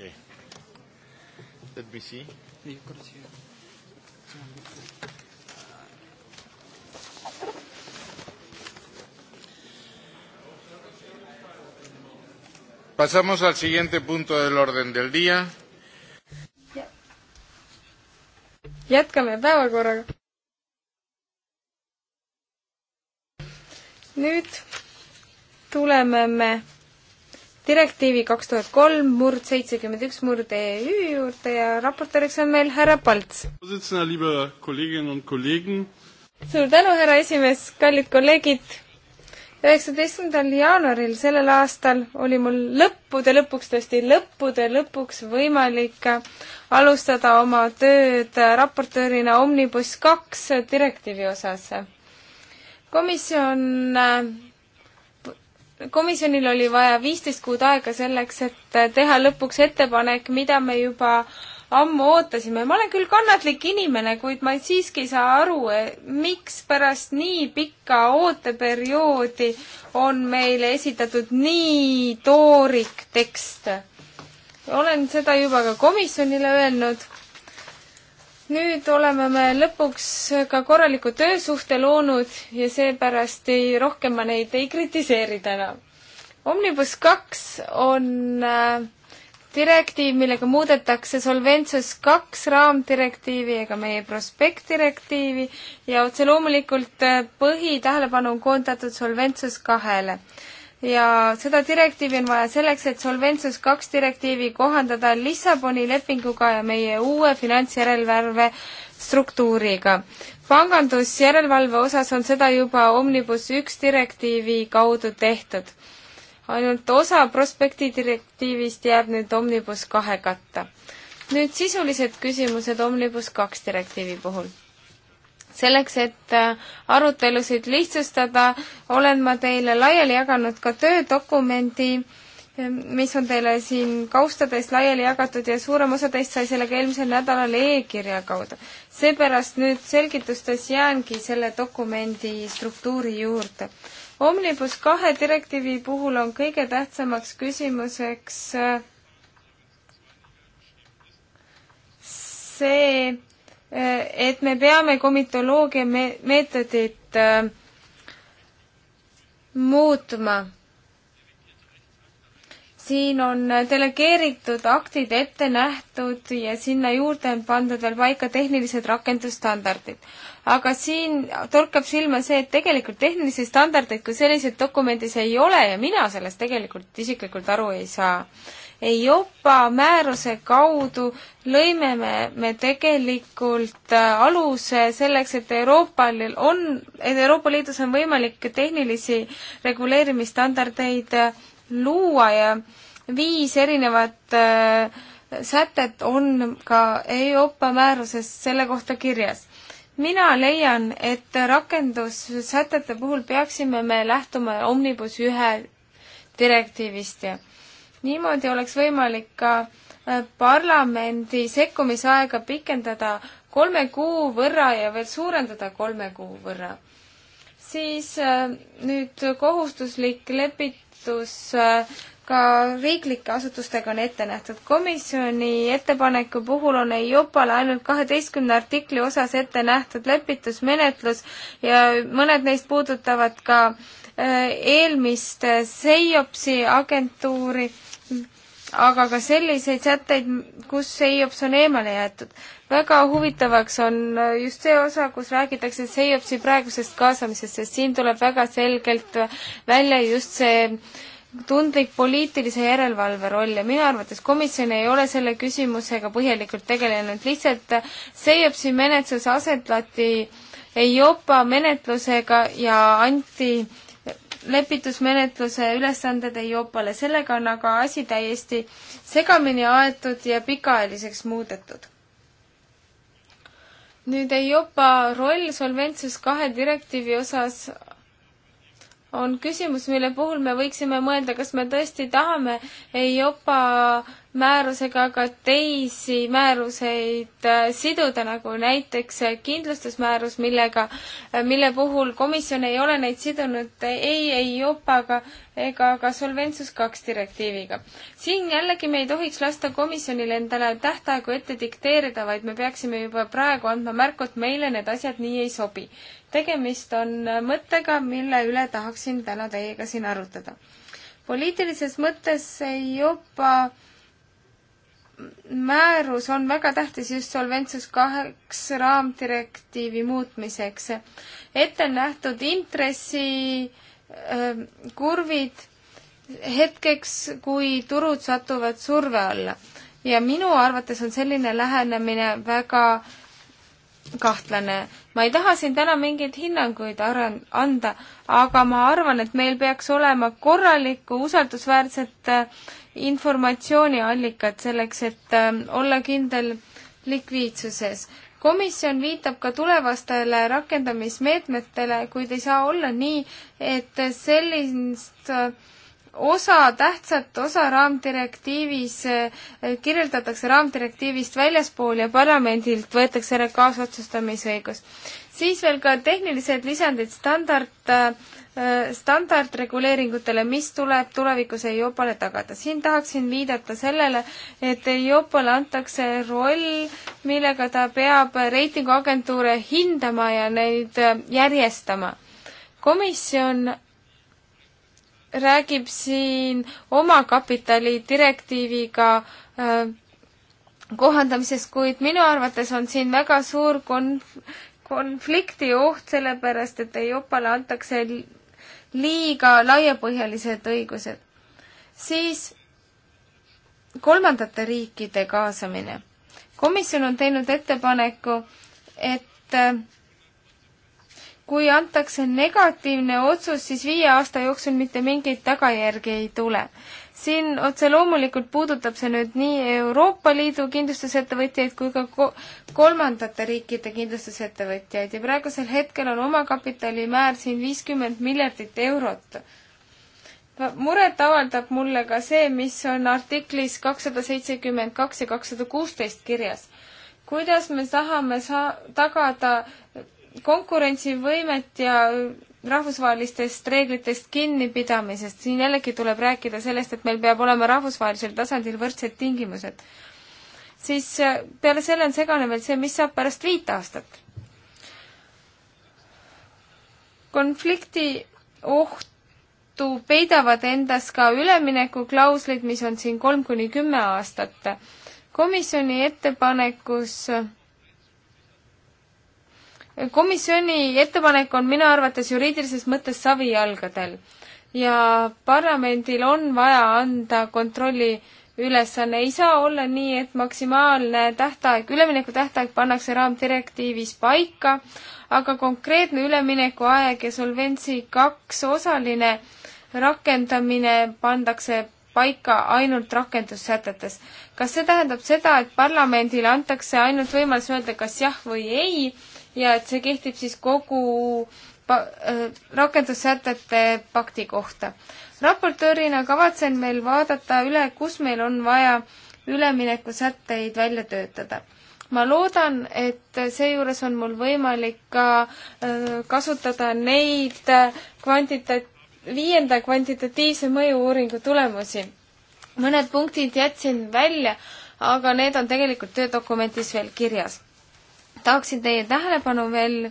Okay. Let me see. You've got it here. It's on before. Pasamos al siguiente punto del orden del día. jätkame päevakorraga. nüüd tuleme me direktiivi kaks tuhat kolm murd seitsekümmend üks murd EÜ juurde ja raportööriks on meil härra Palts. suur tänu, härra esimees, kallid kolleegid. üheksateistkümnendal jaanuaril sellel aastal oli mul lõppude lõpuks, tõesti lõppude lõpuks võimalik alustada oma tööd raportöörina Omnibus kaks direktiivi osas. komisjon komisjonil oli vaja viisteist kuud aega selleks, et teha lõpuks ettepanek, mida me juba ammu ootasime. ma olen küll kannatlik inimene, kuid ma siiski ei saa aru, eh, miks pärast nii pikka ooteperioodi on meile esitatud nii toorik tekst. olen seda juba ka komisjonile öelnud nüüd oleme me lõpuks ka korraliku töösuhte loonud ja seepärast ei, rohkem ma neid ei kritiseeri täna. Omnibus kaks on äh, direktiiv, millega muudetakse Solventsus kaks raamdirektiivi ega meie prospektdirektiivi ja otse loomulikult äh, põhitähelepanu on koondatud Solventsus kahele ja seda direktiivi on vaja selleks, et Solventsus kaks direktiivi kohandada Lissaboni lepinguga ja meie uue finantsjärelevalve struktuuriga. pangandusjärelevalve osas on seda juba Omnibus üks direktiivi kaudu tehtud. ainult osa prospekti direktiivist jääb nüüd Omnibus kahe katta. nüüd sisulised küsimused Omnibus kaks direktiivi puhul selleks, et äh, arutelusid lihtsustada, olen ma teile laiali jaganud ka töödokumendi, ehm, mis on teile siin kaustades laiali jagatud ja suurem osa teist sai sellega eelmisel nädalal e-kirja kaudu. seepärast nüüd selgitustes jäängi selle dokumendi struktuuri juurde. Omnibus kahe direktiivi puhul on kõige tähtsamaks küsimuseks äh, see, Eh, et me peame komitoloogia me-, meetodit äh, muutma. siin on delegeeritud aktid ette nähtud ja sinna juurde on pandud veel paika tehnilised rakendusstandardid. aga siin torkab silma see, et tegelikult tehnilisi standardeid kui selliseid dokumendis ei ole ja mina sellest tegelikult isiklikult aru ei saa EIOPA määruse kaudu lõime me, me tegelikult äh, aluse selleks, et Euroopal on, et Euroopa Liidus on võimalik tehnilisi reguleerimisstandardeid äh, luua ja viis erinevat äh, sätet on ka EIOPA määruses selle kohta kirjas. mina leian, et rakendussätete puhul peaksime me lähtuma Omnibus ühe direktiivist ja niimoodi oleks võimalik ka äh, parlamendi sekkumisaega pikendada kolme kuu võrra ja veel suurendada kolme kuu võrra. siis äh, nüüd kohustuslik lepitus äh, ka riiklike asutustega on ette nähtud. komisjoni ettepaneku puhul on EIOPA-le ainult kaheteistkümne artikli osas ette nähtud lepitusmenetlus ja mõned neist puudutavad ka eelmist SEIOPSi agentuuri aga ka selliseid sätteid, kus Seiops on eemale jäetud. väga huvitavaks on äh, just see osa, kus räägitakse Seiopsi praegusest kaasamisest, sest siin tuleb väga selgelt äh, välja just see tundlik poliitilise järelevalve roll ja minu arvates komisjon ei ole selle küsimusega põhjalikult tegelenud, lihtsalt äh, Seiopsi menetlus asetlati EIOPA menetlusega ja anti lepitusmenetluse ülesanded Euroopale, sellega on aga asi täiesti segamini aetud ja pikaajaliseks muudetud. nüüd Euroopa roll Solventsus kahe direktiivi osas on küsimus, mille puhul me võiksime mõelda, kas me tõesti tahame Euroopa määrusega ka teisi määruseid äh, siduda, nagu näiteks äh, kindlustusmäärus, millega, äh, mille puhul komisjon ei ole neid sidunud ei, ei jopaga ega ka Solventsus kaks direktiiviga. siin jällegi me ei tohiks lasta komisjonil endale tähtaegu ette dikteerida, vaid me peaksime juba praegu andma märku, et meile need asjad nii ei sobi. tegemist on mõttega, mille üle tahaksin täna teiega siin arutada. poliitilises mõttes ei jopa jopa määrus on väga tähtis just Solventsus kaheks raamdirektiivi muutmiseks. ette on nähtud intressikurvid ähm, hetkeks, kui turud satuvad surve alla ja minu arvates on selline lähenemine väga kahtlane. ma ei taha siin täna mingeid hinnanguid aran-, anda, aga ma arvan, et meil peaks olema korralikku usaldusväärset äh, informatsiooniallikad selleks, et äh, olla kindel likviidsuses. komisjon viitab ka tulevastele rakendamismeetmetele, kuid ei saa olla nii, et sellist äh, osa, tähtsat osa raamdirektiivis äh, kirjeldatakse raamdirektiivist väljaspool ja parlamendilt võetakse ära kaasotsustamissõigus siis veel ka tehnilised lisandid standard, äh, standardreguleeringutele, mis tuleb tulevikus EIOPale tagada. siin tahaksin viidata sellele, et EIOPale antakse roll, millega ta peab reitinguagentuure hindama ja neid äh, järjestama. komisjon räägib siin omakapitali direktiiviga äh, kohandamisest, kuid minu arvates on siin väga suur konf-, konflikti oht, sellepärast et Eiopale antakse liiga laiapõhjalised õigused. siis kolmandate riikide kaasamine. komisjon on teinud ettepaneku, et äh, kui antakse negatiivne otsus, siis viie aasta jooksul mitte mingeid tagajärgi ei tule siin otse loomulikult puudutab see nüüd nii Euroopa Liidu kindlustusettevõtjaid kui ka ko kolmandate riikide kindlustusettevõtjaid ja praegusel hetkel on omakapitalimäär siin viiskümmend miljardit eurot. muret avaldab mulle ka see, mis on artiklis kakssada seitsekümmend kaks ja kakssada kuusteist kirjas. kuidas me tahame saa-, tagada konkurentsivõimet ja rahvusvahelistest reeglitest kinnipidamisest, siin jällegi tuleb rääkida sellest, et meil peab olema rahvusvahelisel tasandil võrdsed tingimused. siis äh, peale selle on segane veel see, mis saab pärast viit aastat. konflikti ohtu peidavad endas ka üleminekuklauslid, mis on siin kolm kuni kümme aastat. komisjoni ettepanekus komisjoni ettepanek on minu arvates juriidilises mõttes savijalgadel ja parlamendil on vaja anda kontrolli ülesanne, ei saa olla nii, et maksimaalne tähtaeg, ülemineku tähtaeg pannakse raamdirektiivis paika, aga konkreetne üleminekuaeg ja Solventsi kaks osaline rakendamine pandakse paika ainult rakendussätetes. kas see tähendab seda, et parlamendile antakse ainult võimalus öelda kas jah või ei ja et see kehtib siis kogu pa-, äh, rakendussätete pakti kohta. raportöörina kavatsen meil vaadata üle, kus meil on vaja üleminekusätteid välja töötada. ma loodan, et seejuures on mul võimalik ka äh, kasutada neid äh, kvantita-, viienda kvantitatiivse mõju-uuringu tulemusi. mõned punktid jätsin välja, aga need on tegelikult töödokumentis veel kirjas tahaksin teie tähelepanu veel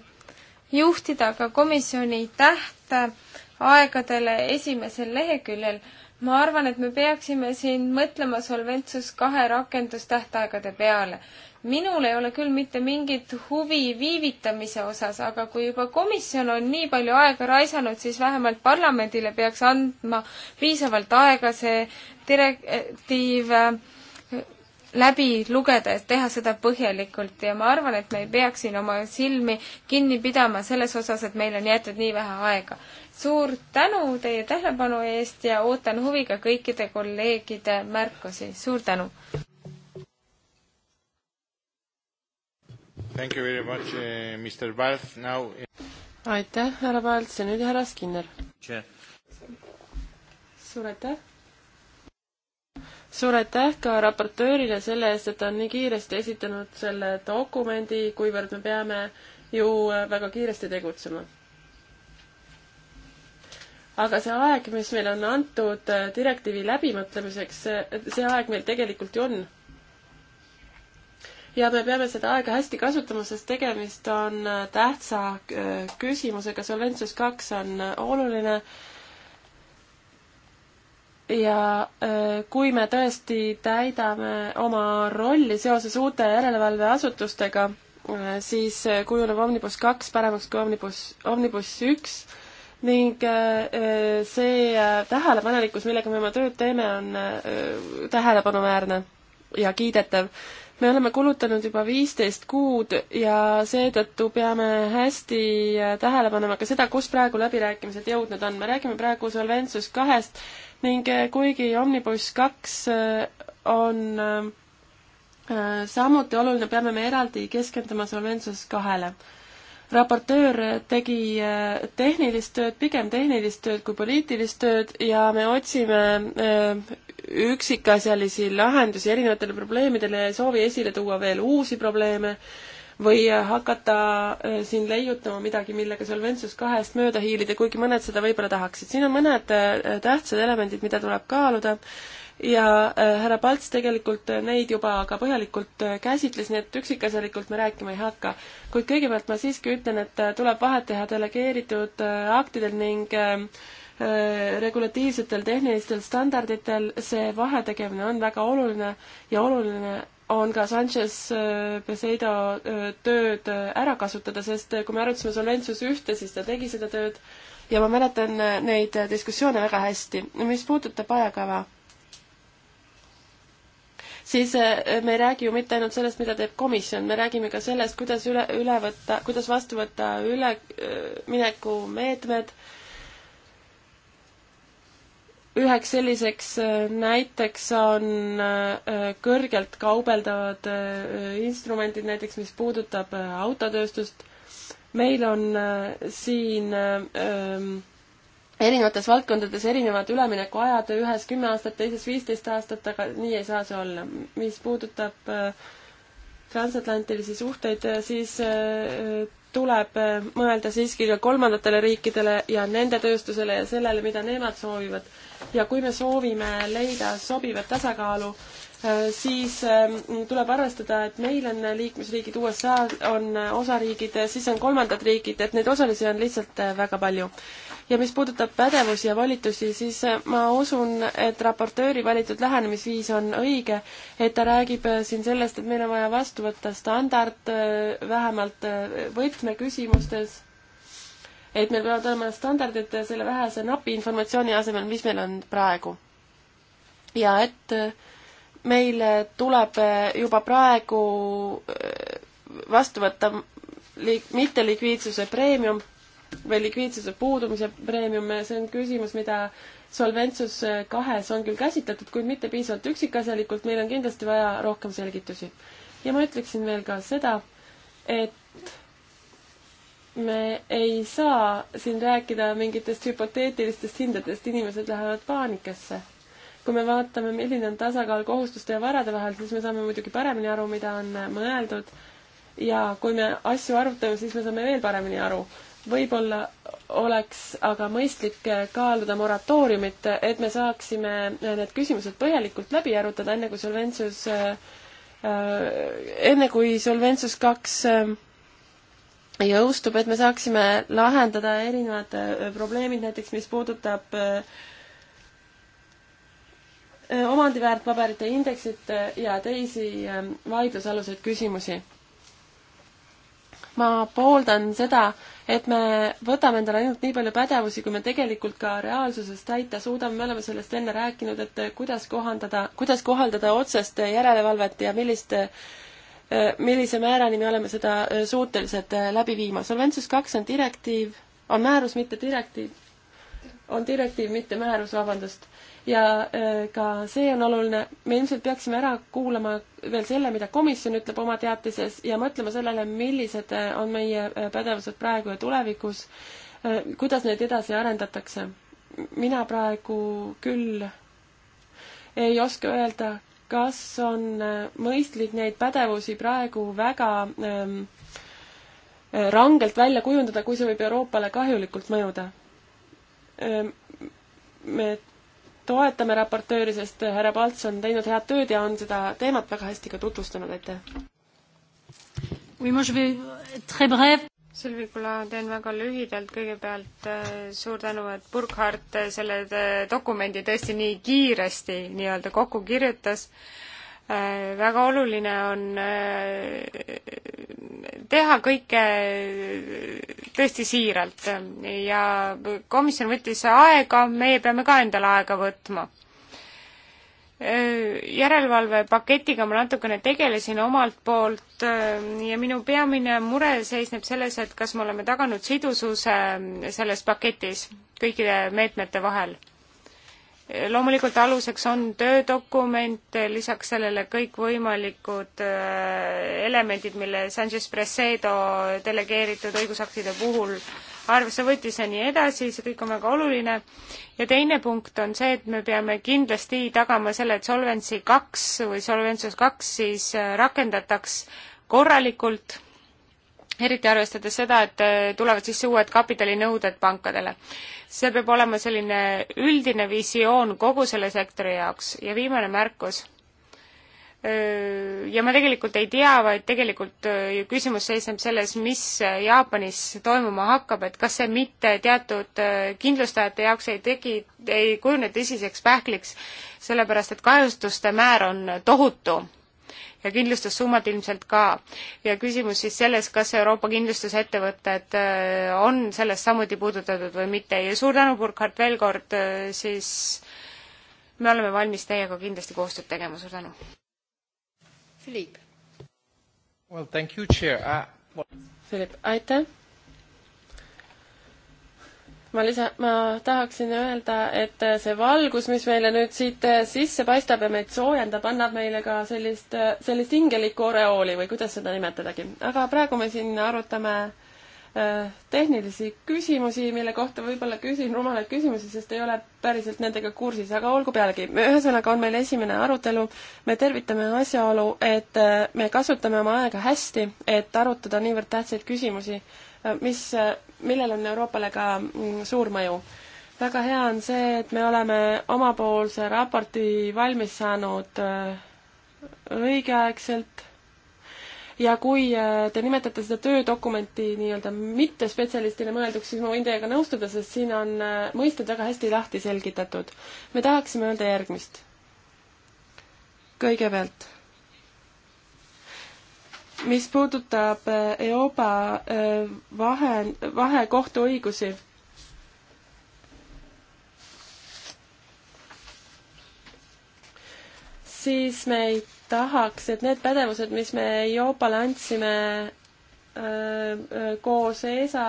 juhtida ka komisjoni tähtaegadele esimesel leheküljel. ma arvan, et me peaksime siin mõtlema Solventsus kahe rakendustähtaegade peale. minul ei ole küll mitte mingit huvi viivitamise osas, aga kui juba komisjon on nii palju aega raisanud, siis vähemalt parlamendile peaks andma piisavalt aega see direktiiv äh, läbi lugeda ja teha seda põhjalikult ja ma arvan, et me ei peaks siin oma silmi kinni pidama selles osas, et meil on jäetud nii vähe aega. suur tänu teie tähelepanu eest ja ootan huviga kõikide kolleegide märkusi, suur tänu! Much, eh, Now... Eh, aitäh, härra Palts ja nüüd härra Skinner. suur aitäh! suur aitäh ka raportöörile selle eest, et ta on nii kiiresti esitanud selle dokumendi, kuivõrd me peame ju väga kiiresti tegutsema. aga see aeg, mis meile on antud direktiivi läbimõtlemiseks, see aeg meil tegelikult ju on. ja me peame seda aega hästi kasutama, sest tegemist on tähtsa äh, küsimusega, Solventsus kaks on oluline ja äh, kui me tõesti täidame oma rolli seoses uute järelevalveasutustega, äh, siis äh, kujuneb Omnibus kaks paremaks kui Omnibus, Omnibus üks ning see tähelepanelikkus, millega me oma tööd teeme, on tähelepanuväärne ja kiidetav. me oleme kulutanud juba viisteist kuud ja seetõttu peame hästi tähele panema ka seda, kus praegu läbirääkimised jõudnud on. me räägime praegu Solventsus kahest ning eh, kuigi Omnibus kaks eh, on eh, samuti oluline, peame me eraldi keskenduma Solventsus kahele. raportöör tegi tehnilist tööd, pigem tehnilist tööd kui poliitilist tööd ja me otsime üksikasjalisi lahendusi erinevatele probleemidele ja ei soovi esile tuua veel uusi probleeme või hakata äh, siin leiutama midagi, millega Solventsus kahest mööda hiilida, kuigi mõned seda võib-olla tahaksid. siin on mõned äh, tähtsad elemendid, mida tuleb kaaluda ja äh, härra Palts tegelikult neid juba ka põhjalikult käsitles, nii et üksikasjalikult me rääkima ei hakka. kuid kõigepealt ma siiski ütlen, et tuleb vahet teha delegeeritud aktidel ning ähm, regulatiivsetel tehnilistel standarditel see vahetegemine on väga oluline ja oluline on ka Sanchez äh, Peseido äh, tööd äh, ära kasutada, sest kui me arutasime Solventsus ühte, siis ta tegi seda tööd ja ma mäletan neid diskussioone väga hästi. mis puudutab ajakava, siis me ei räägi ju mitte ainult sellest, mida teeb komisjon, me räägime ka sellest, kuidas üle, üle võtta, kuidas vastu võtta ülemineku meetmed äh, üheks selliseks äh, näiteks on äh, kõrgelt kaubeldavad äh, instrumendid, näiteks mis puudutab autotööstust. meil on siin ähm, erinevates valdkondades erinevad üleminekuajad, ühes kümme aastat, teises viisteist aastat, aga nii ei saa see olla. mis puudutab äh, transatlantilisi suhteid, siis äh, tuleb äh, mõelda siiski ka kolmandatele riikidele ja nende tööstusele ja sellele, mida nemad soovivad. ja kui me soovime leida sobivat tasakaalu Äh, siis ähm, tuleb arvestada, et meil on liikmesriigid, USA on osariigid, siis on kolmandad riigid, et neid osalisi on lihtsalt äh, väga palju. ja mis puudutab pädevusi ja volitusi, siis äh, ma usun, et raportööri valitud lähenemisviis on õige, et ta räägib siin sellest, et meil on vaja vastu võtta standard vähemalt võtmeküsimustes et meil peavad olema standardid selle vähese napi informatsiooni asemel, mis meil on praegu. ja et äh, meil tuleb eh, juba praegu eh, vastu võtta liik-, mittelikviidsuse preemium või likviidsuse puudumise preemium, see on küsimus, mida Solventsus eh, kahes on küll käsitletud, kuid mitte piisavalt üksikasjalikult, meil on kindlasti vaja rohkem selgitusi. ja ma ütleksin veel ka seda, et me ei saa siin rääkida mingitest hüpoteetilistest hindadest, inimesed lähevad paanikasse kui me vaatame, milline on tasakaal kohustuste ja varade vahel, siis me saame muidugi paremini aru, mida on äh, mõeldud. ja kui me asju arutame, siis me saame veel paremini aru. võib-olla oleks aga mõistlik äh, kaaluda moratooriumit, äh, et me saaksime need küsimused põhjalikult läbi arutada, enne kui Solventsus, enne kui Solventsus kaks jõustub, et me saaksime lahendada erinevad probleemid, näiteks mis puudutab äh, omandiväärtpaberite indeksit ja teisi vaidlusaluseid küsimusi. ma pooldan seda, et me võtame endale ainult nii palju pädevusi, kui me tegelikult ka reaalsuses täita suudame, me oleme sellest enne rääkinud, et kuidas kohandada, kuidas kohaldada otsest järelevalvet ja millist millise määrani me oleme seda suutelised läbi viima. Solventsus kaks on direktiiv, on määrus, mitte direktiiv. on direktiiv, mitte määrus, vabandust ja äh, ka see on oluline, me ilmselt peaksime ära kuulama veel selle, mida komisjon ütleb oma teatises ja mõtlema sellele, millised äh, on meie äh, pädevused praegu ja tulevikus, kuidas neid edasi arendatakse. mina praegu küll ei oska öelda, kas on mõistlik neid pädevusi praegu väga ähm, rangelt välja kujundada, kui see võib Euroopale kahjulikult mõjuda ähm,. me toetame raportööri, sest härra Palts on teinud head tööd ja on seda teemat väga hästi ka tutvustanud, aitäh! see võib-olla teen väga lühidalt, kõigepealt äh, suur tänu, et Burkhardt äh, selle äh, dokumendi tõesti nii kiiresti nii-öelda kokku kirjutas Äh, väga oluline on äh, teha kõike äh, tõesti siiralt ja komisjon võttis aega, meie peame ka endale aega võtma. järelevalvepaketiga ma natukene tegelesin omalt poolt ja minu peamine mure seisneb selles, et kas me oleme taganud sidususe selles paketis kõikide meetmete vahel loomulikult aluseks on töödokument, lisaks sellele kõikvõimalikud äh, elemendid, mille Sanchez Presedo delegeeritud õigusaktide puhul arvesse võttis ja nii edasi, see kõik on väga oluline. ja teine punkt on see, et me peame kindlasti tagama selle, et Solvency kaks või Solventsus kaks siis äh, rakendataks korralikult eriti arvestades seda, et äh, tulevad sisse uued kapitalinõuded pankadele. see peab olema selline üldine visioon kogu selle sektori jaoks ja viimane märkus. Äh, ja ma tegelikult ei tea, vaid tegelikult äh, ju küsimus seisneb selles, mis Jaapanis toimuma hakkab, et kas see mitte teatud kindlustajate jaoks ei tegi, ei kujune tõsiseks pähkliks, sellepärast et kahjustuste määr on tohutu ja kindlustussummad ilmselt ka. ja küsimus siis selles, kas Euroopa kindlustusettevõtted äh, on sellest samuti puudutatud või mitte ja suur tänu, Burkhard, veel kord äh, siis me oleme valmis teiega kindlasti koostööd tegema, suur tänu. Philippe. Well, thank you, chair uh,. Philippe, aitäh ma lisa, ma tahaksin öelda, et see valgus, mis meile nüüd siit äh, sisse paistab ja meid soojendab, annab meile ka sellist, äh, sellist hingelikku oreooli või kuidas seda nimetadagi. aga praegu me siin arutame äh, tehnilisi küsimusi, mille kohta võib-olla küsin rumalaid küsimusi, sest ei ole päriselt nendega kursis, aga olgu pealegi. ühesõnaga on meil esimene arutelu, me tervitame asjaolu, et me kasutame oma aega hästi, et arutada niivõrd tähtsaid küsimusi, mis millel on Euroopale ka mm, suur mõju. väga hea on see, et me oleme omapoolse raporti valmis saanud äh, õigeaegselt ja kui äh, te nimetate seda töödokumenti nii-öelda mittespetsialistile mõelduks, siis ma võin teiega nõustuda, sest siin on äh, mõisted väga hästi lahti selgitatud. me tahaksime öelda järgmist. kõigepealt mis puudutab äh, EOBA äh, vahe, vahekohtuõigusi, siis me ei tahaks, et need pädevused, mis me EOBA-le andsime äh, koos ESA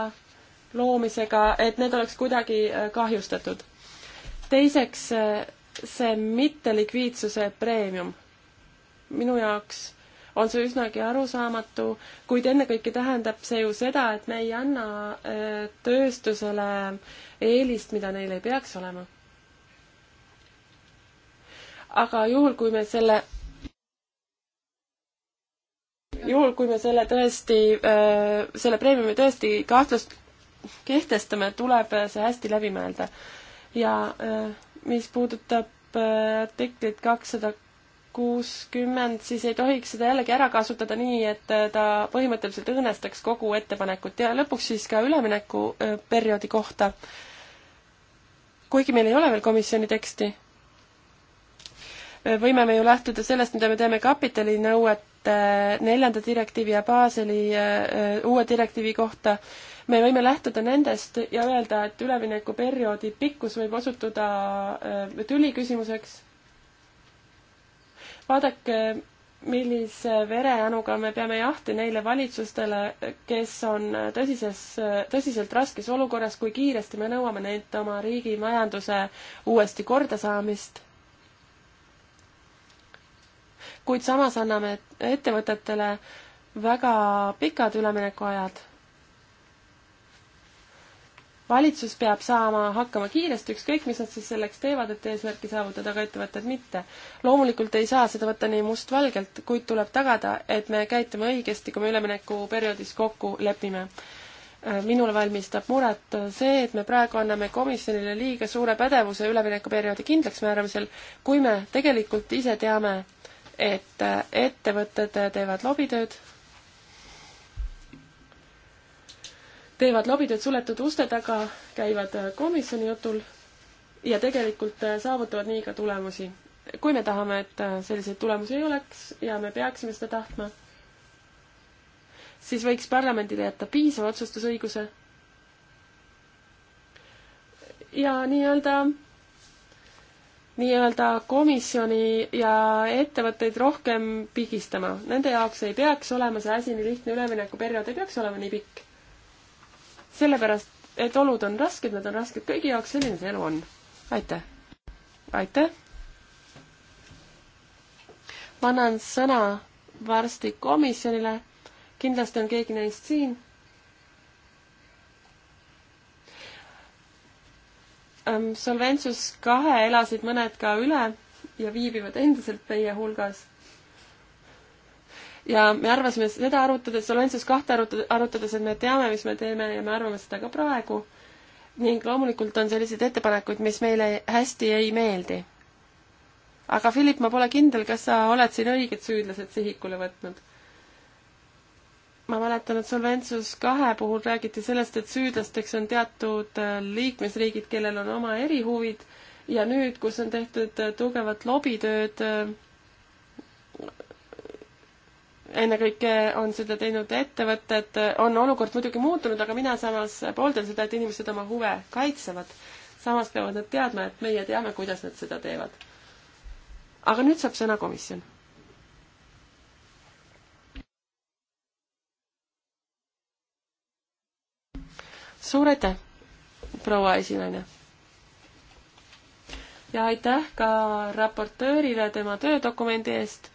loomisega, et need oleks kuidagi kahjustatud. teiseks, see mittelikviidsuse preemium minu jaoks on see üsnagi arusaamatu, kuid ennekõike tähendab see ju seda, et me ei anna tööstusele eelist, mida neil ei peaks olema. aga juhul, kui me selle juhul, kui me selle tõesti, selle preemiumi tõesti kahtlust kehtestame, tuleb see hästi läbi mõelda. ja mis puudutab artiklit kakssada 200 kuuskümmend, siis ei tohiks seda jällegi ära kasutada nii, et äh, ta põhimõtteliselt õõnestaks kogu ettepanekut ja lõpuks siis ka üleminekuperioodi äh, kohta. kuigi meil ei ole veel komisjoni teksti, äh, võime me ju lähtuda sellest, mida me teeme kapitalinõuete neljanda direktiivi ja Baseli uue direktiivi kohta, me võime lähtuda nendest ja öelda, et üleminekuperioodi pikkus võib osutuda tüli küsimuseks vaadake, millise verejanuga me peame jahti neile valitsustele, kes on tõsises, tõsiselt raskes olukorras, kui kiiresti me nõuame neilt oma riigi majanduse uuesti kordasaamist. kuid samas anname ettevõtetele väga pikad üleminekuajad valitsus peab saama hakkama kiiresti, ükskõik mis nad siis selleks teevad, et eesmärki saavutada, aga ettevõtted mitte. loomulikult ei saa seda võtta nii mustvalgelt, kuid tuleb tagada, et me käitume õigesti, kui me üleminekuperioodis kokku lepime. Äh, minule valmistab muret see, et me praegu anname komisjonile liiga suure pädevuse üleminekuperioodi kindlaksmääramisel, kui me tegelikult ise teame, et äh, ettevõtted teevad lobitööd teevad lobitööd suletud uste taga, käivad äh, komisjoni jutul ja tegelikult äh, saavutavad nii ka tulemusi. kui me tahame, et äh, selliseid tulemusi ei oleks ja me peaksime seda tahtma, siis võiks parlamendile jätta piisava otsustusõiguse ja nii-öelda nii-öelda komisjoni ja ettevõtteid rohkem pigistama. Nende jaoks ei peaks olema see asi nii lihtne, üleminekuperiood ei peaks olema nii pikk sellepärast, et olud on rasked, nad on rasked kõigi jaoks, selline see elu on. aitäh! aitäh! ma annan sõna varsti komisjonile, kindlasti on keegi neist siin. Ähm, Solventsus kahe elasid mõned ka üle ja viibivad endiselt meie hulgas ja me arvasime seda arutades, Solventsus kahte arutades, et me teame, mis me teeme ja me arvame seda ka praegu. ning loomulikult on selliseid ettepanekuid, mis meile hästi ei meeldi. aga Philip, ma pole kindel, kas sa oled siin õiged süüdlased sihikule võtnud ma mäletan, et Solventsus kahe puhul räägiti sellest, et süüdlasteks on teatud äh, liikmesriigid, kellel on oma erihuvid ja nüüd, kus on tehtud äh, tugevat lobitööd äh, ennekõike on seda teinud ettevõtted, on olukord muidugi muutunud, aga mina samas pooldan seda, et inimesed oma huve kaitsevad. samas peavad nad teadma, et meie teame, kuidas nad seda teevad. aga nüüd saab sõna komisjon. suur aitäh, proua esinaine! ja aitäh ka raportöörile tema töödokumendi eest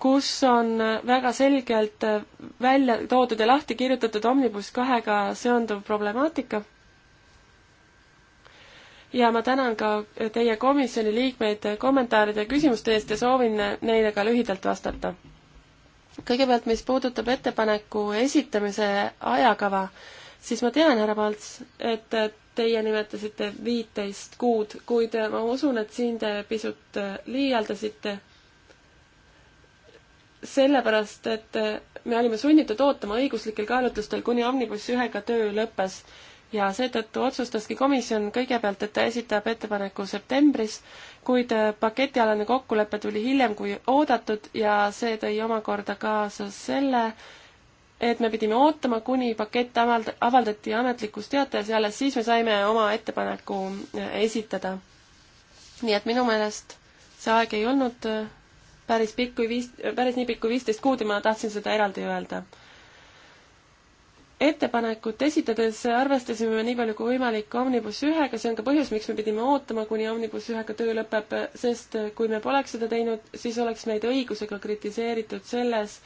kus on väga selgelt välja toodud ja lahti kirjutatud Omnibus kahega seonduv problemaatika. ja ma tänan ka teie komisjoni liikmeid kommentaaride ja küsimuste eest ja soovin neile ka lühidalt vastata. kõigepealt, mis puudutab ettepaneku esitamise ajakava, siis ma tean, härra Palts, et teie nimetasite viiteist kuud, kuid ma usun, et siin te pisut liialdasite sellepärast, et äh, me olime sunnitud ootama õiguslikel kaalutlustel, kuni Omnibus ühega töö lõppes ja seetõttu otsustaski komisjon kõigepealt, et ta esitab ettepaneku septembris, kuid äh, paketialane kokkulepe tuli hiljem kui oodatud ja see tõi omakorda kaasa selle, et me pidime ootama, kuni pakett avald-, avaldati ametlikus teates ja alles siis me saime oma ettepaneku äh, esitada. nii et minu meelest see aeg ei olnud päris pikk kui viis, päris nii pikk kui viisteist kuud ja ma tahtsin seda eraldi öelda. ettepanekut esitades arvestasime nii palju kui võimalik Omnibus ühega, see on ka põhjus, miks me pidime ootama, kuni Omnibus ühega töö lõpeb, sest kui me poleks seda teinud, siis oleks meid õigusega kritiseeritud selles,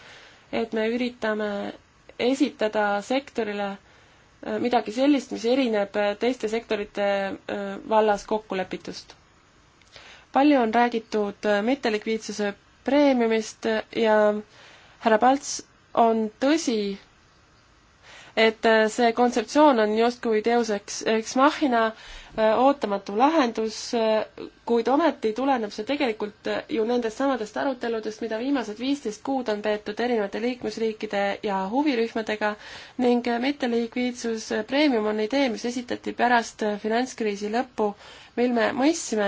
et me üritame esitada sektorile äh, midagi sellist, mis erineb teiste sektorite äh, vallas kokkulepitust. palju on räägitud äh, mittelikviidsuse preemiumist ja härra Palts, on tõsi, et äh, see kontseptsioon on justkui teoseks eks mahina, äh, ootamatu lahendus, äh, kuid ometi tuleneb see tegelikult ju nendest samadest aruteludest, mida viimased viisteist kuud on peetud erinevate liikmesriikide ja huvirühmadega ning mitteliikviidsuspreemium on idee, mis esitati pärast finantskriisi lõppu mil me mõistsime,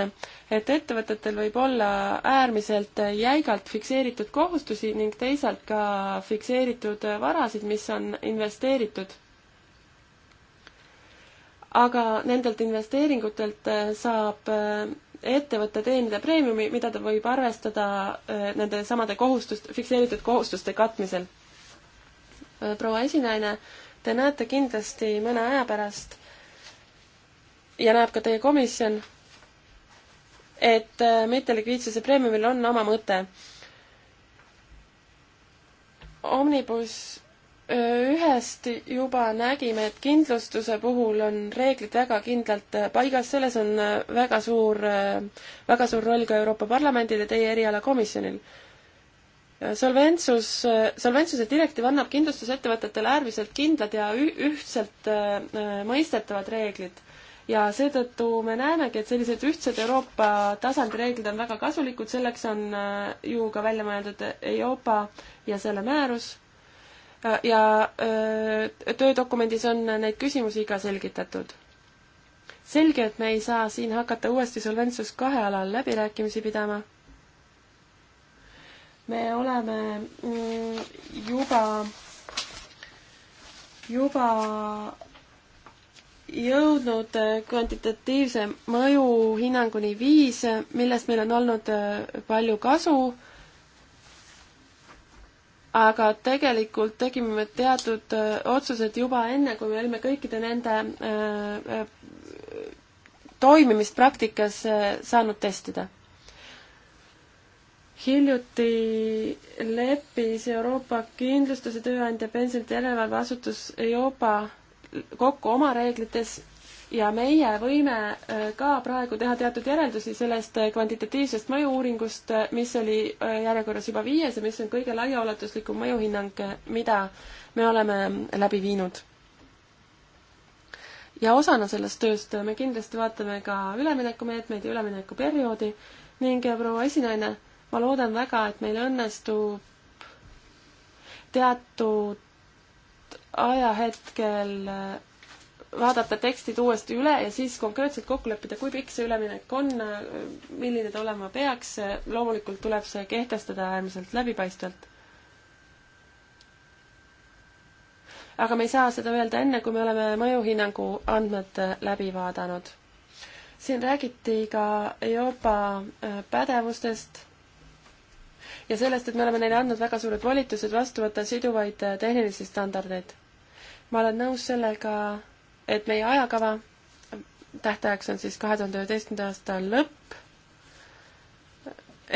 et ettevõtetel võib olla äärmiselt jäigalt fikseeritud kohustusi ning teisalt ka fikseeritud varasid, mis on investeeritud. aga nendelt investeeringutelt saab eh, ettevõte teenida preemiumi, mida ta võib arvestada eh, nende samade kohustust, fikseeritud kohustuste katmisel. Eh, proua esinaine, te näete kindlasti mõne aja pärast, ja näeb ka teie komisjon, et äh, mittelikviidsuse preemiumil on oma mõte. Omnibus äh, ühest juba nägime, et kindlustuse puhul on reeglid väga kindlalt äh, paigas, selles on väga suur, väga suur roll ka Euroopa Parlamendil ja teie erialakomisjonil. Solventsus, solventsuse direktiiv annab kindlustusettevõtetele äärmiselt kindlad ja ühtselt mõistetavad reeglid ja seetõttu me näemegi, et sellised ühtsed Euroopa tasandi reeglid on väga kasulikud, selleks on äh, ju ka välja mõeldud Euroopa ja selle määrus äh, ja äh, töödokumendis on neid küsimusi ka selgitatud. selge, et me ei saa siin hakata uuesti Solventsus kahe alal läbirääkimisi pidama me oleme mm, juba, juba jõudnud äh, kvantitatiivse mõju hinnanguni viis, äh, millest meil on olnud äh, palju kasu, aga tegelikult tegime me teatud otsused juba enne, kui me olime kõikide nende toimimist praktikas saanud testida. hiljuti leppis Euroopa Kindlustuse Tööandja Pensionite Järelevalveasutus Euroopa kokku oma reeglites ja meie võime äh, ka praegu teha teatud järeldusi sellest äh, kvantitatiivsest mõju-uuringust, äh, mis oli järjekorras juba viies ja mis on kõige laiaulatuslikum mõjuhinnang, mida me oleme läbi viinud. ja osana sellest tööst me kindlasti vaatame ka üleminekumeetmeid ja üleminekuperioodi ning proua esinaine, ma loodan väga, et meil õnnestub teatud ajahetkel äh, vaadata tekstid uuesti üle ja siis konkreetselt kokku leppida, kui pikk see üleminek on, äh, milline ta olema peaks, äh, loomulikult tuleb see kehtestada äärmiselt läbipaistvalt. aga me ei saa seda öelda enne, kui me oleme mõjuhinnangu andmed läbi vaadanud. siin räägiti ka juba pädevustest ja sellest, et me oleme neile andnud väga suured volitused vastu võtta siduvaid tehnilisi standardeid ma olen nõus sellega, et meie ajakava tähtajaks on siis kahe tuhande üheteistkümnenda aasta lõpp,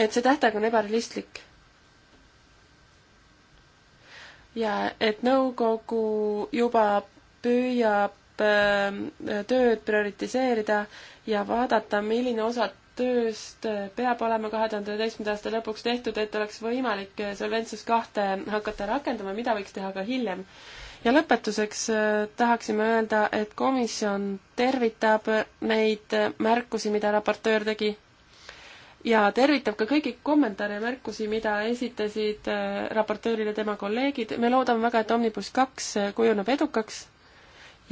et see tähtaeg on ebarealistlik. ja et nõukogu juba püüab ähm, tööd prioritiseerida ja vaadata, milline osa tööst äh, peab olema kahe tuhande üheteistkümnenda aasta lõpuks tehtud, et oleks võimalik äh, Solventsus kahte hakata rakendama, mida võiks teha ka hiljem ja lõpetuseks äh, tahaksime öelda, et komisjon tervitab neid äh, märkusi, mida raportöör tegi ja tervitab ka kõiki kommentaare ja märkusi, mida esitasid äh, raportöörile tema kolleegid. me loodame väga, et Omnibus kaks kujuneb edukaks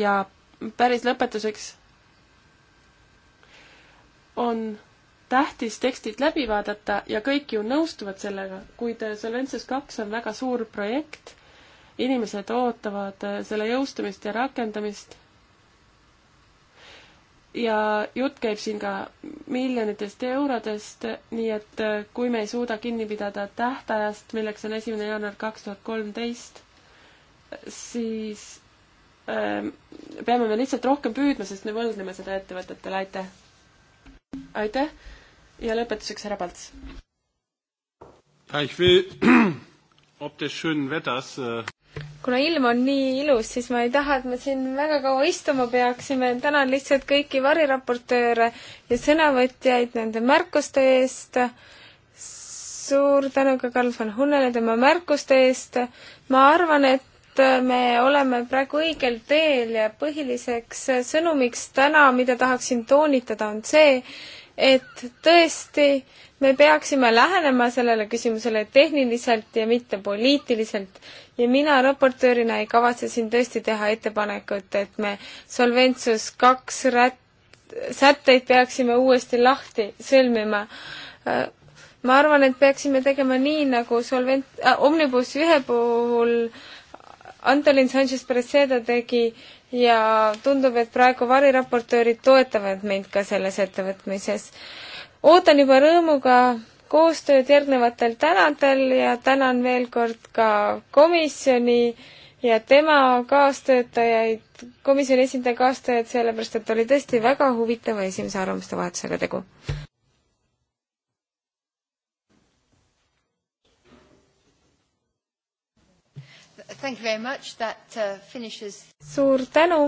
ja päris lõpetuseks on tähtis tekstid läbi vaadata ja kõik ju nõustuvad sellega, kuid Solventsus kaks on väga suur projekt inimesed ootavad äh, selle jõustumist ja rakendamist. ja jutt käib siin ka miljonitest eurodest, nii et äh, kui me ei suuda kinni pidada tähtajast, milleks on esimene jaanuar kaks tuhat kolmteist, siis ähm, peame me lihtsalt rohkem püüdma, sest me võlgneme seda ettevõtetele, aitäh! aitäh ja lõpetuseks härra Palts. Ja, ich will ob des schönen Wetters. Äh kuna ilm on nii ilus, siis ma ei taha, et me siin väga kaua istuma peaksime. tänan lihtsalt kõiki variraportööre ja sõnavõtjaid nende märkuste eest. suur tänu ka Karl von Hunnele tema märkuste eest. ma arvan, et me oleme praegu õigel teel ja põhiliseks sõnumiks täna, mida tahaksin toonitada, on see, et tõesti me peaksime lähenema sellele küsimusele tehniliselt ja mitte poliitiliselt ja mina raportöörina ei kavatse siin tõesti teha ettepanekut, et me Solventsus kaks sätteid peaksime uuesti lahti sõlmima. ma arvan, et peaksime tegema nii, nagu Solvent- äh,, Omnibus ühe puhul Antolin Sanchez Preseda tegi, ja tundub, et praegu variraportöörid toetavad meid ka selles ettevõtmises. ootan juba rõõmuga koostööd järgnevatel tänadel ja tänan veel kord ka komisjoni ja tema kaastöötajaid, komisjoni esindaja kaastöötajaid, sellepärast et oli tõesti väga huvitava esimese arvamuste vahetusega tegu. Uh, finishes... suur tänu,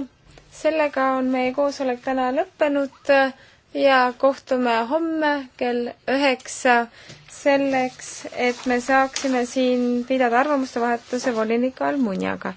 sellega on meie koosolek täna lõppenud uh, ja kohtume homme kell üheksa selleks, et me saaksime siin pidada arvamuste vahetuse volinik Almuniaga